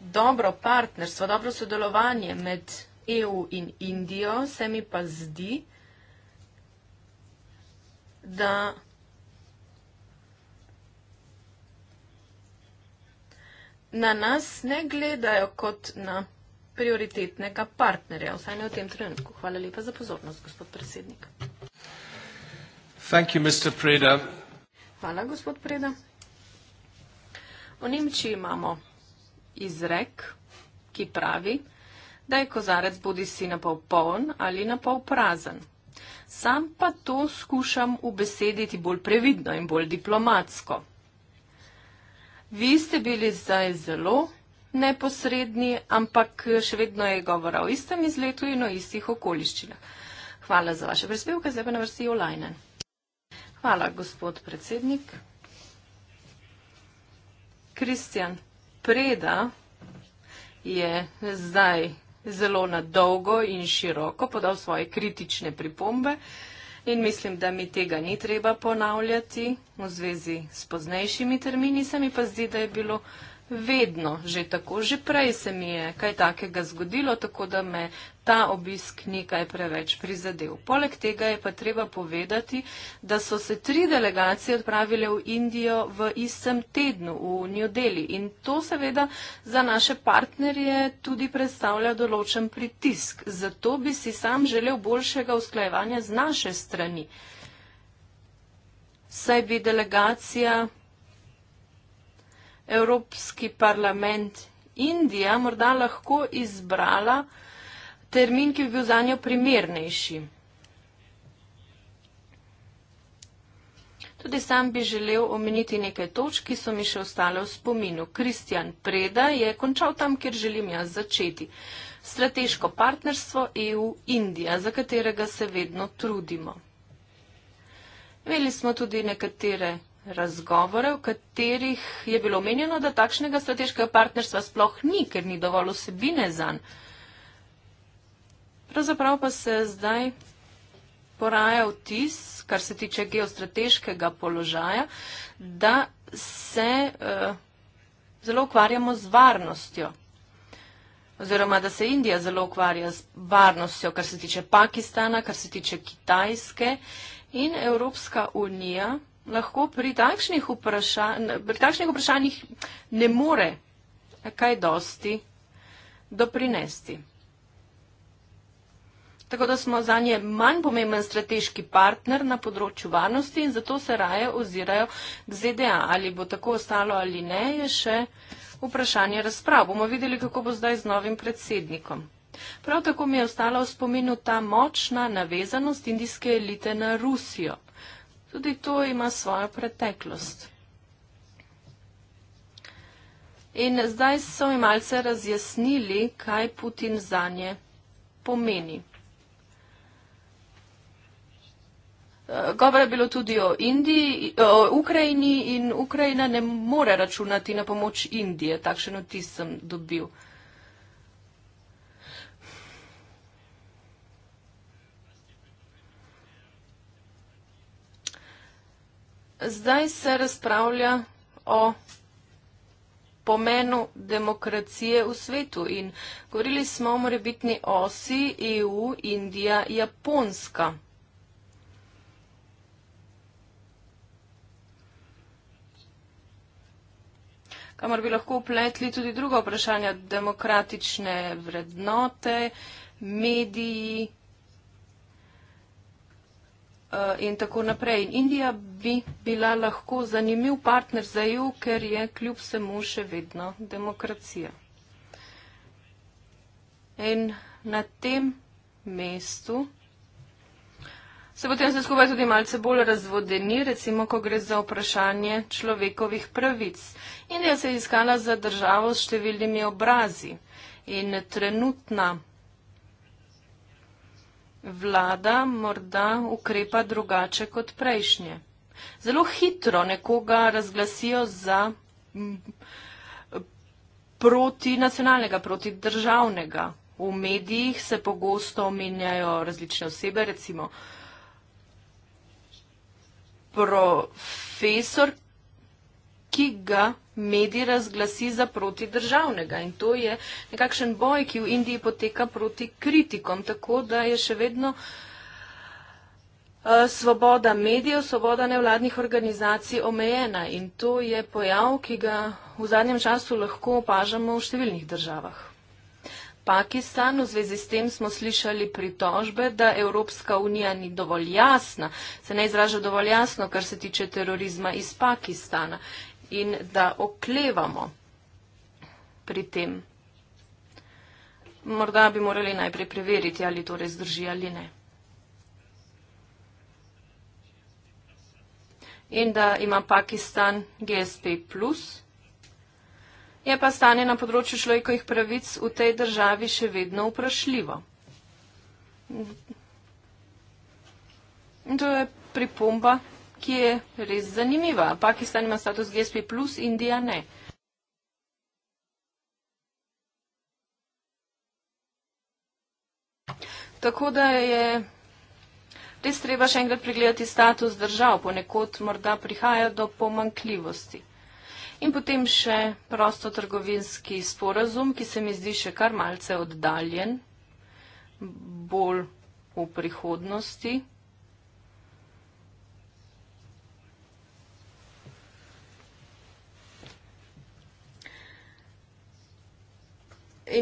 dobro partnerstvo, dobro sodelovanje med EU in Indijo, se mi pa zdi, da na nas ne gledajo kot na prioritetnega partnerja, vsaj ne v tem trenutku. Hvala lepa za pozornost, gospod predsednik. Thank you, Mr. Preda. Hvala, gospod Preda. V Nemčiji imamo izrek, ki pravi, da je kozarec bodi si napol poln ali napol prazen. Sam pa to skušam ubesediti bolj previdno in bolj diplomatsko. Vi ste bili zdaj zelo neposredni, ampak še vedno je govora o istem izletu in o istih okoliščinah. Hvala za vaše prispevke, zdaj pa na vrsti Olajnen. Hvala, gospod predsednik. Kristjan Preda je zdaj zelo na dolgo in široko podal svoje kritične pripombe in mislim, da mi tega ni treba ponavljati v zvezi s poznejšimi termini, se mi pa zdi, da je bilo vedno že tako, že prej se mi je kaj takega zgodilo, tako da me ta obisk nekaj preveč prizadev. Poleg tega je pa treba povedati, da so se tri delegacije odpravile v Indijo v istem tednu, v New Delhi. In to seveda za naše partnerje tudi predstavlja določen pritisk. Zato bi si sam želel boljšega usklajevanja z naše strani. Saj bi delegacija Evropski parlament Indija morda lahko izbrala, termin, ki bi bil za njo primernejši. Tudi sam bi želel omeniti nekaj točk, ki so mi še ostale v spominu. Kristjan Preda je končal tam, kjer želim jaz začeti. Strateško partnerstvo EU-Indija, za katerega se vedno trudimo. Imeli smo tudi nekatere razgovore, v katerih je bilo omenjeno, da takšnega strateškega partnerstva sploh ni, ker ni dovolj osebine zanj. Pravzaprav pa se zdaj poraja vtis, kar se tiče geostrateškega položaja, da se uh, zelo ukvarjamo z varnostjo. Oziroma, da se Indija zelo ukvarja z varnostjo, kar se tiče Pakistana, kar se tiče Kitajske in Evropska unija lahko pri takšnih, vprašanj, pri takšnih vprašanjih ne more kaj dosti doprinesti tako da smo za nje manj pomemben strateški partner na področju varnosti in zato se raje ozirajo k ZDA. Ali bo tako ostalo ali ne, je še vprašanje razprav. Bomo videli, kako bo zdaj z novim predsednikom. Prav tako mi je ostala v spominu ta močna navezanost indijske elite na Rusijo. Tudi to ima svojo preteklost. In zdaj so mi malce razjasnili, kaj Putin za nje pomeni. Govora je bilo tudi o Indiji, o Ukrajini in Ukrajina ne more računati na pomoč Indije. Takšen otis sem dobil. Zdaj se razpravlja o pomenu demokracije v svetu in govorili smo o morebitni osi EU, Indija, Japonska. kamor bi lahko upletli tudi druga vprašanja, demokratične vrednote, mediji eh, in tako naprej. Indija bi bila lahko zanimiv partner za EU, ker je kljub vsemu še vedno demokracija. In na tem mestu se potem vse skupaj tudi malce bolj razvodeni, recimo, ko gre za vprašanje človekovih pravic. Indija se je iskala za državo s številnimi obrazi in trenutna vlada morda ukrepa drugače kot prejšnje. Zelo hitro nekoga razglasijo za proti nacionalnega, proti državnega. V medijih se pogosto omenjajo različne osebe, recimo profesor, ki ga mediji razglasi za protidržavnega. In to je nekakšen boj, ki v Indiji poteka proti kritikom, tako da je še vedno eh, svoboda medijev, svoboda nevladnih organizacij omejena. In to je pojav, ki ga v zadnjem času lahko opažamo v številnih državah. Pakistan. V zvezi s tem smo slišali pritožbe, da Evropska unija ni dovolj jasna, se ne izraža dovolj jasno, kar se tiče terorizma iz Pakistana in da oklevamo pri tem. Morda bi morali najprej preveriti, ali to res drži ali ne. In da ima Pakistan GSP je pa stanje na področju človekovih pravic v tej državi še vedno vprašljivo. To je pripomba, ki je res zanimiva. Pakistan ima status GSP, Indija ne. Tako da je res treba še enkrat pregledati status držav, ponekod morda prihaja do pomankljivosti. In potem še prostotrgovinski sporazum, ki se mi zdi še kar malce oddaljen, bolj v prihodnosti.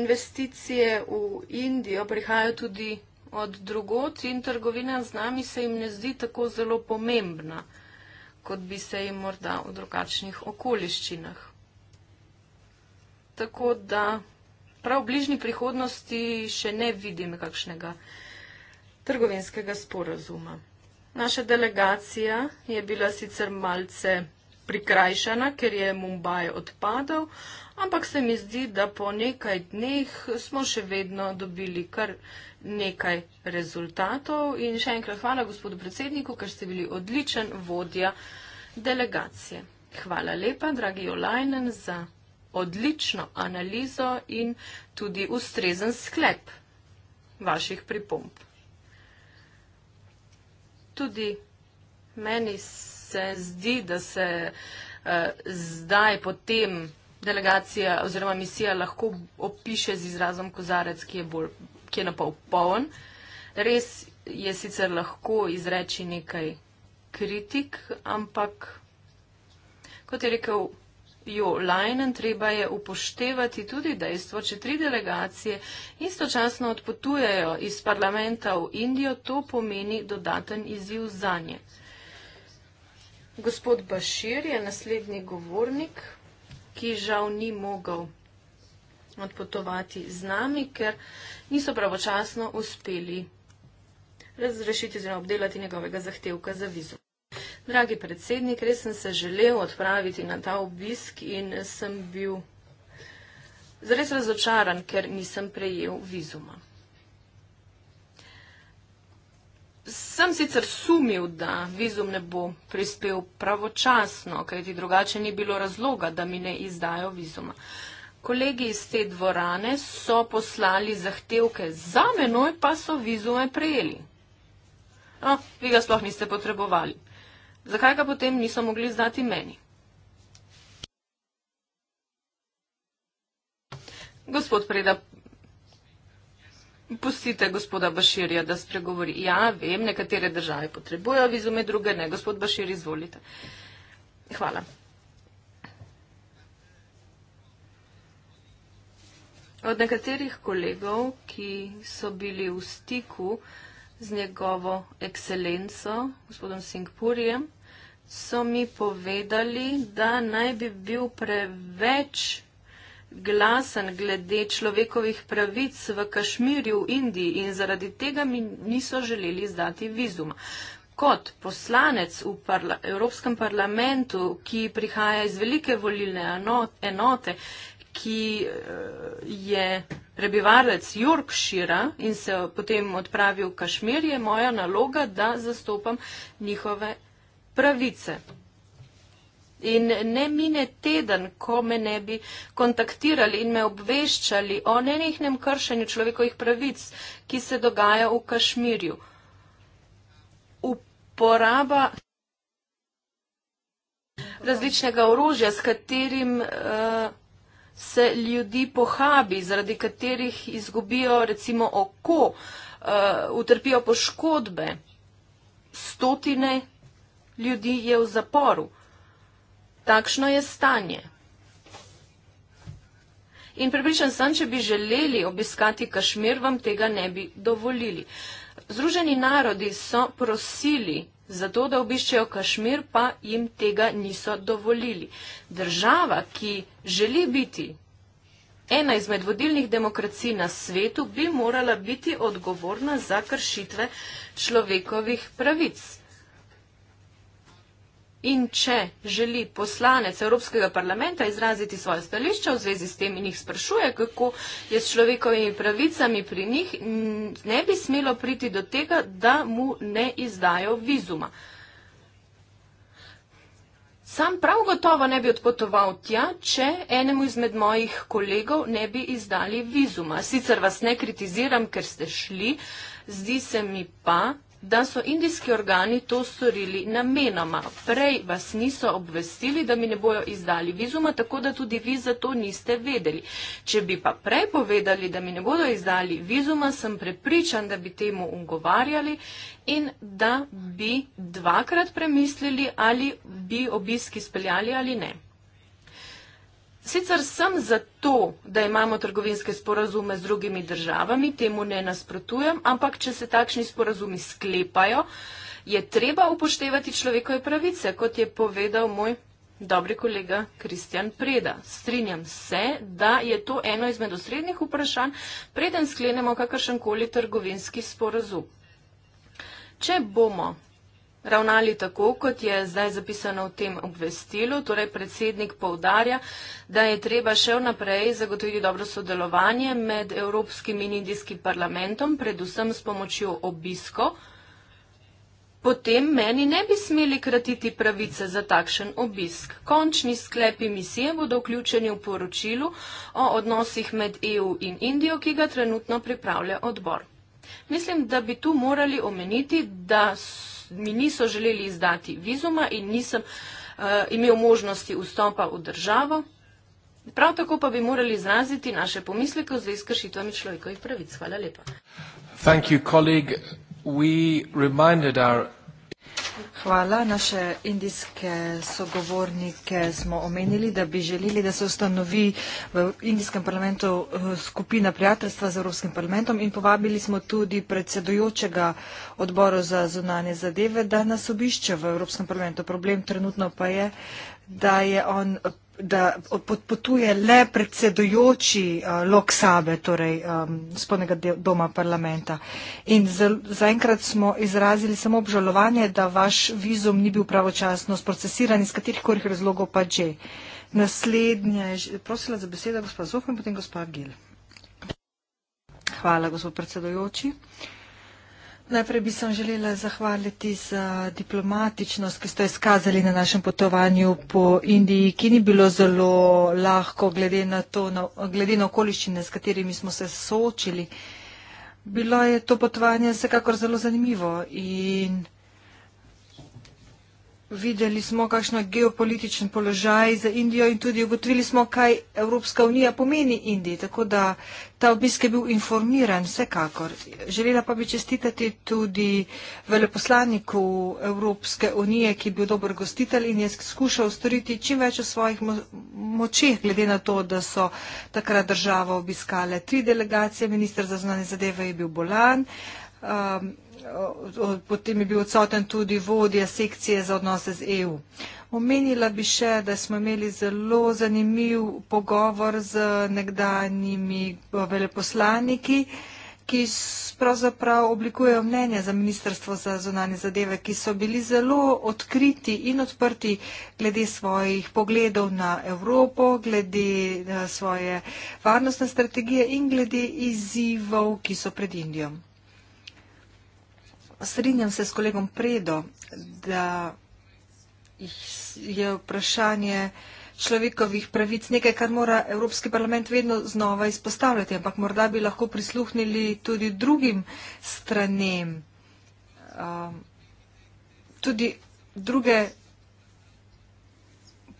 Investicije v Indijo prihajajo tudi od drugot in trgovina z nami se jim ne zdi tako zelo pomembna kot bi se jim morda v drugačnih okoliščinah. Tako da prav v bližnji prihodnosti še ne vidim kakšnega trgovinskega sporazuma. Naša delegacija je bila sicer malce prikrajšana, ker je Mumbai odpadal, ampak se mi zdi, da po nekaj dneh smo še vedno dobili kar nekaj rezultatov. In še enkrat hvala gospodu predsedniku, ker ste bili odličen vodja delegacije. Hvala lepa, dragi Olajnen, za odlično analizo in tudi ustrezen sklep vaših pripomp. Tudi meni se zdi, da se eh, zdaj potem delegacija oziroma misija lahko opiše z izrazom kozarec, ki je bolj, kje na pol poln. Res je sicer lahko izreči nekaj kritik, ampak kot je rekel Jo Leinen, treba je upoštevati tudi dejstvo, če tri delegacije istočasno odpotujejo iz parlamenta v Indijo, to pomeni dodaten izziv za nje. Gospod Bašir je naslednji govornik, ki žal ni mogel odpotovati z nami, ker niso pravočasno uspeli razrešiti oziroma obdelati njegovega zahtevka za vizum. Dragi predsednik, res sem se želel odpraviti na ta obisk in sem bil zares razočaran, ker nisem prejel vizuma. Sem sicer sumil, da vizum ne bo prispel pravočasno, kajti drugače ni bilo razloga, da mi ne izdajo vizuma. Kolegi iz te dvorane so poslali zahtevke za menoj, pa so vizume prejeli. No, vi ga sploh niste potrebovali. Zakaj ga potem niso mogli izdati meni? Gospod Preda, pustite gospoda Baširja, da spregovori. Ja, vem, nekatere države potrebujejo vizume, druge ne. Gospod Bašir, izvolite. Hvala. Od nekaterih kolegov, ki so bili v stiku z njegovo ekscelenco, gospodom Singpurjem, so mi povedali, da naj bi bil preveč glasen glede človekovih pravic v Kašmirju v Indiji in zaradi tega mi niso želeli izdati vizuma. Kot poslanec v parla Evropskem parlamentu, ki prihaja iz velike volilne enote, ki eh, je prebivalec Jorkšira in se potem odpravil v Kašmir, je moja naloga, da zastopam njihove pravice. In ne mine teden, ko me ne bi kontaktirali in me obveščali o nenehnem kršenju človekovih pravic, ki se dogaja v Kašmirju. Uporaba različnega orožja, s katerim uh, se ljudi pohabi, zaradi katerih izgubijo recimo oko, eh, utrpijo poškodbe. Stotine ljudi je v zaporu. Takšno je stanje. In pripričan sem, če bi želeli obiskati Kašmir, vam tega ne bi dovolili. Združeni narodi so prosili zato da obiščejo Kašmir, pa jim tega niso dovolili. Država, ki želi biti ena izmed vodilnih demokracij na svetu, bi morala biti odgovorna za kršitve človekovih pravic. In če želi poslanec Evropskega parlamenta izraziti svoje stališče v zvezi s tem in jih sprašuje, kako je s človekovimi pravicami pri njih, ne bi smelo priti do tega, da mu ne izdajo vizuma. Sam prav gotovo ne bi odpotoval tja, če enemu izmed mojih kolegov ne bi izdali vizuma. Sicer vas ne kritiziram, ker ste šli, zdi se mi pa, da so indijski organi to storili namenoma. Prej vas niso obvestili, da mi ne bojo izdali vizuma, tako da tudi vi za to niste vedeli. Če bi pa prej povedali, da mi ne bodo izdali vizuma, sem prepričan, da bi temu ugovarjali in da bi dvakrat premislili, ali bi obiski speljali ali ne. Sicer sem za to, da imamo trgovinske sporazume z drugimi državami, temu ne nasprotujem, ampak če se takšni sporazumi sklepajo, je treba upoštevati človekove pravice, kot je povedal moj dobri kolega Kristjan Preda. Strinjam se, da je to eno izmed osrednjih vprašanj, preden sklenemo kakršenkoli trgovinski sporazum. Če bomo ravnali tako, kot je zdaj zapisano v tem obvestilu. Torej, predsednik povdarja, da je treba še vnaprej zagotoviti dobro sodelovanje med Evropskim in Indijskim parlamentom, predvsem s pomočjo obisko. Potem meni ne bi smeli kratiti pravice za takšen obisk. Končni sklepi misije bodo vključeni v poročilu o odnosih med EU in Indijo, ki ga trenutno pripravlja odbor. Mislim, da bi tu morali omeniti, da so mi niso želeli izdati vizuma in nisem uh, imel možnosti vstopa v državo. Prav tako pa bi morali izraziti naše pomisleke v zvezi s kršitvami človekovih pravic. Hvala lepa. Thank you, colleague. We reminded our Hvala. Naše indijske sogovornike smo omenili, da bi želeli, da se ustanovi v indijskem parlamentu eh, skupina prijateljstva z Evropskim parlamentom in povabili smo tudi predsedujočega odboru za zunanje zadeve, da nas obišče v Evropskem parlamentu. Problem trenutno pa je, da je on da potuje le predsedojoči eh, lok sabe, torej spodnega doma parlamenta. In zaenkrat smo izrazili samo obžalovanje, da vaš vizum ni bil pravočasno sprocesiran, iz katerih korih razlogov pa že. Naslednja je prosila za besedo gospod Zofen, potem gospod Gil. Hvala, gospod predsedojoči. Najprej bi sem želela zahvaliti za diplomatičnost, ki ste izkazali na našem potovanju po Indiji, ki ni bilo zelo lahko glede na, to, na, glede na okoliščine, s katerimi smo se soočili. Bilo je to potovanje vsekakor zelo zanimivo in Videli smo, kakšen je geopolitičen položaj za Indijo in tudi ugotovili smo, kaj Evropska unija pomeni Indiji. Tako da ta obisk je bil informiran, vsekakor. Želela pa bi čestitati tudi veleposlaniku Evropske unije, ki je bil dober gostitelj in je skušal storiti čim več v svojih mo močeh, glede na to, da so takrat državo obiskale tri delegacije. Ministr za zunanje zadeve je bil bolan. Um, potem je bil odsoten tudi vodja sekcije za odnose z EU. Omenila bi še, da smo imeli zelo zanimiv pogovor z nekdanjimi veleposlaniki, ki pravzaprav oblikujejo mnenje za Ministrstvo za zunanje zadeve, ki so bili zelo odkriti in odprti glede svojih pogledov na Evropo, glede eh, svoje varnostne strategije in glede izzivov, ki so pred Indijo. Strinjam se s kolegom Predo, da je vprašanje človekovih pravic nekaj, kar mora Evropski parlament vedno znova izpostavljati, ampak morda bi lahko prisluhnili tudi drugim stranem, um, tudi druge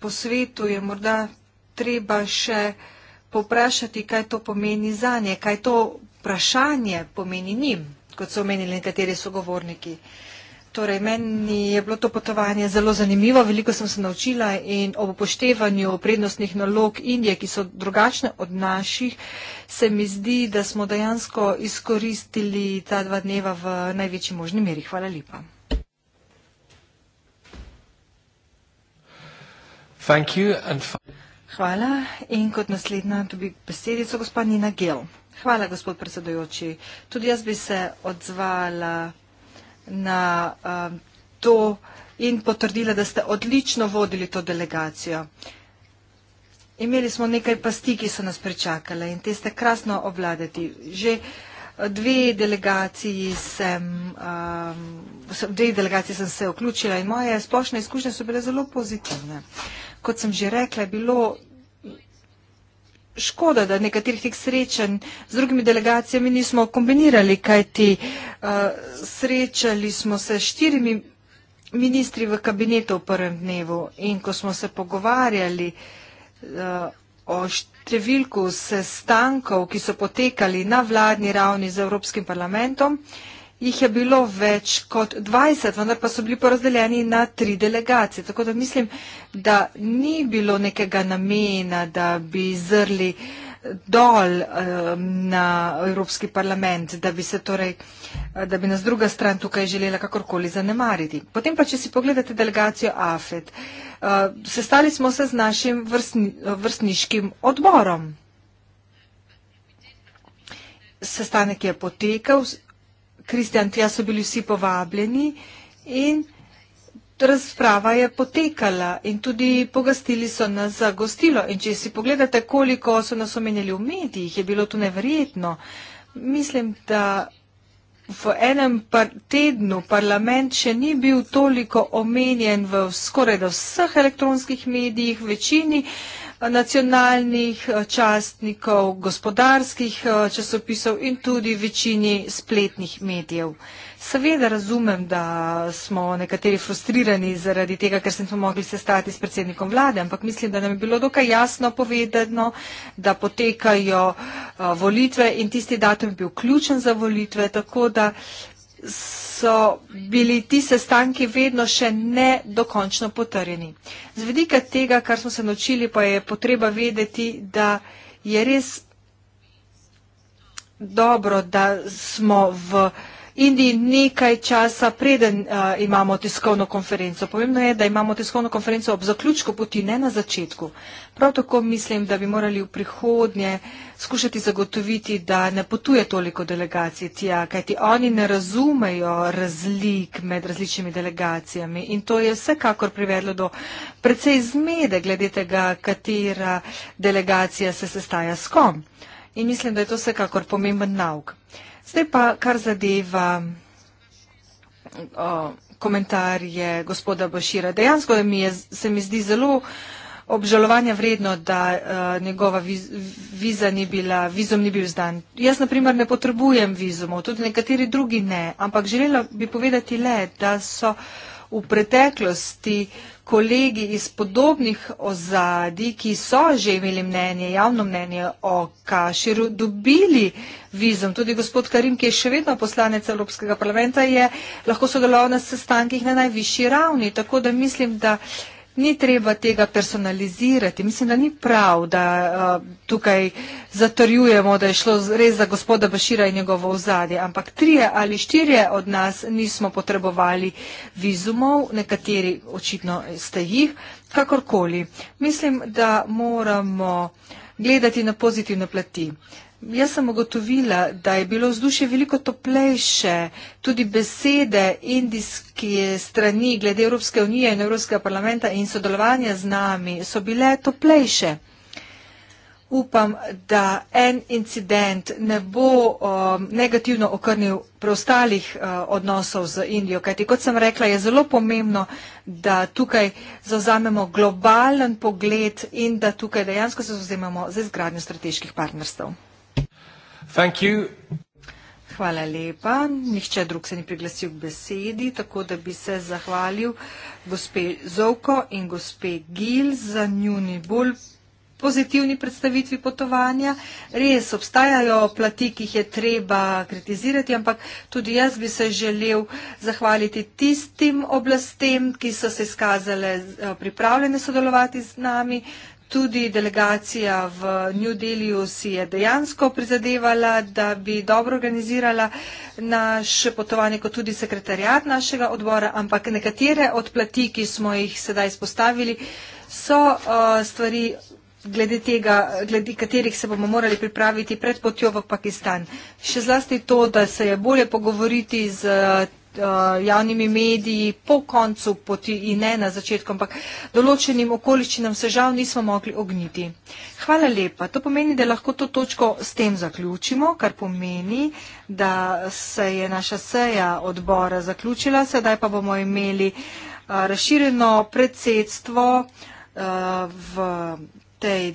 po svetu je morda treba še povprašati, kaj to pomeni za nje, kaj to vprašanje pomeni njim kot so omenili nekateri sogovorniki. Torej, meni je bilo to potovanje zelo zanimivo, veliko sem se naučila in ob upoštevanju prednostnih nalog Indije, ki so drugačne od naših, se mi zdi, da smo dejansko izkoristili ta dva dneva v največji možni meri. Hvala lepa. Hvala in kot naslednja dobi besedico gospa Nina Gel. Hvala, gospod predsedujoči. Tudi jaz bi se odzvala na um, to in potrdila, da ste odlično vodili to delegacijo. Imeli smo nekaj pasti, ki so nas pričakale in te ste krasno obladati. Že eh, dve delegaciji sem, um, dve delegacije sem se vključila in moje splošne izkušnje so bile zelo pozitivne. Kot sem že rekla, je bilo škoda, da nekaterih teh srečanj z drugimi delegacijami nismo kombinirali, kajti eh, srečali smo se s štirimi ministri v kabinetu v prvem dnevu in ko smo se pogovarjali eh, o številku sestankov, ki so potekali na vladni ravni z Evropskim parlamentom, jih je bilo več kot 20, vendar pa so bili porazdeljeni na tri delegacije. Tako da mislim, da ni bilo nekega namena, da bi zrli dol um, na Evropski parlament, da bi, se torej, da bi nas druga stran tukaj želela kakorkoli zanemariti. Potem pa, če si pogledate delegacijo AFED, uh, eh, sestali smo se z našim vrstni, vrstniškim odborom. Sestanek je potekal, Kristjan, tja so bili vsi povabljeni in razprava je potekala in tudi pogastili so nas za gostilo. In če si pogledate, koliko so nas omenjali v medijih, je bilo to neverjetno. Mislim, da v enem par tednu parlament še ni bil toliko omenjen v skoraj da vseh elektronskih medijih, večini. Uh, nacionalnih eh, častnikov, gospodarskih eh, časopisov in tudi večini spletnih medijev. Seveda razumem, da smo nekateri frustrirani zaradi tega, ker smo mogli se stati s predsednikom vlade, ampak mislim, da nam je bilo dokaj jasno povedano, da potekajo eh, volitve in tisti datum je bil ključen za volitve, tako da so bili ti sestanki vedno še ne dokončno potrjeni. Z vedika tega, kar smo se naučili, pa je potreba vedeti, da je res dobro, da smo v Indiji nekaj časa preden uh, imamo tiskovno konferenco. Pomembno je, da imamo tiskovno konferenco ob zaključku poti, ne na začetku. Prav tako mislim, da bi morali v prihodnje skušati zagotoviti, da ne potuje toliko delegacij tja, kajti oni ne razumejo razlik med različnimi delegacijami in to je vsekakor privedlo do precej zmede glede tega, katera delegacija se sestaja s kom. In mislim, da je to vsekakor pomemben nauk. Uh, Zdaj pa, kar zadeva o, komentarje gospoda Bošira. Dejansko mi je, se mi zdi zelo obžalovanja vredno, da o, e, njegova viz, viza ni bila, vizum ni bil zdan. Jaz, na primer, ne potrebujem vizumov, tudi nekateri drugi ne, ampak želela bi povedati le, da so v preteklosti. O, kolegi iz podobnih ozadij, ki so že imeli mnenje, javno mnenje o Kaširu, dobili vizum. Tudi gospod Karim, ki je še vedno poslanec Evropskega parlamenta, je lahko sodeloval na sestankih na najvišji ravni. Tako da mislim, da. Uh, ni treba tega personalizirati. Mislim, da ni prav, da uh, tukaj zatrjujemo, da je šlo res za gospoda Bašira in njegovo vzadje. Ampak trije ali štirje od nas nismo potrebovali vizumov, nekateri očitno ste jih, kakorkoli. Mislim, da moramo gledati na pozitivne plati. Jaz sem ugotovila, da je bilo vzdušje veliko toplejše, tudi besede indijske strani glede Evropske unije in Evropskega parlamenta in sodelovanja z nami so bile toplejše. Upam, da en incident ne bo um, negativno okrnil preostalih uh, odnosov z Indijo, kajti kot sem rekla, je zelo pomembno, da tukaj zauzamemo globalen pogled in da tukaj dejansko se zauzemamo za izgradnjo strateških partnerstv. Thank you. Hvala lepa. Nihče drug se ni priglasil k besedi, tako da bi se zahvalil gospe Zovko in gospe Gil za njuni bolj pozitivni predstavitvi potovanja. Res obstajajo plati, ki jih je treba kritizirati, ampak tudi jaz bi se želel zahvaliti tistim oblastem, ki so se izkazale eh, pripravljene sodelovati z nami, Tudi delegacija v New Deliju si je dejansko prizadevala, da bi dobro organizirala naše potovanje, kot tudi sekretarjat našega odbora, ampak nekatere od plati, ki smo jih sedaj izpostavili, so uh, stvari, glede, tega, glede katerih se bomo morali pripraviti pred potjo v Pakistan. Še zlasti to, da se je bolje pogovoriti z. Uh, Eh, javnimi mediji po koncu poti in ne na začetku, ampak določenim okoličinam se žal nismo mogli ogniti. Hvala lepa. To pomeni, da lahko to točko s tem zaključimo, kar pomeni, da se je naša seja odbora zaključila, sedaj pa bomo imeli eh, razširjeno predsedstvo eh, v tej.